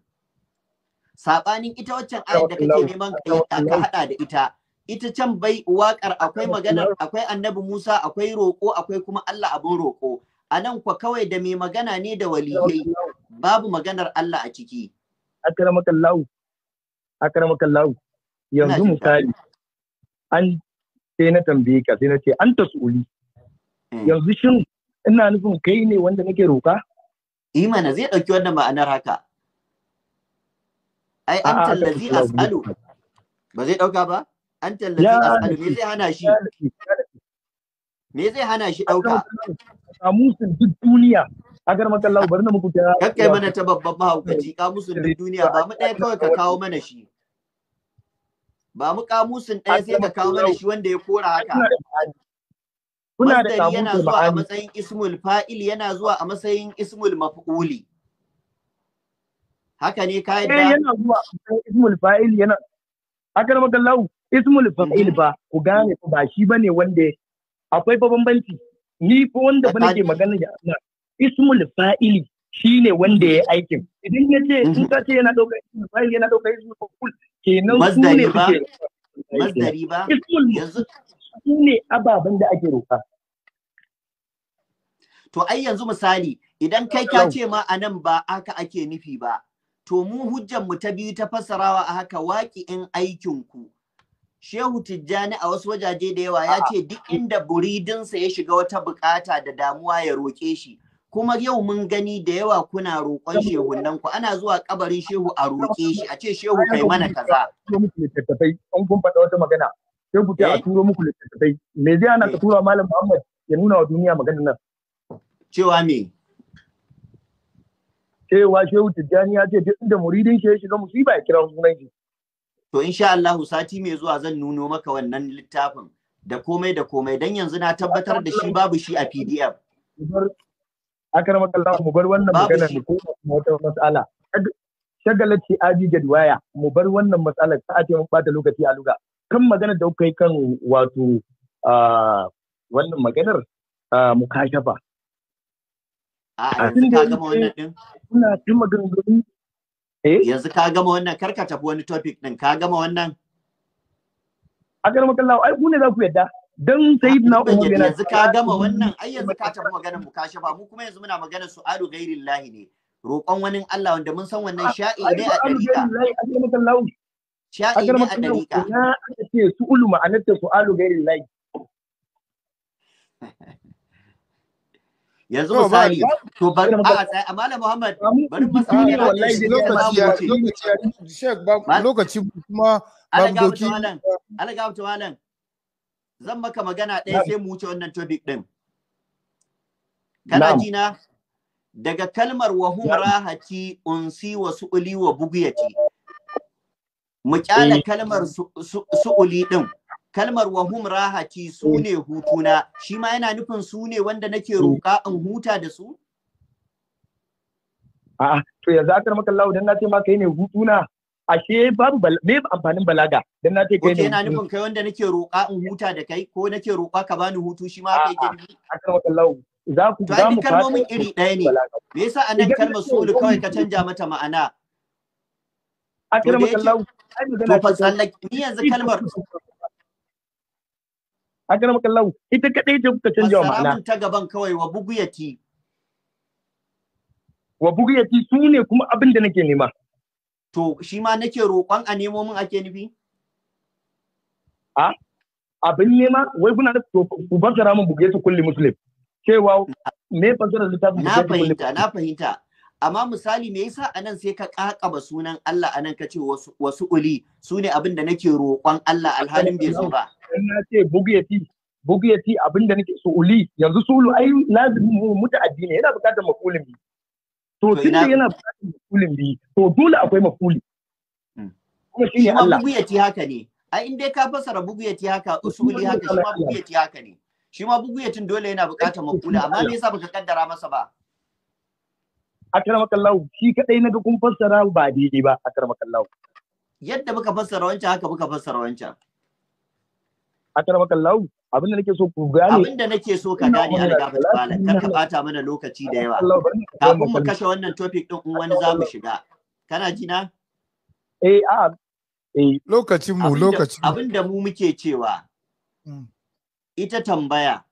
Speaker 2: sabanin ita waccan ayar da kake neman ka hada da ita ita can bai waƙar akwai magana, akwai annabi Musa akwai roƙo akwai kuma Allah abin roƙo a nan kwa kawai da mai magana ne da waliyai babu maganar Allah a ciki akramakan lahu
Speaker 1: akramakan lahu yanzu misali an sai na tambaye ka sai na ce an tasuli eh. yanzu shin ina nufin kai ne wanda nake roƙa
Speaker 2: imana eh zai ɗauki wannan ma'anar haka ai an tallazi as'alu ba zai dauka ba an tallazi as'alu me zai hana shi me zai hana shi dauka kamusin duk duniya agar makallahu
Speaker 1: bari na muku kira
Speaker 2: kakkai mana ta babban mahaukaci kamusin duk duniya ba mu ɗaya kawai ka kawo mana shi ba mu kamusin ɗaya sai ka kawo mana shi wanda ya kora haka
Speaker 1: kuna da yana zuwa a matsayin
Speaker 2: ismul fa'il yana zuwa a matsayin ismul maf'uli haka ne ka eh, yadda eh yana
Speaker 1: zuwa ismul fa'il yana haka maka lau ismul fa'il ba ku gane ba shi bane wanda akwai fa bambanci ni ko wanda ba nake magana ya Allah ismul shi shine wanda ya aikin idan ya ce in ka ce yana dauka ismul fa'il yana dauka ismul fa'il kenan
Speaker 5: su ne suke masdari ba
Speaker 2: yanzu su ne ababen da ake roka to ai yanzu misali idan kai ka ce ma anan ba aka ake nufi ba to mu hujjan mu ta biyu ta fassarawa a haka waki in aikin ku Shehu Tijjani a wasu wajaje da yawa ya ce duk inda buridinsa ya shiga wata bukata da damuwa ya roƙe shi kuma yau mun gani da yawa kuna roƙon nan ku ana zuwa kabarin shehu a roƙe shi a ce shehu kai mana kaza
Speaker 1: an kun faɗa wata magana sai ku a eh? turo muku littattafai me zai ana ka eh. tura malam Muhammad ya nuna wa duniya maganar nan cewa me cewa shehu tijjani ya ce duk inda muridin shi ya shiga musiba
Speaker 2: ya kira sunan shi to insha Allah sati mai zuwa zan nuno maka wannan littafin da komai da komai dan yanzu na tabbatar da shi babu shi a PDF akar makalla
Speaker 1: mu bar wannan magana mu koma wata mas'ala shagala ce aji jadwaya mu bar wannan matsalar ta ce mun bata lokaci a luga kan maganar da kuka yi kan wato ah,
Speaker 2: wannan maganar mu ah, mukashafa a yanzu ka gama wannan
Speaker 1: din cin
Speaker 2: maganganu eh yanzu ka gama wannan ka tafi wani topic din ka gama wannan a ga ai za ku yadda dan umar
Speaker 1: yana yanzu ka gama wannan
Speaker 2: ai yanzu ka tafi maganar mu kuma yanzu muna maganar su'alu ghairillahi ne roƙon wani Allah wanda mun san wannan sha'i ne a dariƙa sha'i ne a dariƙa na ce ma'anar ta su'alu ghairillahi yanzu misali to bari a tsaya amala muhammad bari masali wallahi lokaci
Speaker 3: shek ba lokaci
Speaker 2: kuma wannan doki ga wuce wannan zan maka magana ɗaya sai mu wuce wannan topic din kana jina daga kalmar wa hum rahati unsi wa su'uli wa bugiyati mu kyala eh. kalmar su'uli din kalmar wahum rahati su ne hutuna shi ma yana nufin su ne wanda nake roƙa in huta da su a'a to yanzu zakar maka Allah dan nace ma kai ne hutuna ashe
Speaker 1: babu me amfanin balaga dan nace kai ne yana nufin kai
Speaker 2: wanda nake roƙa in huta da kai ko nake roƙa ka bani hutu shi ma kai ke nufi akar maka Allah za ku za mu kalmomin iri ɗaya ne me yasa anan kalmar sulu kawai ka canja mata ma'ana
Speaker 5: akar maka Allah to fa sallaki ni yanzu kalmar
Speaker 2: akana maka Allah ita kadai ce kuka canja wa ma'ana ta gaban kawai wa bugu buguyati
Speaker 1: wa buguyati su ne kuma abin da nake nema to shi ma nake roƙon a nemo min ake nufi a abin nema wai kuna da to ku bazara min buguyatu kulli muslim cewa me bazara littafin na fahimta
Speaker 2: na fahimta amma misali me yasa anan sai ka kakaba sunan Allah anan ka ce wasu wasu uli su ne abin da nake roƙon Allah alhalin bai zo ba
Speaker 1: in na ce bugyati bugyati abin da nake so uli yanzu su ulu ai lazimi muta'addi ne yana buƙatar mafulin bi to tunda yana buƙatar mafulin bi to dole akwai mafuli hmm. kuma shi ne Allah
Speaker 2: bugyati haka ne ai in dai ka fasara bugyati haka usuli haka shi ma bugyati haka ne shi ma bugyatin dole yana buƙatar mafula amma me yasa baka kaddara masa ba
Speaker 1: kallahu shi kadai naga kun fassara ba daidai ba kallahu
Speaker 2: yadda muka fassara wancan haka muka fassara wancan
Speaker 1: kallahu abinda nake so ku gane abinda
Speaker 2: nake so ka gane a ga fitbala kar ka bata mana lokaci da yawa kafin mu kashe wannan topic din in wani zamu shiga kana ji na eh a eh lokacin mu lokacin abinda mu muke cewa mm. ita tambaya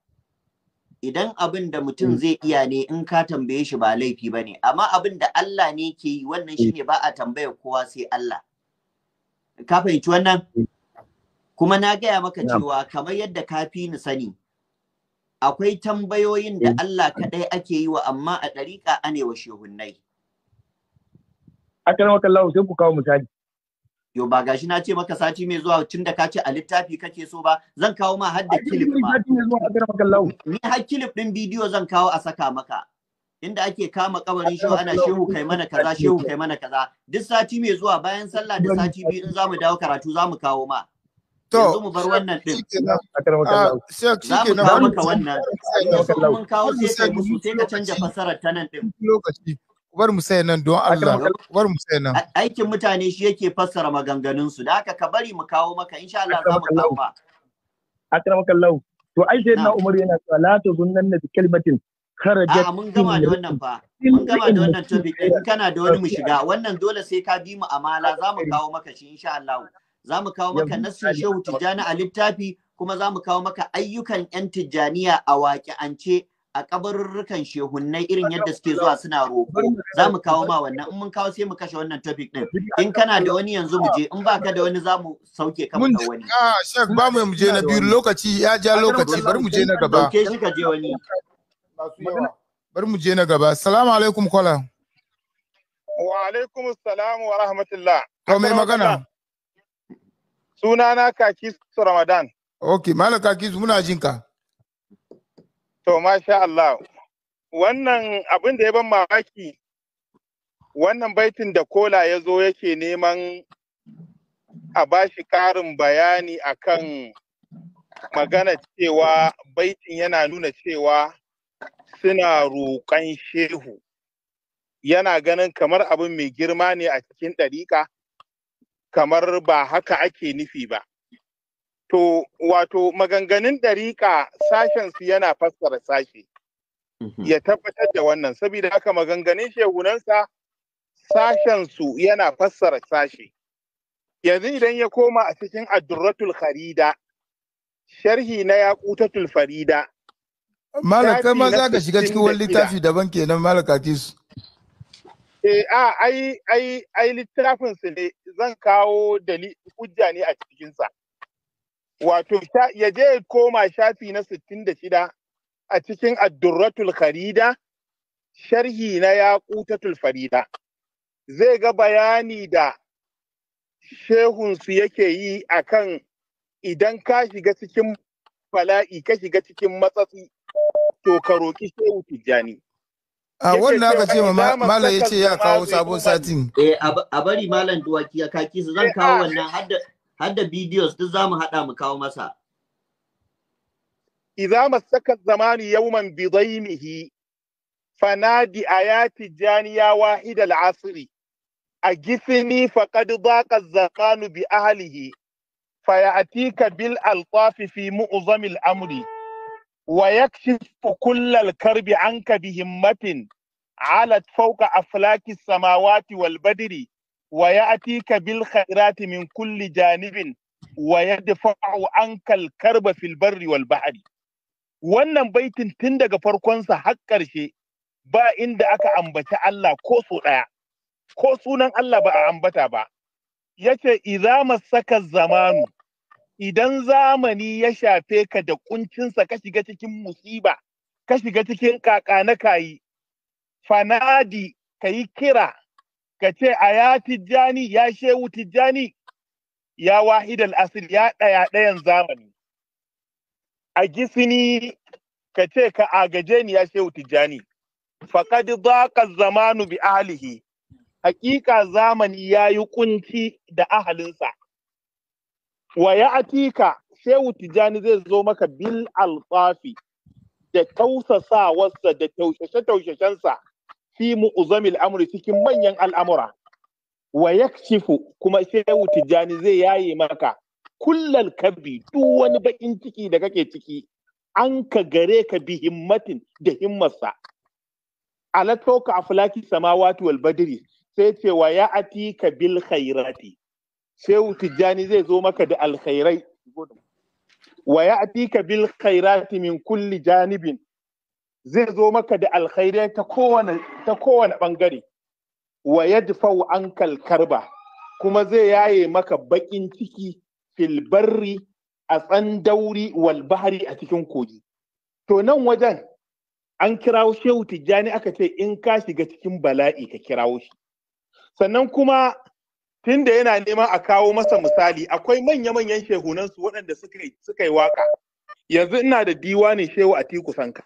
Speaker 2: idan abin da mutum mm. zai iya ne in ka tambaye shi ba laifi ba ne amma abin da Allah ne ke yi wannan shine mm. ba a tambaya kowa sai Allah ka fahimci wannan mm. kuma na gaya maka cewa kamar yadda ka fi ni sani akwai tambayoyin da Allah kaɗai ake yi wa amma a ɗariƙa anewa shehunnai.
Speaker 1: Akan wakan sai ku kawo misali.
Speaker 2: yo ba gashi na ce maka sati mai zuwa tun da ka ce a littafi kake so ba zan kawo ma har da kilif ma ni har kilif din bidiyo zan kawo a saka maka inda ake kama kabarin shehu ana shehu kai mana kaza shehu kai mana kaza duk sati mai zuwa bayan sallah da sati biyu in zamu dawo karatu zamu kawo ma to yanzu mu bar wannan din ah, za mu kawo maka wannan mun kawo sai ka musu sai ka canja fasarar ta nan din lokaci bar mu sai nan don Allah bar mu sai nan aikin mutane shi yake fassara maganganun su da haka ka bari mu kawo maka insha Allah za mu kawo ba
Speaker 1: akramaka Allah to ai sai na Umar yana cewa la ta zunnan bi kalimatin kharajat mun gama da wannan fa mun gama da wannan topic
Speaker 2: in kana da wani mu shiga wannan dole sai ka bi mu amala za mu kawo maka shi insha Allah za mu kawo maka nasu shehu tijani a littafi kuma za mu kawo maka ayyukan 'yan tijjaniya a waƙi'ance a kabarurrukan shehunnai irin yadda suke zuwa suna roƙo za mu kawo ma wannan in mun kawo sai mu kashe wannan topic din in kana da wani yanzu mu je in baka da wani za mu sauke ka mu wani a ah, shek ba mu je na biyu lokaci ya ja lokaci bari mu je na gaba dauke shi ka je wani
Speaker 3: bari mu je na gaba assalamu alaikum kola
Speaker 4: wa alaikum assalam wa rahmatullah
Speaker 3: to mai magana
Speaker 4: sunana kaki ramadan okay malaka kaki muna jinka To, masha Allah, wannan abin da ya ban mamaki, wannan baitin da kola ya zo yake neman a ba shi ƙarin bayani a kan magana cewa baitin yana nuna cewa suna roƙon shehu. Yana ganin kamar abin mai girma ne a cikin ɗariƙa, kamar ba haka ake nufi ba. To, wato maganganun ɗariƙa su yana fassara sashe, mhm. ya tabbatar da wannan, saboda haka maganganun shegunansa su yana fassara sashe. Yanzu idan ya koma a cikin adduratul Kharida, sharhi na Yaƙutatul Farida. Malam kai ma za ka shiga cikin wani littafi
Speaker 3: daban kenan Malam Katis.
Speaker 4: Eh a ai ai ai littafin ne zan kawo dalil hujja ne a cikinsa. wato ya je ya koma shafi na 66 a cikin addurratul kharida sharhi na yaqutatul farida zai ga bayani da shehunsu yake yi akan idan ka shiga cikin bala'i ka shiga cikin matsatsi to ka roki shehu tijjani A wannan aka ce malam
Speaker 3: ya ce ya kawo sabon satin.
Speaker 2: Eh a bari malam duwaki ya kaki su zan eh, kawo wannan hadda har da videos duk zamu mu haɗa mu kawo masa. Iza
Speaker 4: mu saka zamani yawman bidaimihi fanadi ayati janiya wahida al'asiri a gifini faƙadu baƙa zamanu bi ahalihi fayatika bil alfafi fi mu'uzamil amri wa yakshifu kullal karbi anka bi himmatin Halad fauka a aflaki samawati wal badiri wa ya'tika bil khairati kulli janibin wa yadfa'u ankal karba fil Bahari? wannan baitin tun daga farkonsa har ƙarshe ba inda aka ambaci Allah ko so ɗaya ko sunan Allah ba a ambata ba yace idza saka zamanu idan zamani ya shafe ka da ƙuncinsa, ka shiga cikin musiba ka shiga cikin ƙaƙa na kayi fanadi kayi kira ka ce a ya tijjani ya shehu tijjani ya wahidal asir ya ɗaya ɗayan zamani a gisini ka ce ka agaje ni ya shehu tijjani faqad daqa zamanu bi ahlihi hakika zamani ya yi kunci da ahalinsa wa ya atika shehu tijjani zai zo maka bil alfafi da tausasawarsa da taushe taushashensa fi mu'zamil amri cikin manyan al'amura wa yakshifu kuma sai tijjani zai yaye maka kullal kabbi duk wani bakin ciki da kake ciki an ka gare ka bi himmatin da himmarsa alatoka ka aflaki samawati wal badri sai ce wa ya ati ka bil khairati sai tijjani zai zo maka da alkhairai wa ya ati ka bil khairati min kulli janibin zai zo maka da alkhairai ta kowane ɓangare. bangare wa ankal karba kuma zai yaye maka baƙin ciki filbarri a tsandauri wal bahari a cikin kogi to nan wajen an kirawo shehu tijjani aka ce in ka shiga cikin bala'i ka kira shi sannan kuma tunda yana neman a kawo masa misali akwai manya-manyan shehunansu waɗanda suka yi waka yanzu ina da diwa ne shehu a tiku sanka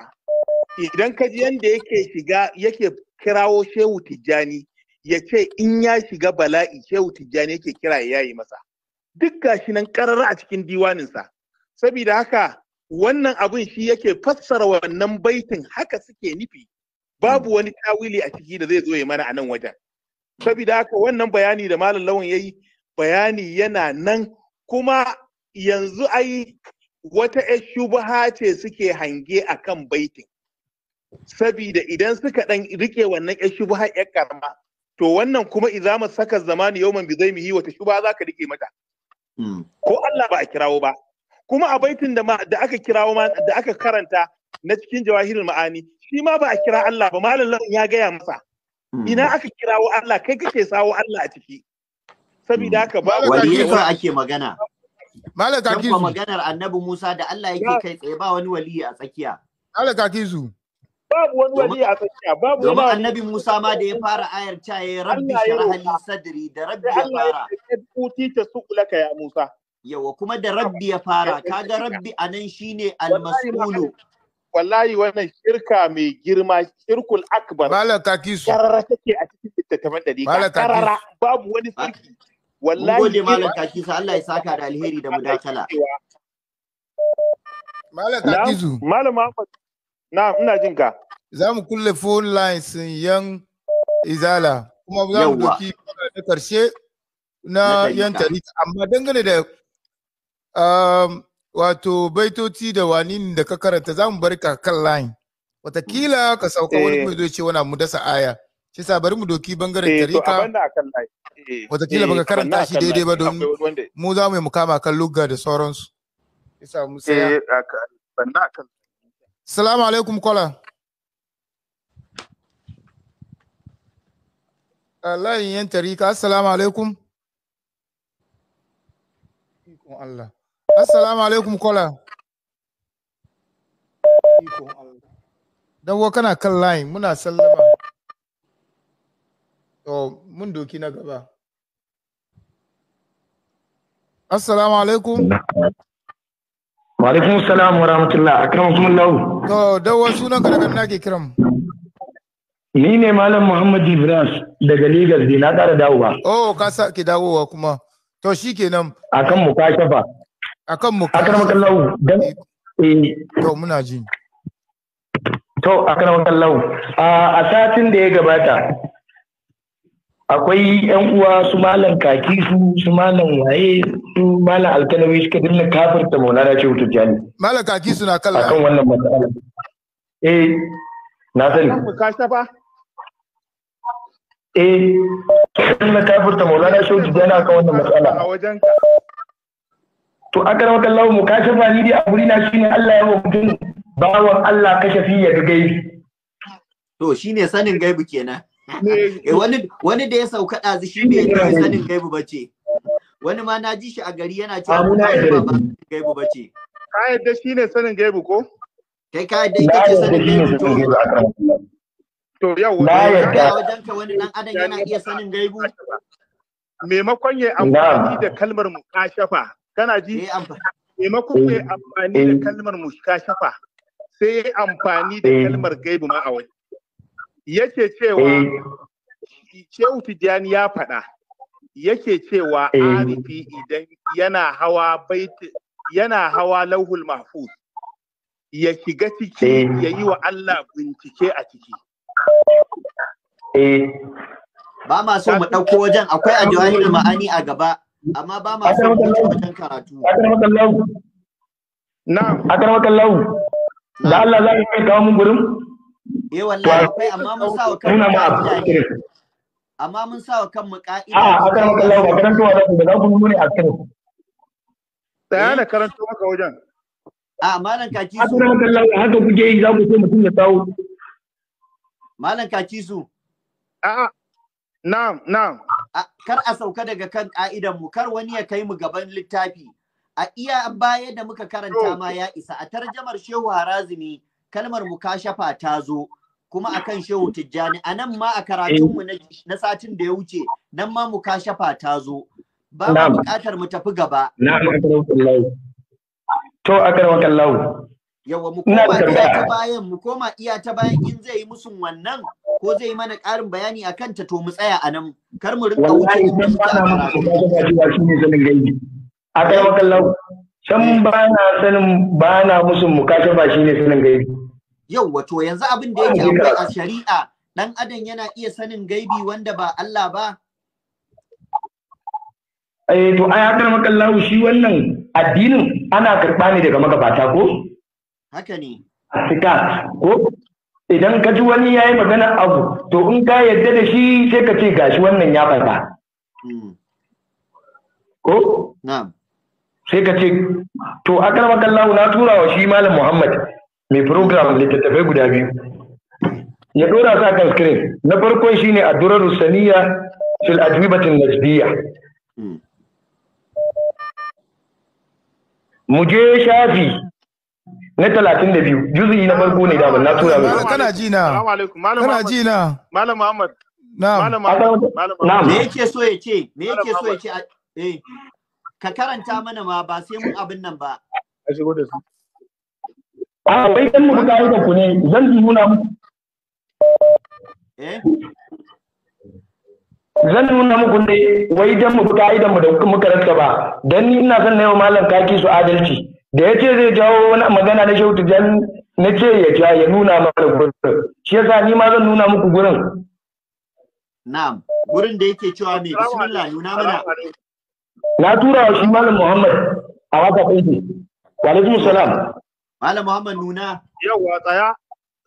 Speaker 4: idan ka ji yanda yake shiga yake kirawo shehu tijjani ya ce in ya shiga bala'i shehu tijjani yake kira ya yi masa duk gashi nan karara a cikin diwaninsa saboda haka wannan abun shi yake fassara wannan baitin haka suke nufi babu hmm. wani tawili a ciki da zai zo ya mana a nan wajen saboda haka wannan bayani da malam lawan yayi bayani yana nan kuma yanzu ai wata 'yar shubaha ce suke hange akan baitin sabida idan suka dan rike wannan ƴan shubha ƴan karma to wannan kuma idan mu saka zamani yawman bi zai mihi wata shubha ka rike mata hmm. ko Allah ba a kirawo ba kuma a baitin da da aka kirawo ma da aka karanta na cikin jawahirul ma'ani shi ma ba a kira Allah ba malam ya gaya masa
Speaker 2: hmm. ina aka kirawo Allah kai kake sawo Allah a ciki saboda hmm. haka ba wani yasa ake magana malam takizu maganar annabi Musa da Allah yake kai tsaye ba wani wali a tsakiya malam takizu babu wani a tsakiya babu wani annabi Musa ma da ya fara ayar ta ya rabbi sharh sadri da rabbi ya fara kuti ta ya Musa yawa kuma da rabbi ya fara kaga rabbi anan shine al
Speaker 4: wallahi wannan shirka mai girma shirkul akbar mala takisu karara
Speaker 2: take a cikin littattafan da dika karara babu wani ah, sarki wallahi gode mala takisu Allah ya saka da alheri da mudakala mala
Speaker 3: takisu Muhammad na ina jin ka za mu kulle phone lines yan izala kuma za mu doki na karshe na yan tari. amma dangane da um, wato baitoci da wani da ka karanta za mu bari ka kan line watakila ka sauka wani eh. mai zo ce wani mu dasa aya shi sa bari mu doki bangaren eh, tarika
Speaker 4: eh. watakila baka karanta shi daidai ba don
Speaker 3: mu za mu yi mukama kan lugga da sauransu.
Speaker 4: Isa mu sai.
Speaker 3: Salamu alaikum kola. Uh, layin yan tarika, assalamu alaikum.
Speaker 4: Ikon Allah.
Speaker 3: Assalamu alaikum kola.
Speaker 4: Ikon Allah.
Speaker 3: Dawo kana kan layin muna sallama. To, mun doki na gaba. Assalamu alaikum.
Speaker 1: wa alaikum salam wa rahmatullah akramakum Allah
Speaker 3: to dawo sunan ka daga ina ke kiran
Speaker 1: ni ne malam Muhammad Ibrahim daga Lagos ne na dawo dawowa
Speaker 3: oh ka sa dawo dawowa kuma to shikenan akan mu ka shafa akan mu akramakum Allah dan eh to muna
Speaker 1: ji to akramakum Allah ah, a satin da ya gabata akwai yan uwa su malam kaki su su malam waye su malam alkalawi suka dinna kafirta maulana shehu jani
Speaker 3: malam kaki suna kala akan wannan
Speaker 1: matsala eh na sani ka shafa eh dinna kafirta maulana shehu jani akan wannan matsala a wajen to akara wakan lawo mu kashafa ni dai a wurina na shine Allah ya wa mutum
Speaker 2: bawan Allah kashe ya ga gaibi to shine sanin gaibi kenan Eh, wani da ya sauka ɗazu shi ya yi sanin gaibu bace. wani ma na ji shi a gari yana cewa muna ba ba sanin gaibu bace. ka yadda shi ne sanin gaibu ko
Speaker 4: kai ka yadda ita ce sanin gaibu to to yawa na yadda wajen ka wani dan adam yana iya sanin gaibu maimakon ya amfani da kalmar mukashafa kana ji maimakon ya eh. amfani da kalmar mukashafa sai ya amfani da eh. kalmar gaibu ma a waje yake cewa eh. Shehu Tijjani ya faɗa yake cewa eh. arifi idan yana hawa baiti yana hawa lauhul mahfuz ya shiga ciki eh. ya yi wa Allah bincike a ciki.
Speaker 2: Ba ma so mu ɗauko wajen akwai a jawahir ma'ani a gaba amma ba ma so mu ɗauko wajen karatu. Na'am. Akarwa kallahu.
Speaker 1: Da Allah za ka kai kawo mun gurin? Eh wallahi akwai
Speaker 2: amma mun sa wa kanmu ka'ida. Amma mun sa wa kanmu ka'ida. A akan makallau ba
Speaker 4: karanto wa da za ku nuna a kanku. Tsaya da karanto maka wajen.
Speaker 2: A malam kaki su. Akan makallau haka kuke
Speaker 4: yi za ku so mutum ya kawo.
Speaker 2: Malam kaki su. A'a. Na'am, na'am. Kar a sauka daga kan ka'idan mu, kar wani ya kai mu gaban littafi. A iya baya da muka karanta ma ya isa, a tarjamar Shehu Harazimi kalmar mukashafa ta zo kuma akan shehu tijjani a nan ma a karatunmu eh. na satin da ya wuce nan ma mukashafa ta zo ba mu buƙatar mu tafi gaba
Speaker 1: na'am akarwakallahu to akarwakallahu
Speaker 2: yawa mu koma iya ta bayan mu koma iya ta bayan in zai yi musun wannan ko zai yi mana ƙarin bayani a kanta to mu tsaya a nan kar mu rinka wuce in mun ta
Speaker 1: a san ba na sanin ba na musun mukashafa shine sanin
Speaker 2: gaibi yau wato yanzu abin da yake akwai a shari'a dan adam yana iya sanin gaibi wanda ba Allah ba eh to ai hakar
Speaker 1: makallahu shi wannan addinin ana karba ne daga magabata ko haka ne Sika, ko idan ka ji wani yayi yi magana abu to in ka yadda da shi sai ka ce gashi wannan ya faɗa hmm. ko sai ka ce to akar na tura wa shi malam muhammad mai program littattafai guda biyu ya dora sa kan screen na farkon a durar rusaniya fil batun najdiya hmm. mu je shafi na talatin da biyu, juzu'i na farko ne da ban na tura mai kana ji na
Speaker 4: kana ji na malam muhammad
Speaker 2: Na'am. Na'am. Me yake so ya Me yake so ya ce? Eh. Ka karanta mana ma ba sai mun abin nan ba. A ah, wai dan mu ga da ku
Speaker 1: ne zan nuna muku. Eh? Zan nuna muku ne wai dan mu ga idan mu da muka rasa ba dan ni ina son nayi malam kaki su adalci da yace zai jawo wani magana na shautu Tijani na ce ya ja ya nuna mana gurin shi yasa ni ma zan nuna muku gurin
Speaker 2: na'am gurin da yake cewa me bismillah nuna mana
Speaker 1: na tura wa shi malam Muhammad a waka ɗin wa alaikum salam
Speaker 2: Malam Muhammad Nuna.
Speaker 4: Yawwa tsaya.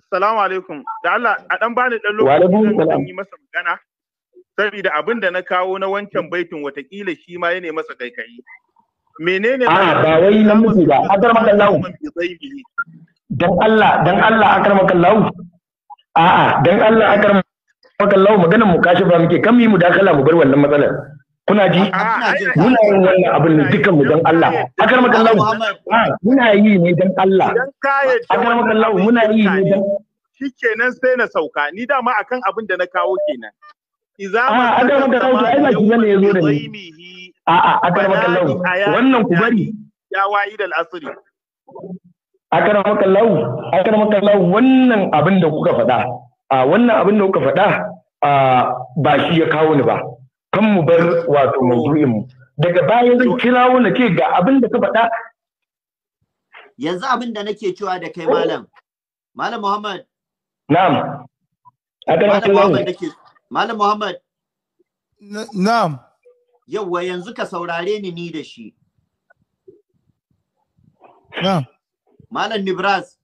Speaker 4: Assalamu alaikum. Da Allah a dan bani dan da zan yi masa magana. Saboda abin da na kawo na wancan baitin watakila shi ma yana masa kaikayi. Menene ah, ne ba wai na musu
Speaker 1: ba. Akarmaka Allah. Dan Allah, dan Allah akarmaka Allah. A'a, dan Allah akarmaka Allah maganar mu kashi ba muke kan mu dakala mu bar wannan matsalar. Ah, ah, kuna
Speaker 5: ji muna yin wannan abin ne
Speaker 1: dukkan mu don Allah akar makallahu ah, muna yi ne don Allah
Speaker 4: akar makallahu muna yi ne don shikenan sai na sauka ni dama akan abin da na kawo kenan iza ma akar makallahu to ai ba ki
Speaker 1: ne yazo da ni a a
Speaker 4: akar makallahu wannan ku bari ya wa'id al asri
Speaker 1: akar makallahu akar makallahu wannan abin da kuka faɗa a wannan abin da kuka faɗa ba shi ya kawo ni ba kan mu bar wato mazu'in mu daga baya zan kirawo na ke ga abin da ka faɗa
Speaker 2: yanzu abin da nake cewa da kai malam malam muhammad na'am malam muhammad nake malam muhammad na'am yawwa yanzu ka saurare ni ni da shi na'am malam nibras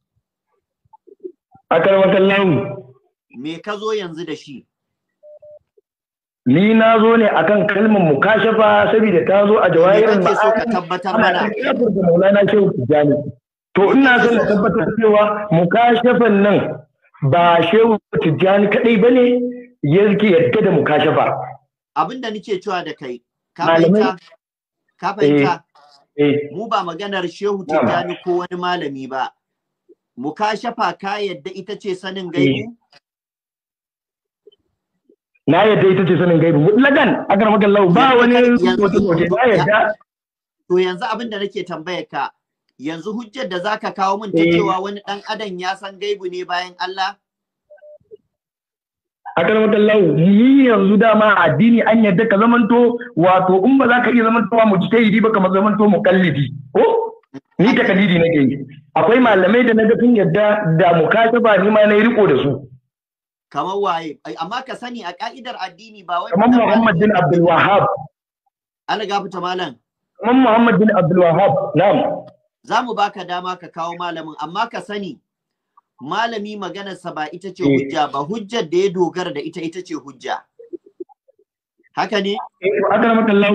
Speaker 2: akan wata launi me ka zo yanzu da shi
Speaker 1: ni na zo ne akan kalmar mukashafa saboda ta zo a jawahirin
Speaker 5: ma'ana
Speaker 1: kafir da maulana shehu tijjani to ina son na tabbatar cewa mukashafan nan ba shehu tijjani kadai bane yake yadda da mukashafa
Speaker 2: abin da nake cewa da kai ka fahimta ka eh, fahimta eh. mu ba maganar shehu tijjani ko wani malami ba mukashafa ka yadda ita ce sanin gaibu eh.
Speaker 1: na yadda ita ce sanin gaibi mutlakan a maka lau ba wani
Speaker 2: to yanzu abin da nake tambaya ka yanzu hujjar da zaka kawo min ta eh. cewa wani dan adam ya san gaibu ne bayan Allah
Speaker 1: A maka lau ni yanzu dama addini an yadda ka zamanto wato in ba za ka iya zamantowa yi ba kamar zamanto kallidi ko ni kallidi nake yi akwai malamai da na ga sun yadda da mu mukataba ni ma na yi riko da su
Speaker 2: kamar waye amma ka sani a ka'idar addini ba wai kamar
Speaker 1: Muhammad bin Abdul Wahhab
Speaker 2: ga fita malam kamar
Speaker 1: Muhammad bin Abdul Wahhab na'am
Speaker 2: za mu baka dama ka kawo malamin amma ka sani malami maganarsa ba ita ce eh. hujja ba hujjar da ya dogara da ita ita ce hujja haka ne eh akara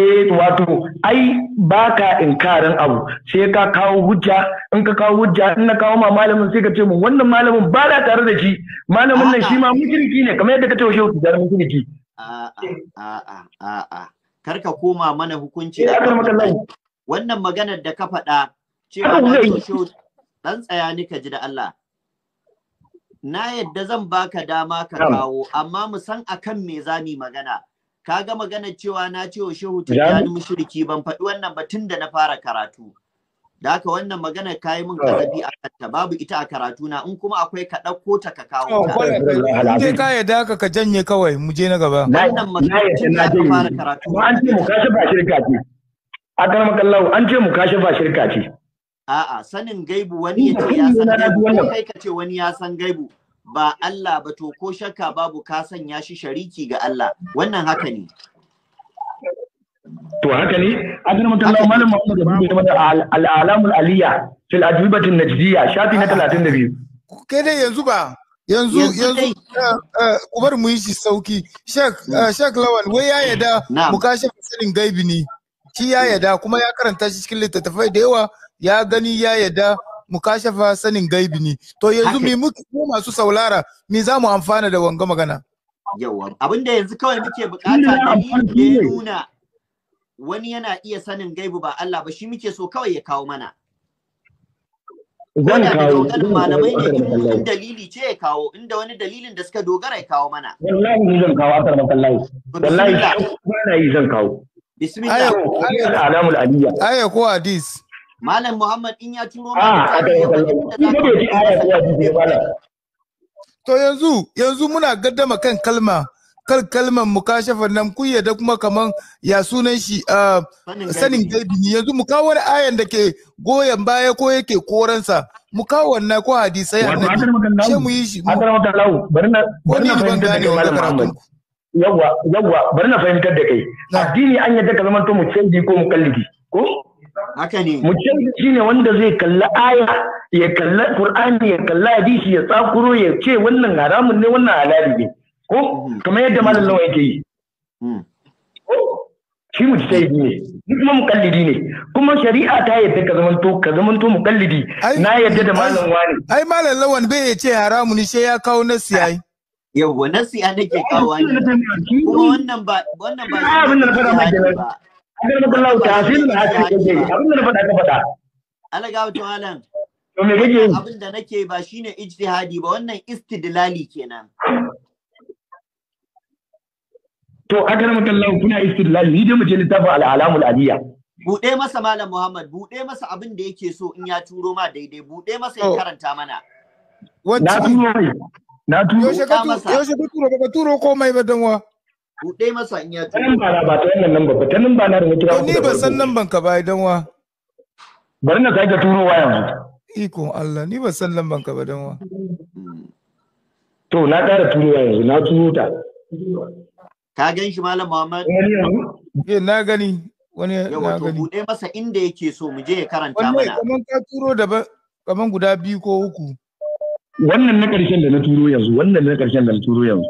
Speaker 1: eh wato ai ba baka inkarin abu sai ka kawo hujja in ka kawo hujja in na kawo ma malamin sai ka ce mun wannan malamin ba na tare da shi malamin nan shi ma mushriki ne kamar yadda ka ce wa shi da mushriki
Speaker 2: A'a, a'a, a kar ka koma mana hukunci eh, da wannan maganar da ka faɗa cewa ɗan tsaya ni ka ji da Allah na yadda zan baka dama ka kawo amma mu san akan me zami magana kaga magana cewa na ce wa shehu tijani mushriki ban faɗi wannan ba tun da na fara karatu da haka wannan magana ka yi min kazabi a kanta babu ita a karatu na in kuma akwai ka ɗauko ta ka kawo ta
Speaker 3: ka yadda ka ka janye kawai mu je na gaba
Speaker 2: wannan magana tun da fara karatu an ce mu kashe ba shirka
Speaker 3: ce
Speaker 1: a kan kallahu an ce mu kashe ba shirka ce
Speaker 2: A'a sanin gaibu wani ya ce ya san gaibu kai ka ce wani ya san gaibu ba Allah ba to ko shakka babu ka sanya shi shariki ga Allah wannan haka ne. To
Speaker 5: haka
Speaker 1: ne mutum mutalla malam Muhammad da bude mana al-alamul aliya fil ajwibatin najdiya shafi na 32.
Speaker 3: Kai dai yanzu ba yanzu yanzu eh, eh, kubar mu yi shi sauki Sheikh mm. eh, Sheikh Lawal wai ya yada mukashafa sanin gaibi ne. Shi ya mm. yada kuma ya karanta shi cikin littattafai da yawa ya gani ya yadda mukashafa sanin gaibi ne to yanzu mi muke masu saulara mi za mu amfana da wanga magana
Speaker 2: yawa abinda yanzu kawai muke bukata ne ya nuna wani yana iya sanin gaibu ba Allah ba shi muke so kawai ya kawo mana zan kawo malamai ne in dalili ce ya kawo inda wani dalilin da suka dogara ya kawo mana
Speaker 1: wallahi ni zan kawo akar masallahi wallahi ba na yi zan kawo
Speaker 2: bismillah alamul
Speaker 3: aliyya aya ko hadis
Speaker 2: Malam Muhammad in ya turo ah, ma
Speaker 3: To yanzu yanzu muna gaddama kan kalma kal kalman mukashafar nan kun yadda kuma kaman ya sunan shi ah, sanin gaibi ne yanzu mu kawo wani ayan da ke goyon baya ko yake koransa mu kawo wannan ko hadisai annabi sai mu yi shi bari na bari na fahimtar da kai malam
Speaker 1: Muhammad yawwa yawwa bari na fahimtar da kai addini an yadda ka zama to mu canji ko mu kallidi ko haka ne mujtahid shine wanda zai kalla aya ya kalla qur'ani ya kalla hadisi ya tsakuro ya ce wannan haramun ne wannan halali ne ko hmm. kamar yadda malam lawa yake yi hmm. shi sai ne ni kuma mukallidi ne kuma shari'a ta yadda ka zamanto ka zamanto mukallidi na yadda da malam
Speaker 3: wani ai malam lawan bai ce haramu ne sai ya kawo nasi yayi yawwa nasi ya nake
Speaker 2: kawo ne kuma wannan ba wannan ba abin da na Agar maka Allah tafsir da haske kake
Speaker 1: abin da na faɗa ka faɗa.
Speaker 2: Allah ga wato alam.
Speaker 1: To me kake yi? Abin
Speaker 2: da nake ba shine ijtihadi ba wannan istidlali kenan.
Speaker 1: To agar maka Allah kuna istidlali ni dai mu je littafin al-alamul aliyya.
Speaker 2: Buɗe masa Malam Muhammad, buɗe masa abin da yake so in ya turo ma daidai, buɗe masa ya karanta mana.
Speaker 1: Na turo na turo. Yaushe
Speaker 4: ka turo, ba ka turo
Speaker 3: komai ba danwa.
Speaker 2: buɗe masa in ya tafi. ba na ba ta wannan
Speaker 3: namba ba ta ba na da na kira. Ni ba san namban ka ba idan wa. Bari na kai ka turo wa yanzu. Iko Allah ni ba san namban ka ba dan wa. To na ƙara turo wa yanzu na turo ta.
Speaker 2: Ka gan shi Malam Muhammad? Eh na gani. Wani na gani. buɗe masa inda yake so mu je ya karanta mana. Wannan kaman ka turo daban kaman guda
Speaker 3: biyu ko uku. Wannan na ƙarshen da na turo yanzu wannan na ƙarshen da na turo yanzu.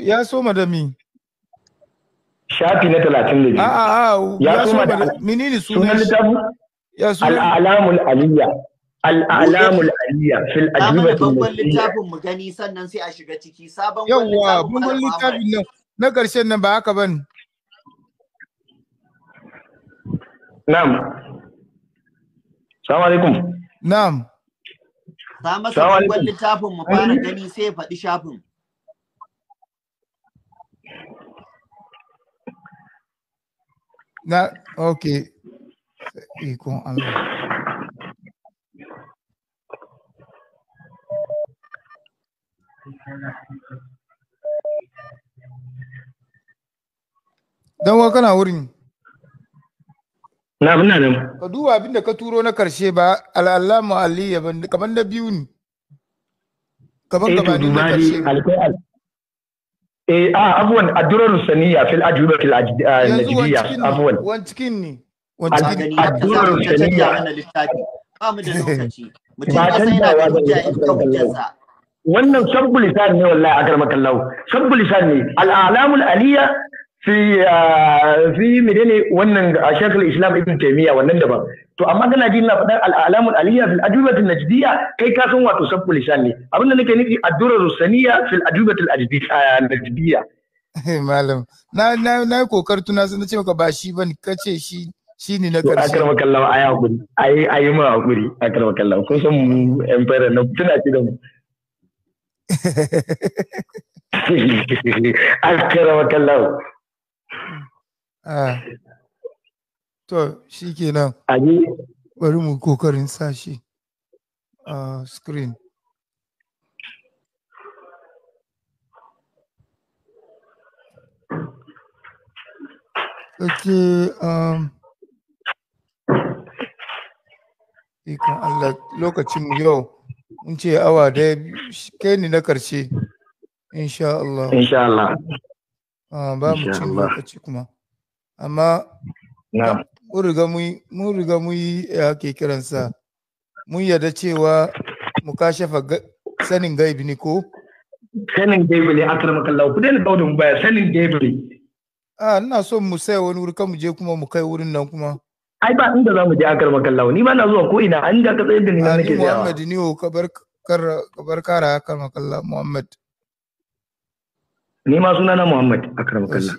Speaker 3: ya soma da mi
Speaker 1: shafi na talatin da biyu a'a ya soma da menene sunan littafin ya soma al'alamul aliyya al'alamul aliyya fil ajibati babban littafin
Speaker 2: mu gani sannan sai a shiga ciki sabon yawa babban
Speaker 3: littafin nan na karshen nan ba haka ba ne. na'am salamu alaikum na'am
Speaker 2: ta masa babban littafin mu fara gani sai faɗi shafin
Speaker 3: Na, ok. Ikon e Allah. Dan wa kana wurin?
Speaker 1: Na, bin nan.
Speaker 3: Ka duba abinda ka turo na karshe ba, al'allamu Ali, kamar na biyu ne. Kamar eh gabanin na karshe.
Speaker 4: eh a ah, afwan addurar saniya fil ajuba fil ah, najdiya afwan wan
Speaker 2: cikin ne addurar saniya ba mu da lokaci mutum ya yana da hujja
Speaker 1: wannan sabbu lisan ne wallahi akar makallahu sabbu lisan ne al'alamul aliya fi fi ah, menene wannan shafin islam ibn taimiyya wannan daban to amma gana ji na faɗar al'alamun aliyya fil ajubatin najdiya
Speaker 3: kai ka san wato sabbu lisan ne abin da nake nufi addura rusaniya fil ajubatil najdiya eh, malam na na na kokar tuna sun ce maka ba shi bane kace shi shi ne na ƙarshe. Akar makallawa a yi
Speaker 1: hakuri, a yi a yi ma hakuri, akar makallawa. Kun san mu ƴan fara na tuna ci da mu. Akar makallawa.
Speaker 3: Ah. To, shi kenan. Ani. Bari mu kokarin sashi a screen. Kake um, ikon Allah lokacinmu yau mun ce awa da kai ni na karshe insha Allah. Insha Allah. Ah, ba mu cin lokaci kuma. amma mun riga mun yi eh, ke kiransa mun yarda cewa mu kashafa sanin gaibi ne ko? sanin gaibi ne a karamar kallawa ku
Speaker 1: daina dawo mu baya sanin gaibi ne.
Speaker 3: a ina so mu sai wani wuri kan mu je kuma mu kai wurin nan kuma.
Speaker 1: ai ba inda za mu je a karamar kallawa ni ba na zuwa ko ina an da ka tsayar da ni na nake tsayawa. Muhammad
Speaker 3: ne o kabar kabar kara aka rama kallawa Muhammad.
Speaker 1: ni ma sunana Muhammad a rama kallawa.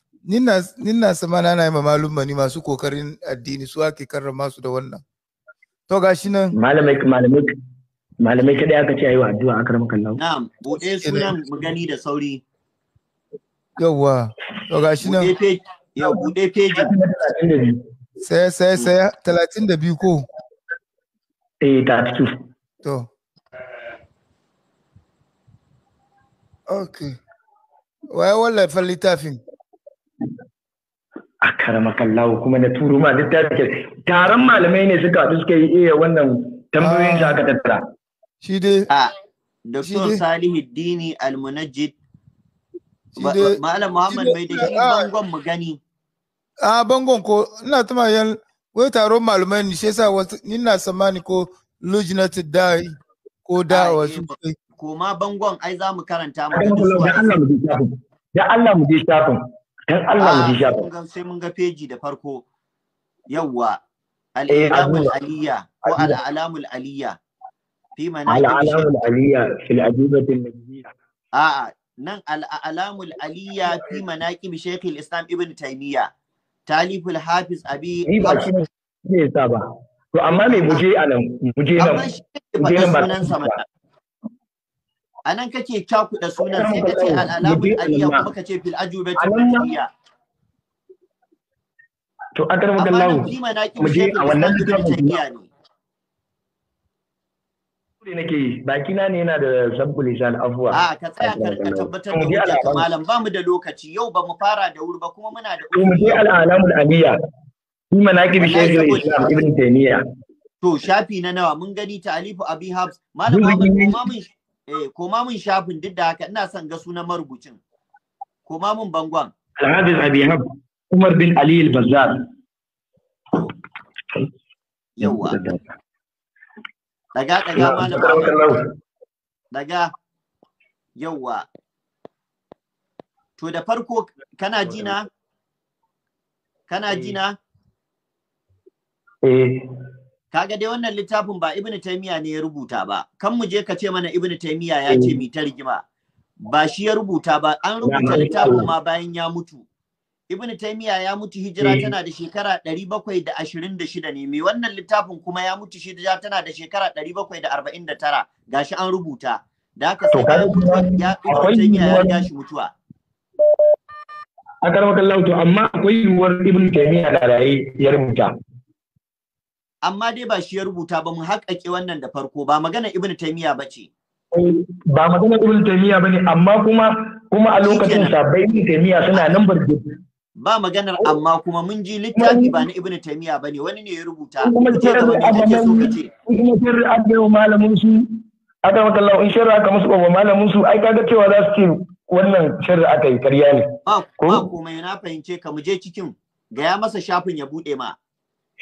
Speaker 3: na sama na na yi malum mani masu kokarin addini su ake karrama su da wannan to shi
Speaker 1: nan malamai malamai malamai kadai aka ce yi wa addu'a aka rama kallahu
Speaker 2: na'am buɗe sunan magani da sauri yawwa to shi nan ya bude page
Speaker 3: sai sai da biyu ko eh 32 to okay wai wallafa littafin
Speaker 1: a karamakallahu kuma na turu ma littafi taron malamai ne suka haɗu suka yi iya eh, wannan
Speaker 2: tambayoyin da aka tattara. Shi dai. A Dr. Salihu Dini Almunajid Malam Muhammad mai da shi bangon mu gani.
Speaker 3: A bangon ko ina tuma yan wai taron malamai ne shi yasa wasu ina samani ko lujinat dai ko da wasu.
Speaker 2: Ko ma bangon ai za mu karanta mu. Da
Speaker 3: Allah mu je shafin. Da Allah mu je shafin.
Speaker 1: dan Allah mu ji shafa ah,
Speaker 2: sai mun ga feji da farko yawwa eh, al-alamul aliyya ko al-alamul aliyya fi al-alamul aliyya
Speaker 1: fil adibati al-najmiya
Speaker 2: a'a nan al-alamul aliyya fi manaqib shaykh al-islam ibn taymiya taliful hafiz abi ba shi
Speaker 1: ne ba to amma me muje a nan muje nan muje nan ba
Speaker 2: anan kake kyaku da sunan sai kace ce al'alamun aliyya kuma kace ce fil ajubati aliyya
Speaker 1: to a garba gallawo mu je a wannan littafin ne nake baki na ne yana da sabbul lisan afuwa. a
Speaker 2: ka tsaya ka
Speaker 1: tabbatar da hujja ka malam
Speaker 2: Ba mu da lokaci yau ba mu fara da wuri ba kuma muna da mu je
Speaker 1: al'alamul aliyya fi manaqib shaykh al-islam ibn taymiya
Speaker 2: to shafi na nawa mun gani ta alifu abi habs malam bamu Eh, koma mun shafin duk da haka ina son ga sunan marubucin. Koma mun bangon. Al-Hafiz Abi
Speaker 1: Umar bin Ali al-Bazzar. Yawa
Speaker 2: Daga daga malam. Daga. Yawwa. To da farko kana jina? Kana jina? Eh. kaga dai wannan littafin ba ibnu taymiya ne ya rubuta ba kan mu je ka ce mana ibnu taymiya ya ce eh. mi ta rigima ba shi ya rubuta ba an rubuta littafin ma bayan ya mutu ibnu taymiya ya mutu hijira eh. tana da shekara 726 ne mai wannan littafin kuma ya mutu hijira tana da shekara 749 gashi an rubuta da haka sai ya ibnu taymiya ya riga shi mutuwa
Speaker 1: a karamakan amma akwai yiwuwar ibn taymiya da rayi ya rubuta
Speaker 2: amma dai ba shi ya rubuta ba mu haƙaƙe wannan da farko ba magana ibnu taymiya ba ce
Speaker 1: ba magana ibnu taymiya bane amma kuma kuma a lokacin sa bai ibnu taymiya suna nan barge
Speaker 2: ba maganar amma kuma mun ji littafi ba na ibnu taymiya bane wani ne ya rubuta
Speaker 1: kuma sirrin abin malamin su aka maka Allah in aka musu ba malamin su ai kaga cewa za su ce wannan shirin aka yi karya ne
Speaker 2: ba komai na fahimce ka mu je cikin gaya masa shafin ya bude ma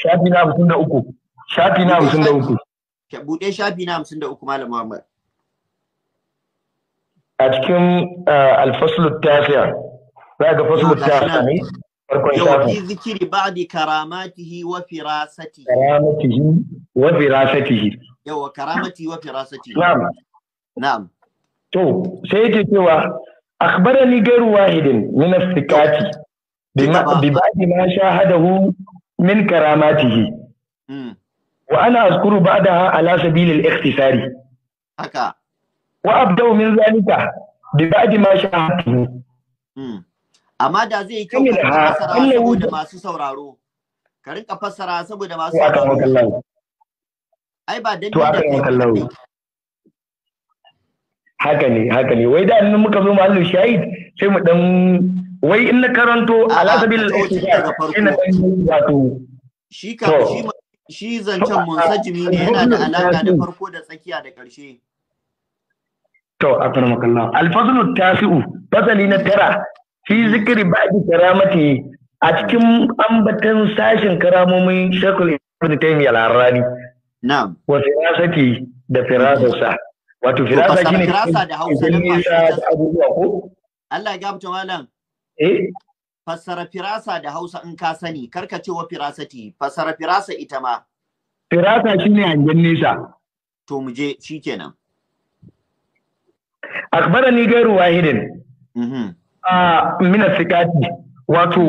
Speaker 2: shafi na hamsin da uku shafi na hamsin da uku buɗe shafi na hamsin da uku malam muhammad a cikin
Speaker 1: eh, alfaslu tafiya za ga faslu tafiya ne farkon shafi yau
Speaker 2: zikiri ba'di karamatihi wa firasatihi
Speaker 1: karamatihi wa firasatihi
Speaker 2: yawa karamati wa firasatihi na'am
Speaker 1: na'am to sai yake cewa akhbarani gairu wahidin min as-sikati ببعد ما شاهده min karamatihi hmm. wa ana azkuru ba'daha ala sabilil ikhtisari haka wa abdau min zalika bi ba'di ma shahadtu hmm.
Speaker 2: amma da zai yi kyau ka fassara saboda masu sauraro ka rinka fassara saboda masu sauraro ai ba dan da
Speaker 1: haka ne haka ne wai da annan muka zo mallu shahid sai mu dan wai in na karanto alasabil ina wato shi ka
Speaker 2: shi zancen munsajimi ne yana da alaka da farko da tsakiya da ƙarshe
Speaker 1: to akramakallah alfazlu tasi'u fasali na tara fi zikri ba'di karamati a cikin ambatan sashin karamomin shakul ibn taymiyyah al-harrani na'am wa
Speaker 2: firasati
Speaker 1: da firasarsa wato firasa shine firasa da hausa da abubuwa ko
Speaker 2: Allah ya gamta malam Eh? Fassara firasa da Hausa in ka sani, karka ce wa firasati, fassara firasa ita ma.
Speaker 1: Firasa shi ne hangen nesa. To mu je shi kenan. Akbara ni gairu wahidin. Mhm. A mina sikati, wato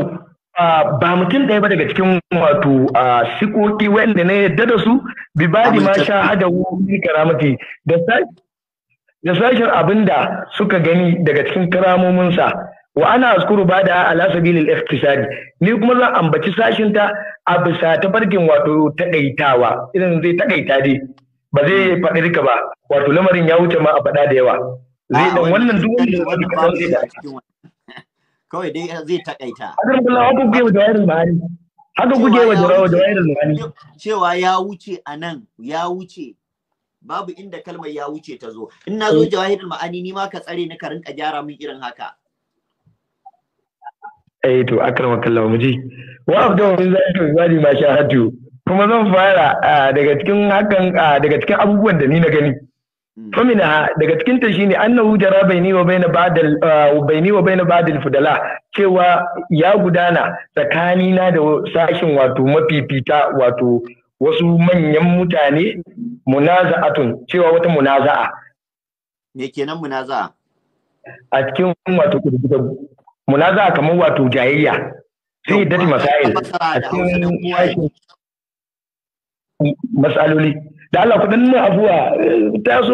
Speaker 1: ba mutum ɗaya ba daga cikin wato sikoki wanda na yadda da su bi di ma sha hada wuri karamati da sashen abin da suka gani daga cikin karamominsa wa ana askuru ba da ala sabilin iktisadi ni kuma zan ambaci sashin ta a bisa ta farkin wato takaitawa irin zai takaita dai ba zai faɗi rika ba wato lamarin ya wuce ma a faɗa da yawa zai dan wannan duk wanda
Speaker 2: kawai dai zai takaita haka kuke wajen jawairul
Speaker 1: ma'ani haka kuke wajen jawairul ma'ani
Speaker 2: cewa ya wuce anan ya wuce babu inda kalmar ya wuce ta zo in na zo eh. jawahirul ma'ani ni ma ka tsare ni ka rinka gyara min irin haka
Speaker 1: eh to akrama kallahu muji wa abdu min zaitu zadi ma sha hatu kuma zan fara daga cikin hakan daga cikin abubuwan da ni na gani hmm. famina daga cikin ta shine annahu jara baini wa bai ba'dal baini wa baina ba'dal fudala cewa ya gudana tsakanina da sashin wato mafifita wato wasu manyan mutane munaza'atun cewa wata munaza'a
Speaker 2: me kenan munaza'a
Speaker 1: a cikin wato munaza kamar wato jayayya sai dadi masail a cikin aikin masaloli da Allah kudin nan abuwa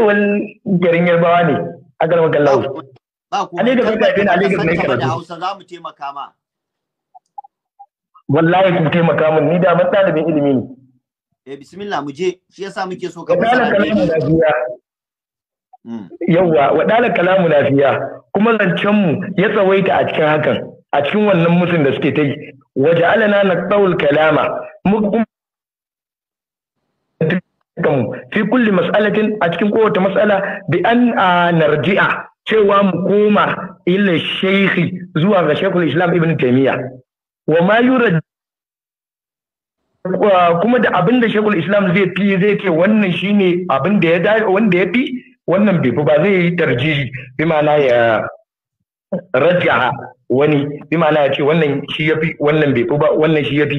Speaker 1: wani garin yarbawa ne a garba kallawo
Speaker 2: ba ne da kai kai ne ga mai karatu Hausa za mu taimaka ma
Speaker 1: wallahi ku taimaka min ni da mun ɗalibin ilimi ne
Speaker 2: eh bismillah mu je shi yasa muke so ka fara
Speaker 1: yawwa waɗanda kalamu lafiya kuma zancen mu ya tsawaita a cikin hakan a cikin wannan musun da suke ta yi waje alana na tsawul kalama mu fi kulli mas'alatin a cikin kowace mas'ala bi an a narji'a cewa mu koma ila shaykhi zuwa ga shaykhul islam ibn taymiya wa ma yura kuma da abin da shaykhul islam zai fi zai ce wannan shine abin da ya wanda ya fi wannan bai fi ba zai yi tarjihi bi ma'ana ya raja'a wani bi ma'ana ya ce wannan shi ya fi wannan bai fi ba wannan shi ya fi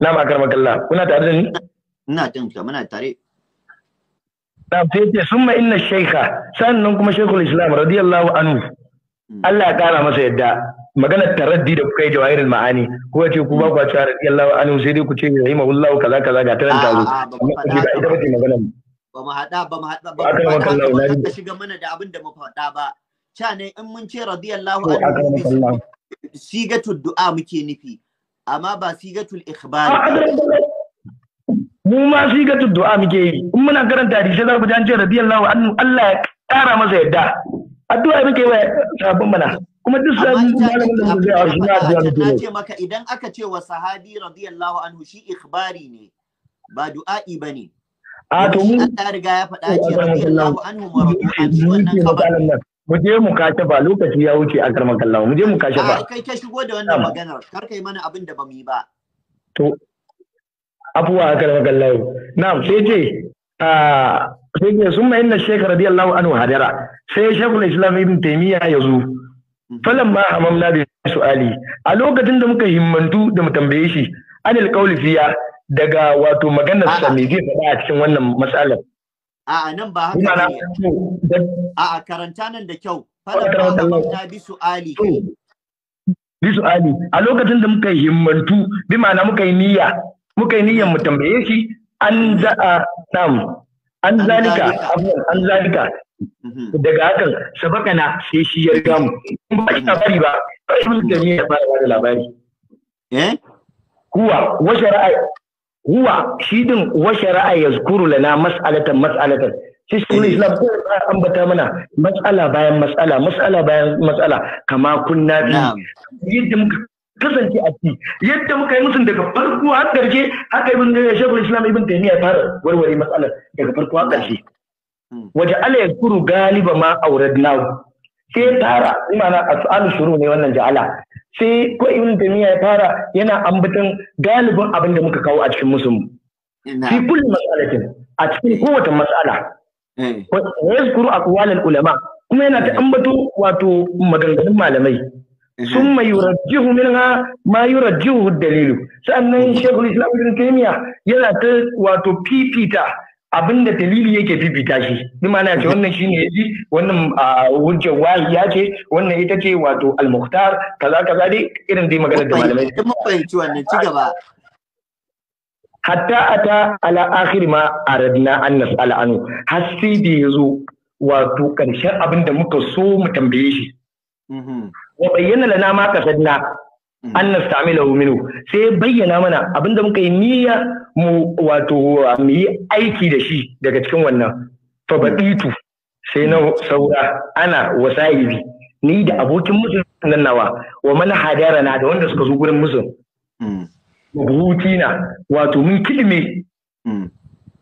Speaker 1: na makar makalla kuna tare da ni ina jin muna tare na sai ce summa inna shaykha sannan kuma shaykhul islam radiyallahu anhu hmm. Allah ya kara masa yadda maganar taraddi da kuka yi jawahirul ma'ani ko ya ce ku ba ku cewa radiyallahu anhu sai dai ku ce rahimahullahu kaza kaza ga taran taro ita ba ce maganar mu
Speaker 2: ba mu haɗa ba mu haɗa ba mu haɗa ba ka shiga mana da abin da mu faɗa ba cha ne in mun ce radiyallahu anhu sigatul du'a muke nufi amma ba sigatul ikhbar
Speaker 1: mu ma sigatul du'a muke yi in muna karanta hadisi za ku ji an ce radiyallahu anhu Allah ya kara masa yadda addu'a muke yi wa sabon mana kuma duk sabon malamin da mu zai a shi addu'a ce
Speaker 2: maka idan aka ce wa sahabi radiyallahu anhu shi ikhbari ne ba du'a'i bane a to mun Allah riga ya faɗa ce radiyallahu anhu wa mu
Speaker 1: je mu kace ba lokaci ya wuce a karma kallon mu je mu kace ba
Speaker 2: kai ka shigo da wannan maganar kar kai mana abin da bamu yi ba
Speaker 1: to afuwa a karma kallon na'am sai ce a sai ce sun mai inna shekara radiyallahu anhu hadara sai shekul islam ibn taymiya ya zo mm-hmm. falan ma amamna bi su'ali a lokacin da muka himmantu da mu tambaye shi anil qawli fiya daga wato maganar sa me zai faɗa a cikin wannan matsalar
Speaker 2: a'a nan ba haka ne a'a karanta nan da kyau fara ta bi su'ali
Speaker 1: bi su'ali a lokacin da muka yi himmantu bi ma'ana muka yi niyya muka yi niyyar mu tambaye shi an mm-hmm. za'a nam an zalika an zalika mm-hmm. daga hakan sabaka na sai shi ya riga mu ba shi mm-hmm. labari ba ibn jami'a ya ba da labari eh kuwa wa shari'a huwa shi din wa shari'a zukuru lana mas'alatan mas'alatan shi ne islam ko ambata mana matsala bayan matsala matsala bayan matsala kama kunna fi yadda muka kasance a ci. yadda muka yi musu daga farko har karshe haka ibn eh, shaykhul islam ibn taymiya ya fara warware matsalar daga farko har karshe hmm. waje ala yazkuru galiba ma auradnahu sai tara imana as'alu shuru ne wannan ja'ala sai ko ibn tamiya ya fara yana ambaton galibin abin da muka kawo a cikin musulmi fi kulli mas'alatin a cikin kowace mas'ala eh. wa yazkuru aqwal ulama kuma yana ta ambato wato maganganun malamai eh. Sun mai yurajjihu minha ma yurajjihu dalilu sannan eh. shaykhul islam ibn taymiya yana ta wato pipita. abin da dalili yake fifita shi bi ma'ana ce wannan shi ne yaji wannan hujjar wahiya ce wannan ita ce wato al kaza kaza dai irin dai maganar da malamai mun wannan ci gaba hatta ata ala akhir ma aradna an nas'ala anu har sai da yazo wato karshen abin da muka so mu tambaye shi mhm. wa bayyana lana ma kasadna an mhm. nasta'milahu minhu sai bayyana mana abin da muka yi niyya mu wato mu yi aiki da shi daga cikin wannan fabaditu hmm. sai na saura ana wasa'ibi ni da abokin mutum nan nawa wa mana hadara na da wanda suka zo gurin Musu. mabuhuti hmm. na wato mun kilme hmm.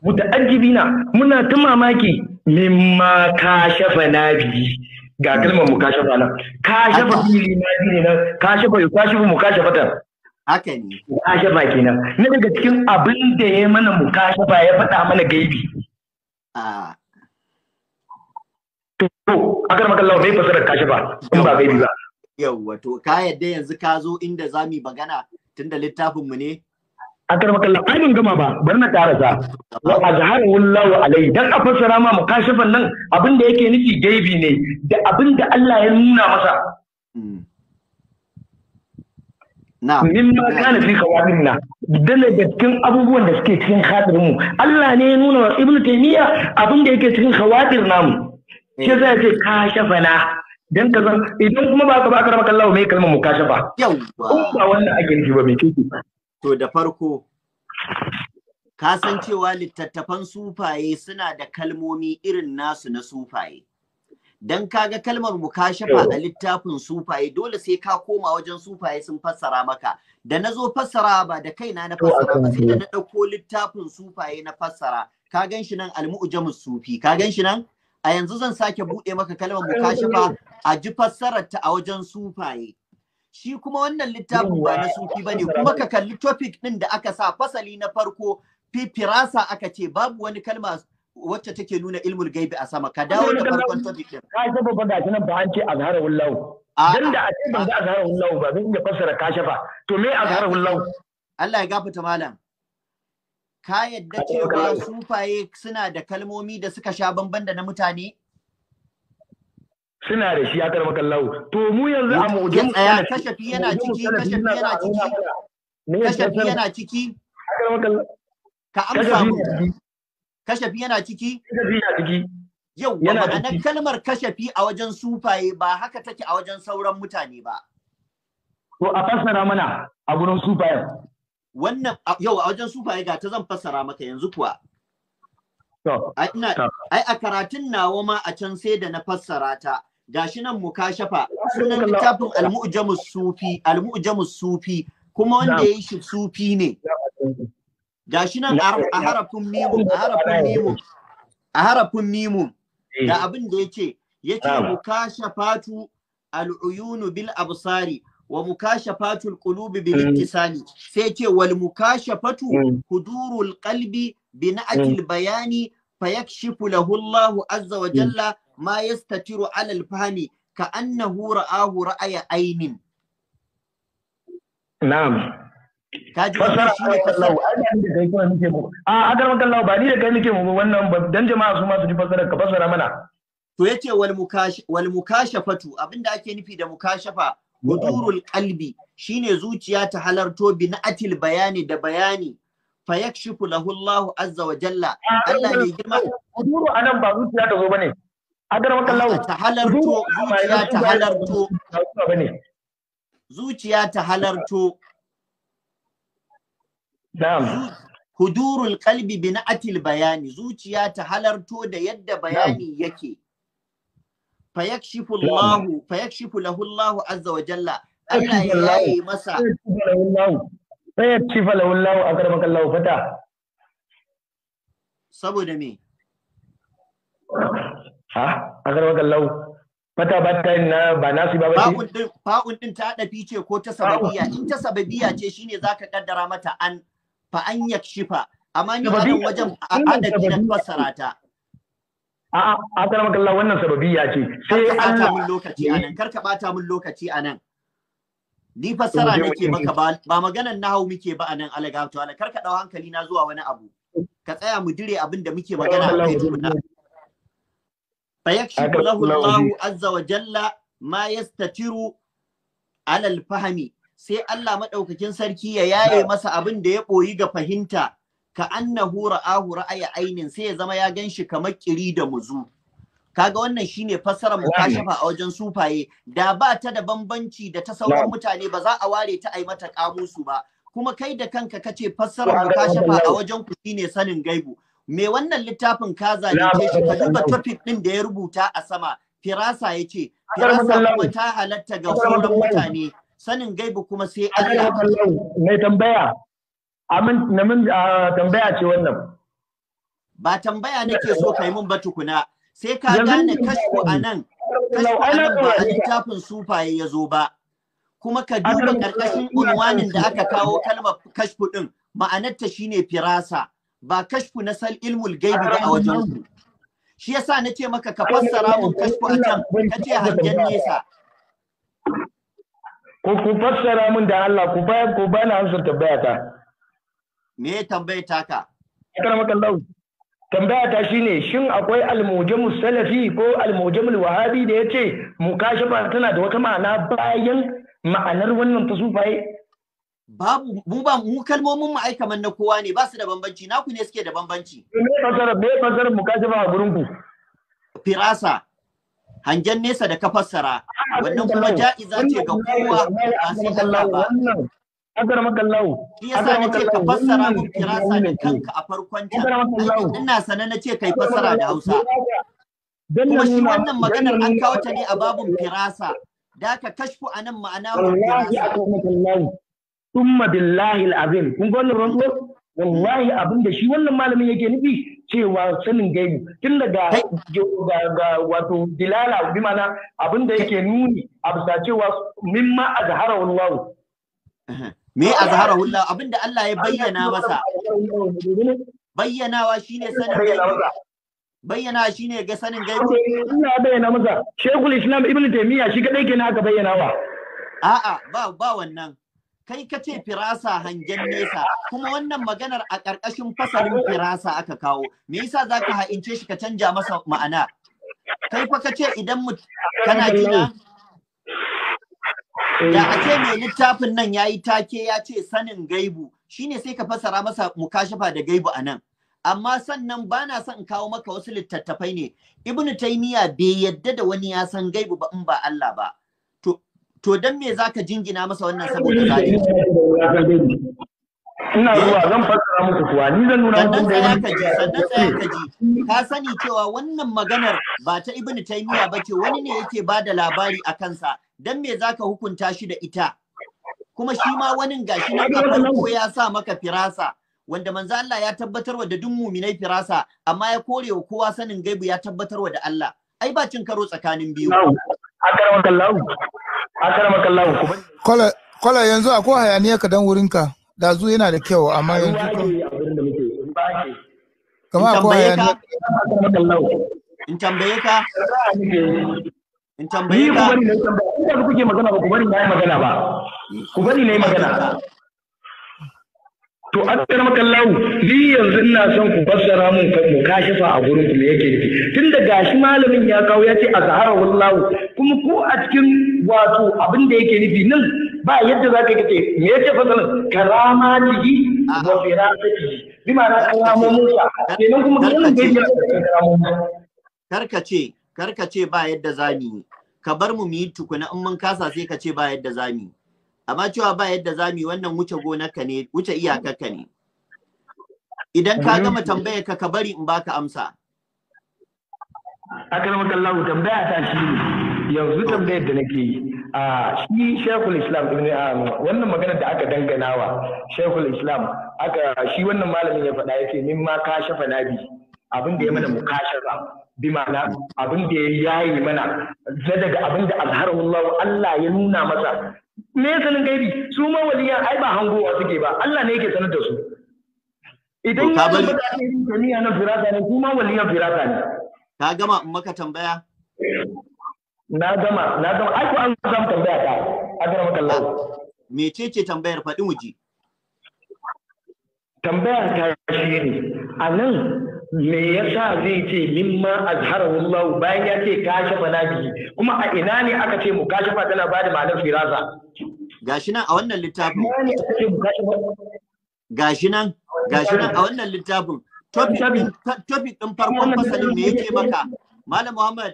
Speaker 1: muta'ajjibi na muna ta mamaki mimma ka shafa na biyi ga kalmar mu ka shafa na. ka shafa fili na ka shafa ka shafa mu ka shafa ta haka ne ke nan, na daga cikin abin da ya mana mu ba ya faɗa mana gaibi
Speaker 2: to agar makallawa bai fasara kashiba in ba gaibi ba yawwa to ka yadda yanzu ka zo inda za mu magana tunda littafin mu ne
Speaker 1: a karmaka ai ban gama ba bari na karasa wa azharu wallahu alai dan a fassara ma mu mukashifan nan abin da yake nufi gaibi ne da abin da Allah ya nuna masa hmm.
Speaker 5: mimma kana fi
Speaker 1: qawaminna dalla da cikin abubuwan da suke cikin khatirin mu Allah ne ya nuna wa ibnu taymiya abin da yake cikin khawatir namu shi zai ce ka shafana dan ka san idan kuma ba ka ba karama kallahu mai kalmar mu ka shafa yawa ba wannan ake nufi ba me kike
Speaker 2: to da farko ka san cewa littattafan sufaye suna da kalmomi irin nasu na sufaye dan kaga kalmar mukashafa a littafin sufaye dole sai ka koma wajen sufaye sun fassara maka da na zo fassara ba da kaina na fassara ba sai da na ɗauko littafin sufaye na fassara ka gan shi nan almu'jamus sufi ka gan shi nan a yanzu zan sake buɗe maka kalmar mukashafa a ji fassarar ta a wajen sufaye shi kuma wannan littafin ba na sufi ba ne? kuma ka kalli topic din da aka sa fasali na farko firasa aka ce babu wani kalma wacce take nuna ilmul gaibi a sama ka dawo da farkon topic
Speaker 1: din ka ce babban gashi nan ba an ce azharul lahu dan da a ce ban ga azharul lahu ba zan iya fassara kashafa to me azharul lahu
Speaker 2: Allah ya gafarta malam ka yadda cewa sufaye suna da kalmomi da suka sha bamban da na mutane
Speaker 1: suna da shi ya karba kallahu to mu yanzu a mujin tsaya kashafi yana ciki kashafi yana ciki kashafi yana
Speaker 2: ciki ka amsa mu kashafi yana ciki kashafi yana ciki yau ma'anar kalmar kashafi a wajen sufaye ba haka take a wajen sauran mutane ba to a fassara mana a gurin sufaye wannan yau a wajen sufaye ga ta zan fassara maka yanzu kuwa ai a karatun nawa ma a can sai da na fassara ta gashi nan mu kashafa sunan littafin al-mu'jamus sufi al sufi kuma wanda ya yi shi sufi ne shi nan a harafin mimun a harafin mimun eh. a harafin mimun da abin da yake yake mukashafatu al'uyunu bil absari wa mukashafatu al-qulubi bil mm. ittisali sai ce wal mukashafatu mm. hudurul qalbi bi na'atil mm. bayani fayakshifu lahu Allahu azza wa jalla ma yastatiru ala al ka annahu ra'ahu ra'aya ainin
Speaker 1: na'am kaji wannan shi ne a agar makallahu ba ni da kai nake mu wannan dan
Speaker 2: jama'a su ma su ji fasara ka fasara mana to yace wal mukash wal mukashafatu abinda ake nufi da mukashafa hudurul qalbi shine zuciya ta halarto bi na'atil bayani da bayani fa yakshifu lahu Allahu azza wa jalla Allah ne girma huduru anan ba zuciya ta zo bane agar makallahu ta halarto zuciya ta halarto zuciya ta halarto hudurul ƙalbi bi atil bayani zuciya ta halarto da yadda bayani yake fayakshifu Allahu fayakshifu lahu Allahu azza wa lahu Allahu akramaka Allahu fata saboda me
Speaker 1: ha akramaka Allahu Fata ba ta na ba nasi
Speaker 2: ta dafi ce ko ta in ce shine zaka kaddara mata an fa an yakshifa amma ni wannan wajen adadi na fassara ta a karama kalla wannan sababiya ce sai Allah mun lokaci anan kar ka bata mun lokaci anan ni fassara nake maka ba maganan nahawu muke ba anan alaga ala kar ka dau hankali na zuwa wani abu ka tsaya mu dire abin da muke magana a kai tukuna fayakshifu lahu Allahu azza wa jalla ma yastatiru ala al sai Allah maɗaukakin sarki ya yaye masa abin da ya ɓoyi ga fahimta ka annahu ra'ahu ra'aya ainin sai ya zama ya gan shi kamar kiri da muzu kaga wannan shine fassara mu shafa a wajen sufaye da ba ta da bambanci da ta sauran mutane ba za a ware ta ai mata kamusu ba kuma kai da kanka kace fassara mu shafa a wajen ku shine sanin gaibu me wannan littafin ka zalunce shi ka duba topic ɗin da ya rubuta a sama firasa ya ce. firasa kuma ta halatta ga sauran mutane sanin gaibu kuma sai Allah mai tambaya amin tambaya ce wannan ba tambaya nake so kai mun ba tukuna sai ka gane kashfu anan kashfu nan ba a littafin sufaye ya zo ba kuma ka duba ƙarƙashin unwanin da aka kawo kalmar kashfu din ma'anarta shine firasa ba kashfu na sal ilmul gaibi ba a wajen shi yasa nace maka ka fassara mun kashfu a can kace hangen nesa
Speaker 1: Ku ku fassara min da Allah ku ba ku ba na amsar tambaya ta. Me ya tambaya ta ka? Akram kallahu. Tambaya ta ne shin akwai al-mujamu salafi ko al-mujamu wahabi da ya yace mukashafa tana da
Speaker 2: wata ma'ana bayan ma'anar wannan ta sufaye? Babu mu ba mu kalmomin mu ai kamar na kowa ne ba su da bambanci naku ne suke da bambanci. Me fassara me fasara ba a gurin ku? Firasa. hanjan nesa da ka fassara ah, wannan kuma ja'iza ce ga kowa ba sai Allah Azar makallahu. Shi yasa na ce ka fassara mun kirasa da kanka a farkon can. Ina sanar na ce kai fassara da Hausa. Kuma shi wannan maganar an kawo ta ne a babun firasa. Da ka kashfu a nan ma'ana wa firasa.
Speaker 1: Tumma billahi al'azim. Kun ga wannan rantsuwar? Wallahi abin da shi wannan malamin yake nufi cewa sanin gaimu tun daga ga wato dilala bi mana abin da yake nuni a bisa cewa mimma wani wawo. me a zahara wallahu abin da
Speaker 2: Allah ya bayyana masa bayyanawa shi ne sanin gaimu. bayyana shi ne ga sanin gaimu.
Speaker 1: gaibu ya bayyana masa shekul islam Ibn taymiya shi kadai kenan aka bayyana wa
Speaker 2: a'a ba ba wannan kai ka ce firasa hangen nesa kuma wannan maganar a ƙarƙashin fasarin firasa aka kawo me yasa zaka ha'ince shi ka canja masa ma'ana kai fa ka ce idan mu kana jina da a ce mai littafin nan ya yi take ya ce sanin gaibu Shi ne sai ka fasara masa mukashafa da gaibu a nan amma sannan ba na son kawo maka wasu littattafai ne ibnu taimiya bai yadda da wani ya san gaibu ba in ba Allah ba to dan me za ka jingina masa wannan saboda zalunci
Speaker 1: ina zuwa zan fassara muku kuwa ni zan nuna muku da yake ji sannan sai ka
Speaker 2: ji ka sani cewa wannan maganar ba ta ibnu ba ce wani ne yake ba da labari a kansa don me za ka hukunta shi da ita kuma shi ma wani gashi na farko ya sa maka firasa wanda manzo Allah ya tabbatar wa da duk muminai firasa amma ya kore wa kowa sanin gaibu ya tabbatar wa da Allah ai ba cin karo tsakanin biyu
Speaker 3: Kwala yanzu a kowa yanzu akwai hayaniya ka dan wurinka da zu yana da kyau amma yanzu
Speaker 1: ko
Speaker 3: kama akwai hayaniya
Speaker 1: in tambaye ka in tambaye ka ni ku bari ne tambaya inda kuke magana ba ku bari na yi magana ba ku bari na yi magana To an tsaye na lawu ni yanzu ina son ku fassara mun mu fa a gurin ku me yake nufi tun da gashi malamin ya kawo ya ce a zahara lawu kuma ko a cikin wato abin da yake nufi nan ba yadda za ka kace me yake fassara. karama
Speaker 2: jiki, wa firasati bi ma'ana karamomin sa nan kuma kenan bai da karamomin karkace karkace ba yadda zamu ka bar mu mu yi tukuna in mun kasa sai ka ce ba yadda zamu yi amma cewa ba yadda za mu yi wannan wuce gonarka ne wuce iyakarka ne idan ka gama tambayar ka ka bari in baka amsa akramaka Allah tambaya ta shi ne yanzu tambayar da nake yi
Speaker 1: a shi shekul islam ibn wannan magana da aka danganawa shekul islam aka shi wannan malamin ya faɗa yake, min ma ka shafa nabi abin da ya mana mukashara bi ma'ana abin da ya yayi mana da daga abin da azharullahu Allah ya nuna masa me ya sanin gaibi su ma waliyan ai ba hangowa suke ba Allah ne yake
Speaker 2: sanar da su idan ya zama da duniya na firasa ne ma waliyan firasa ne ka gama in maka tambaya na gama na gama ai ko an samu tambaya ta a me ce mecece tambayar faɗi mu
Speaker 1: tambayar ta shi ne a nan me yasa zai ce mimma azharahu Allah bayan ya ce kashe manabi kuma a ina ne aka ce mu mukashafa tana
Speaker 2: bada ma'anar firaza? gashi nan a wannan littafin gashi nan gashi nan a wannan littafin topic din farkon fasalin me yake maka malam Muhammad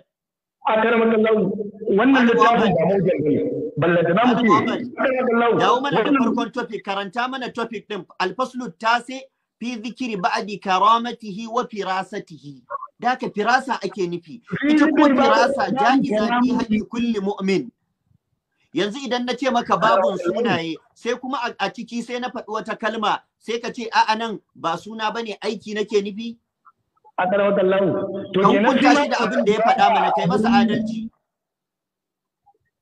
Speaker 2: a karamar wannan littafin ba
Speaker 5: mu
Speaker 1: ballanta za mu
Speaker 2: ce dawo mana da farkon topic karanta mana topic din alfaslu sai. fi zikiri ba'di karamatihi wa firasatihi ka firasa ake nufi ita kuma firasa ja'iza fi haƙi kulli mu'min yanzu idan na ce maka babun sunaye sai kuma a ciki sai na faɗi wata kalma sai ka ce a'a nan ba suna ba ne aiki nake nufi a karawatan lahu
Speaker 1: to kenan shi da abin da ya faɗa mana kai masa
Speaker 2: adalci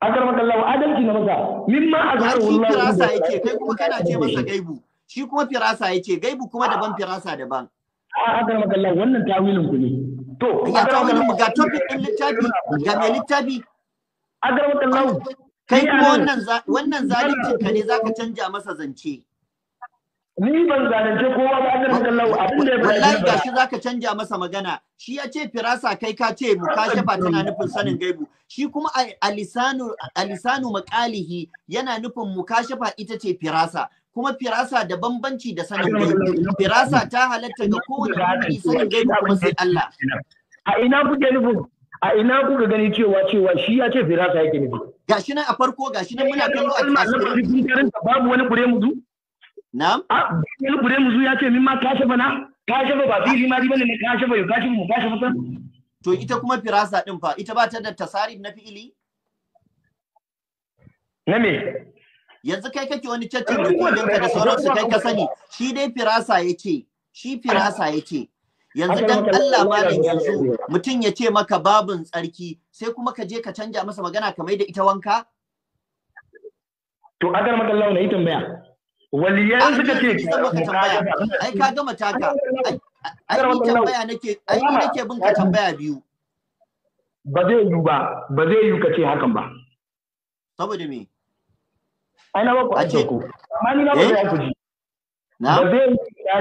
Speaker 2: a
Speaker 1: karawatan lahu adalci na
Speaker 2: masa mimma a Allah firasa
Speaker 1: kai kuma kana ce masa
Speaker 2: gaibu shi kuma firasa ya ce gaibu kuma daban firasa daban a'a ga magana wannan tawilin ku ne to ya tawilin mu ga topic ɗin littafi ga mai littafi agar wakallahu kai kuma wannan wannan ka ne zaka canja masa zance ni ban zalunce kowa ba agar wakallahu abin da ya wallahi za zaka canja masa magana shi ya ce firasa kai ka ce mu ka shafa tana nufin sanin gaibu shi kuma a lisanu makalihi yana nufin yana nufin shafa ita ce firasa kuma firasa da bambanci da sanin gaibi firasa ta halatta ga kowane mutum sanin gaibi kuma sai Allah
Speaker 1: a ina kuke nufin a ina kuka gani cewa cewa shi ya ce firasa yake nufi gashi nan a farko gashi nan muna kallo a cikin babu wani kure muzu na'am a wani kure muzu ya ce min ma kashe bana kashe ba fili ma bane ne kashe ka kashe mu kashe fa to ita
Speaker 2: kuma firasa din fa ita ba ta da tasarif na fi'ili na me yanzu kai kake wani cacin rikodin ka da su kai ka sani shi dai firasa ya ce shi firasa ya ce
Speaker 4: yanzu dan Allah malam yanzu
Speaker 2: mutum ya ce maka babun tsarki sai kuma ka je ka canja masa magana kamar da ita wanka
Speaker 1: to agar makallahu na yi tambaya waliyan suka ce ai ka gama
Speaker 2: taka ai ni tambaya nake ai nake bin ka
Speaker 1: tambaya biyu ba zai yiwu ba ba zai yiwu ka ce hakan ba saboda me ai na ba ake ku amma ni na ba ya kuji na ba zai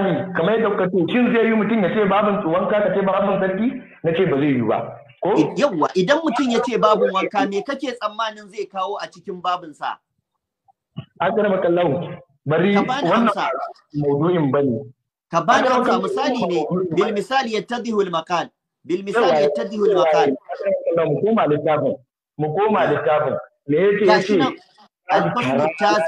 Speaker 1: yi kamar yadda kuka ce shin zai yi mutum ya ce babin ka ce babin sarki na ce ba zai yi ba ko idan mutum ya ce babin wanka
Speaker 2: me kake tsammanin zai kawo a cikin babin sa
Speaker 1: akira makallahu bari wannan maudu'in bane ka ba da misali ne bil misali yattadihu al maqal bil misali yattadihu al maqal mu koma littafin mu koma littafin me yake البحر التاسع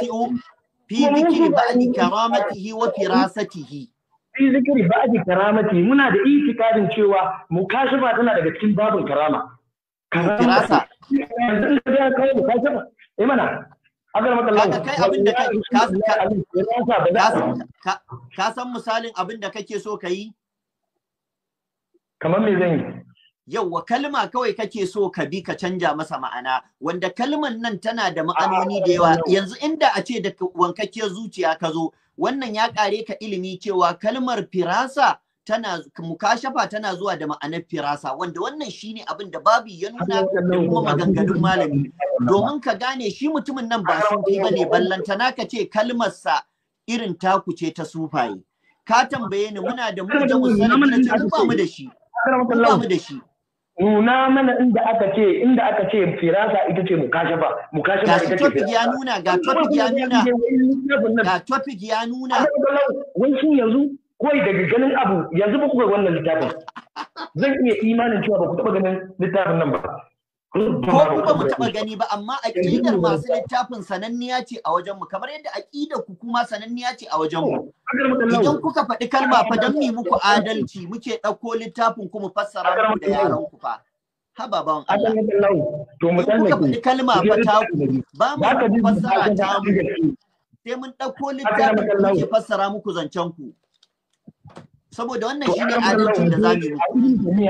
Speaker 2: في ذكر بعد كرامته
Speaker 1: وفراسته في ذكر بعد كرامته منا ده itikadin تكاد mukashafa مكاشفة ده karama الكرامة فراسة da kai kai
Speaker 2: misalin abin da kake so ka yi kamar me yi yauwa kalma kawai kake so ka bi ka canja masa ma'ana wanda kalman nan tana da ma'anoni da yawa yanzu inda a ce da wankakkiyar zuciya ka zo wannan ya kare ka ilimi cewa kalmar firasa tana mukashafa tana zuwa da ma'anar firasa wanda wannan shine abin da babu ya nuna da kuma maganganun malami domin ka gane shi mutumin nan ba sun sufi bane ballantana ka ce kalmarsa irin taku ce ta sufaye ka tambaye ni muna da mu da musulmi na ce ba mu da shi ba mu da
Speaker 1: shi nuna mana inda aka ce inda aka ce firasa ita ce mukashafa mukashafa ita ce topic ya nuna ga topic ya nuna ga topic ya nuna wai su yanzu koi daga ganin abu yanzu ba ku ga wannan littafin zan iya imanin cewa ba ku taba ganin littafin nan ba ko kuma mu taɓa gani
Speaker 2: ba amma a ƙidar masu littafin sananniya ce a wajenmu, kamar yadda a ku kuma sananniya ce a wajenmu. idan kuka faɗi kalma fa don mi muku adalci muke ɗauko littafin kuma fassara muku da yaran ku fa haba bawan Allah
Speaker 1: to kuka faɗi kalma fa ta
Speaker 2: ku ba mu fassara ta mu sai mun ɗauko littafin muke fassara muku zancen ku saboda wannan shine adalcin da za mu yi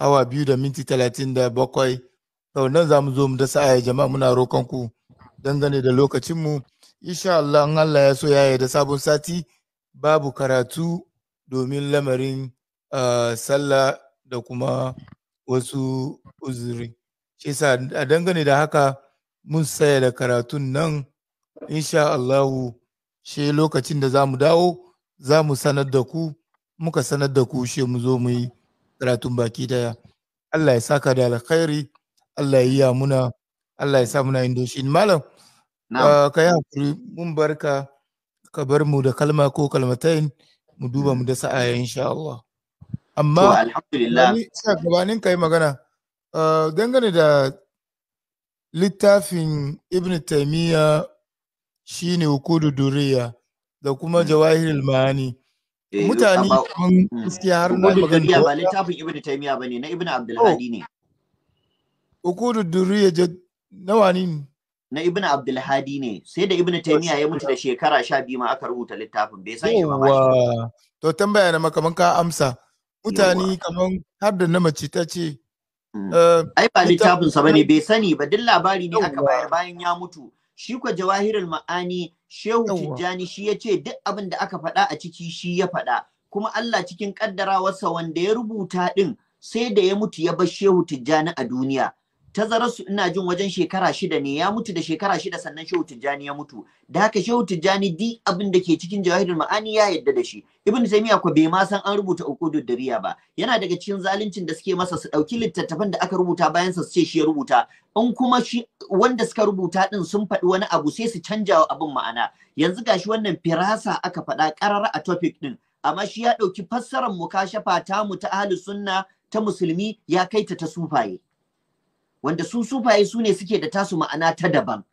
Speaker 3: awa biyu da minti talatin da bakwai to nan za mu zo mu dasa aya jama'a muna roƙon ku dangane da lokacinmu insha Allah in Allah ya so ya yi da sabon sati babu karatu domin lamarin ah, sallah da kuma wasu uzuri shi sa a dangane da haka mun saya da karatun nan insha she shi lokacin da za mu dawo za mu sanar da ku muka sanar da ku shi mu zo mu yi karatun baki daya Allah ya saka da alkhairi Allah ya yi muna Allah ya sa muna yin doshi malam ah, ka yi hakuri mun barka ka bar mu da kalma ko kalmatain mu duba mu da sa'a insha Allah amma alhamdulillah gabanin kai magana ah, dangane da littafin Ibn shi shine hukudu duriya da kuma mm. jawahirul ma'ani Eh, mutane kaman mm. gaskiya har na magana ba littafin
Speaker 2: ibn taymiya bane na ibn abdul hadi oh. ne ukudu duriya jad na wani ne na ibn abdul hadi ne sai da ibn taymiya ya mutu da shekara 12 ma aka rubuta littafin bai san shi
Speaker 3: ba to tambaya na makaman ka amsa mutane kaman har da na mace ta
Speaker 2: ce mm. eh, ai ba littafin sa bane bai sani ba duk labari ne aka bayar bayan ya mutu shi ko jawahirul ma'ani Shehu Tijjani shi ya ce duk abin da aka faɗa a ciki shi ya faɗa, kuma Allah cikin ƙaddarawarsa wanda ya rubuta ɗin sai da ya mutu ya bar Shehu Tijjani a duniya. Tazararsu ina jin wajen shekara shida ne, ya mutu da shekara shida sannan Shehu Tijjani ya mutu. Da haka Shehu Tijjani di abin da ke cikin jawahirul ma'ani ya yadda da shi. ibn Taymiyyah ko bai ma san an rubuta uqudud dariya ba yana daga cikin zaluncin da suke masa su dauki littattafan da aka rubuta bayan sa ce shi ya rubuta in kuma shi wanda suka rubuta din sun faɗi wani abu sai su canja wa abin ma'ana yanzu gashi wannan firasa aka faɗa karara a topic din amma shi ya ɗauki fassarar mukashafa ta mu ta ahli sunna ta musulmi ya kai ta ta sufaye wanda su sufaye sune suke da tasu ma'ana ta daban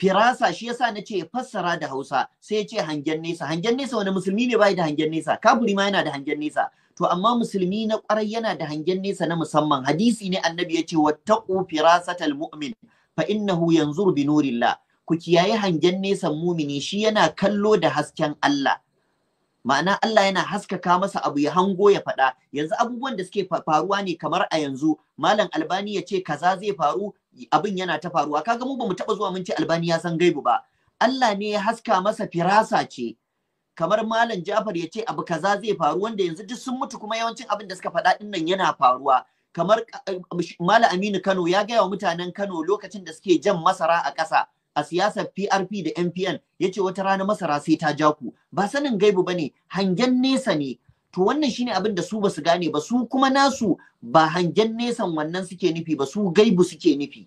Speaker 2: firasa shi yasa na ce ya fassara da Hausa sai ya ce hangen nesa hangen nesa wani musulmi ne bai da hangen nesa kafiri ma yana da hangen nesa to amma musulmi na kwarai yana da hangen nesa na musamman hadisi ne annabi ya ce wattaqu firasatal mu'min fa innahu yanzur bi nurillah ku kiyaye hangen nesan mumini shi yana kallo da hasken Allah ma'ana Allah yana haskaka masa abu ya hango ya faɗa yanzu abubuwan da suke faruwa ne kamar a yanzu malam albani ya ce kaza zai faru abin yana ta faruwa kaga mu bamu taba zuwa mun ce albani ya san gaibu ba Allah ne ya haska masa firasa ce kamar malam Jafar ya ce abu kaza zai faru wanda yanzu duk sun mutu kuma yawancin abin da suka faɗa din nan yana faruwa kamar eh, malam Aminu Kano ya gaya wa mutanen Kano lokacin da suke jan masara a ƙasa a siyasar PRP da MPN ya ce wata rana masara sai ta ja ku ba sanin gaibu bane hangen nesa ne to wannan shine abin da su basu gane ba su kuma nasu ba hangen nesan wannan suke nufi ba su gaibu suke nufi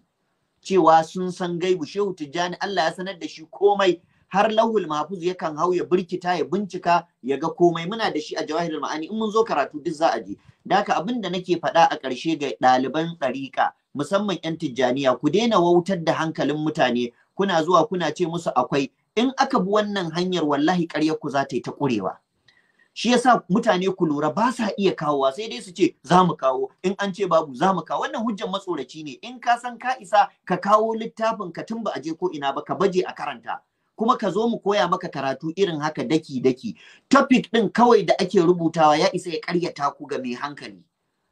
Speaker 2: cewa sun san gaibu shehu tijjani Allah ya sanar da shi komai har lahul mahfuz yakan hau ya birkita ya bincika ya ga komai muna da shi a jawahirul ma'ani in mun zo karatu duk za a je daka abin da nake faɗa a ƙarshe ga ɗaliban ɗariƙa musamman 'yan tijjaniya ku daina wautar da hankalin mutane kuna zuwa kuna ce musu akwai in aka bi wannan hanyar wallahi ƙaryar ku za ta yi ta ƙurewa shi yasa mutane ku lura ba sa iya kawowa sai dai su ce za mu kawo in an ce babu za mu kawo wannan hujjan matsoraci ne in ka san ka isa ka kawo littafin ka tun ba a je ko ina ba ka baje a karanta kuma ka zo mu koya maka karatu irin haka daki daki topic din kawai da ake rubutawa ya isa ya karyata ku ga mai hankali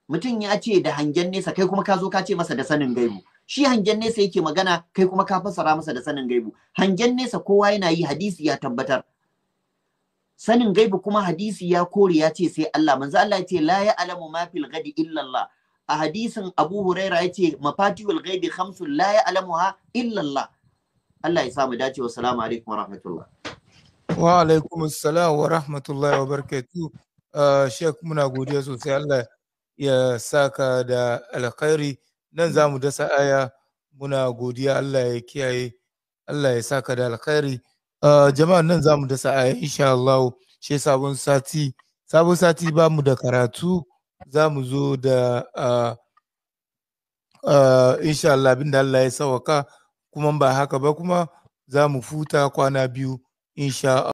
Speaker 2: mutum ya ce da hangen nesa kai kuma ka zo ka ce masa da sanin gaibu shi hangen nesa yake magana kai kuma ka fassara masa da sanin gaibu hangen nesa kowa yana yi hadisi ya tabbatar sanin gaibu kuma hadisi ya kore ya ce sai Allah manzo Allah ya ce la ya alamu ma fil ghadi illa Allah a hadisin Abu Huraira ya ce mafatihul ghaibi khamsun la ya ya'lamuha illa Allah Allah ya samu dacewa. dace salamu alaikum wa rahmatullah
Speaker 3: wa alaikum assalam wa rahmatullahi wa barakatuh uh, Shek muna godiya sosai Allah ya saka da alkhairi nan za mu dasa aya muna godiya Allah ya kiyaye Allah ya saka da alkhairi Eh, jama'an nan za mu da sa'a insha Allah shi sabon sati sabon sati ba mu da karatu za mu zo da eh, eh, insha Allah abinda Allah ya sawaka kuma ba haka ba kuma za mu futa kwana biyu insha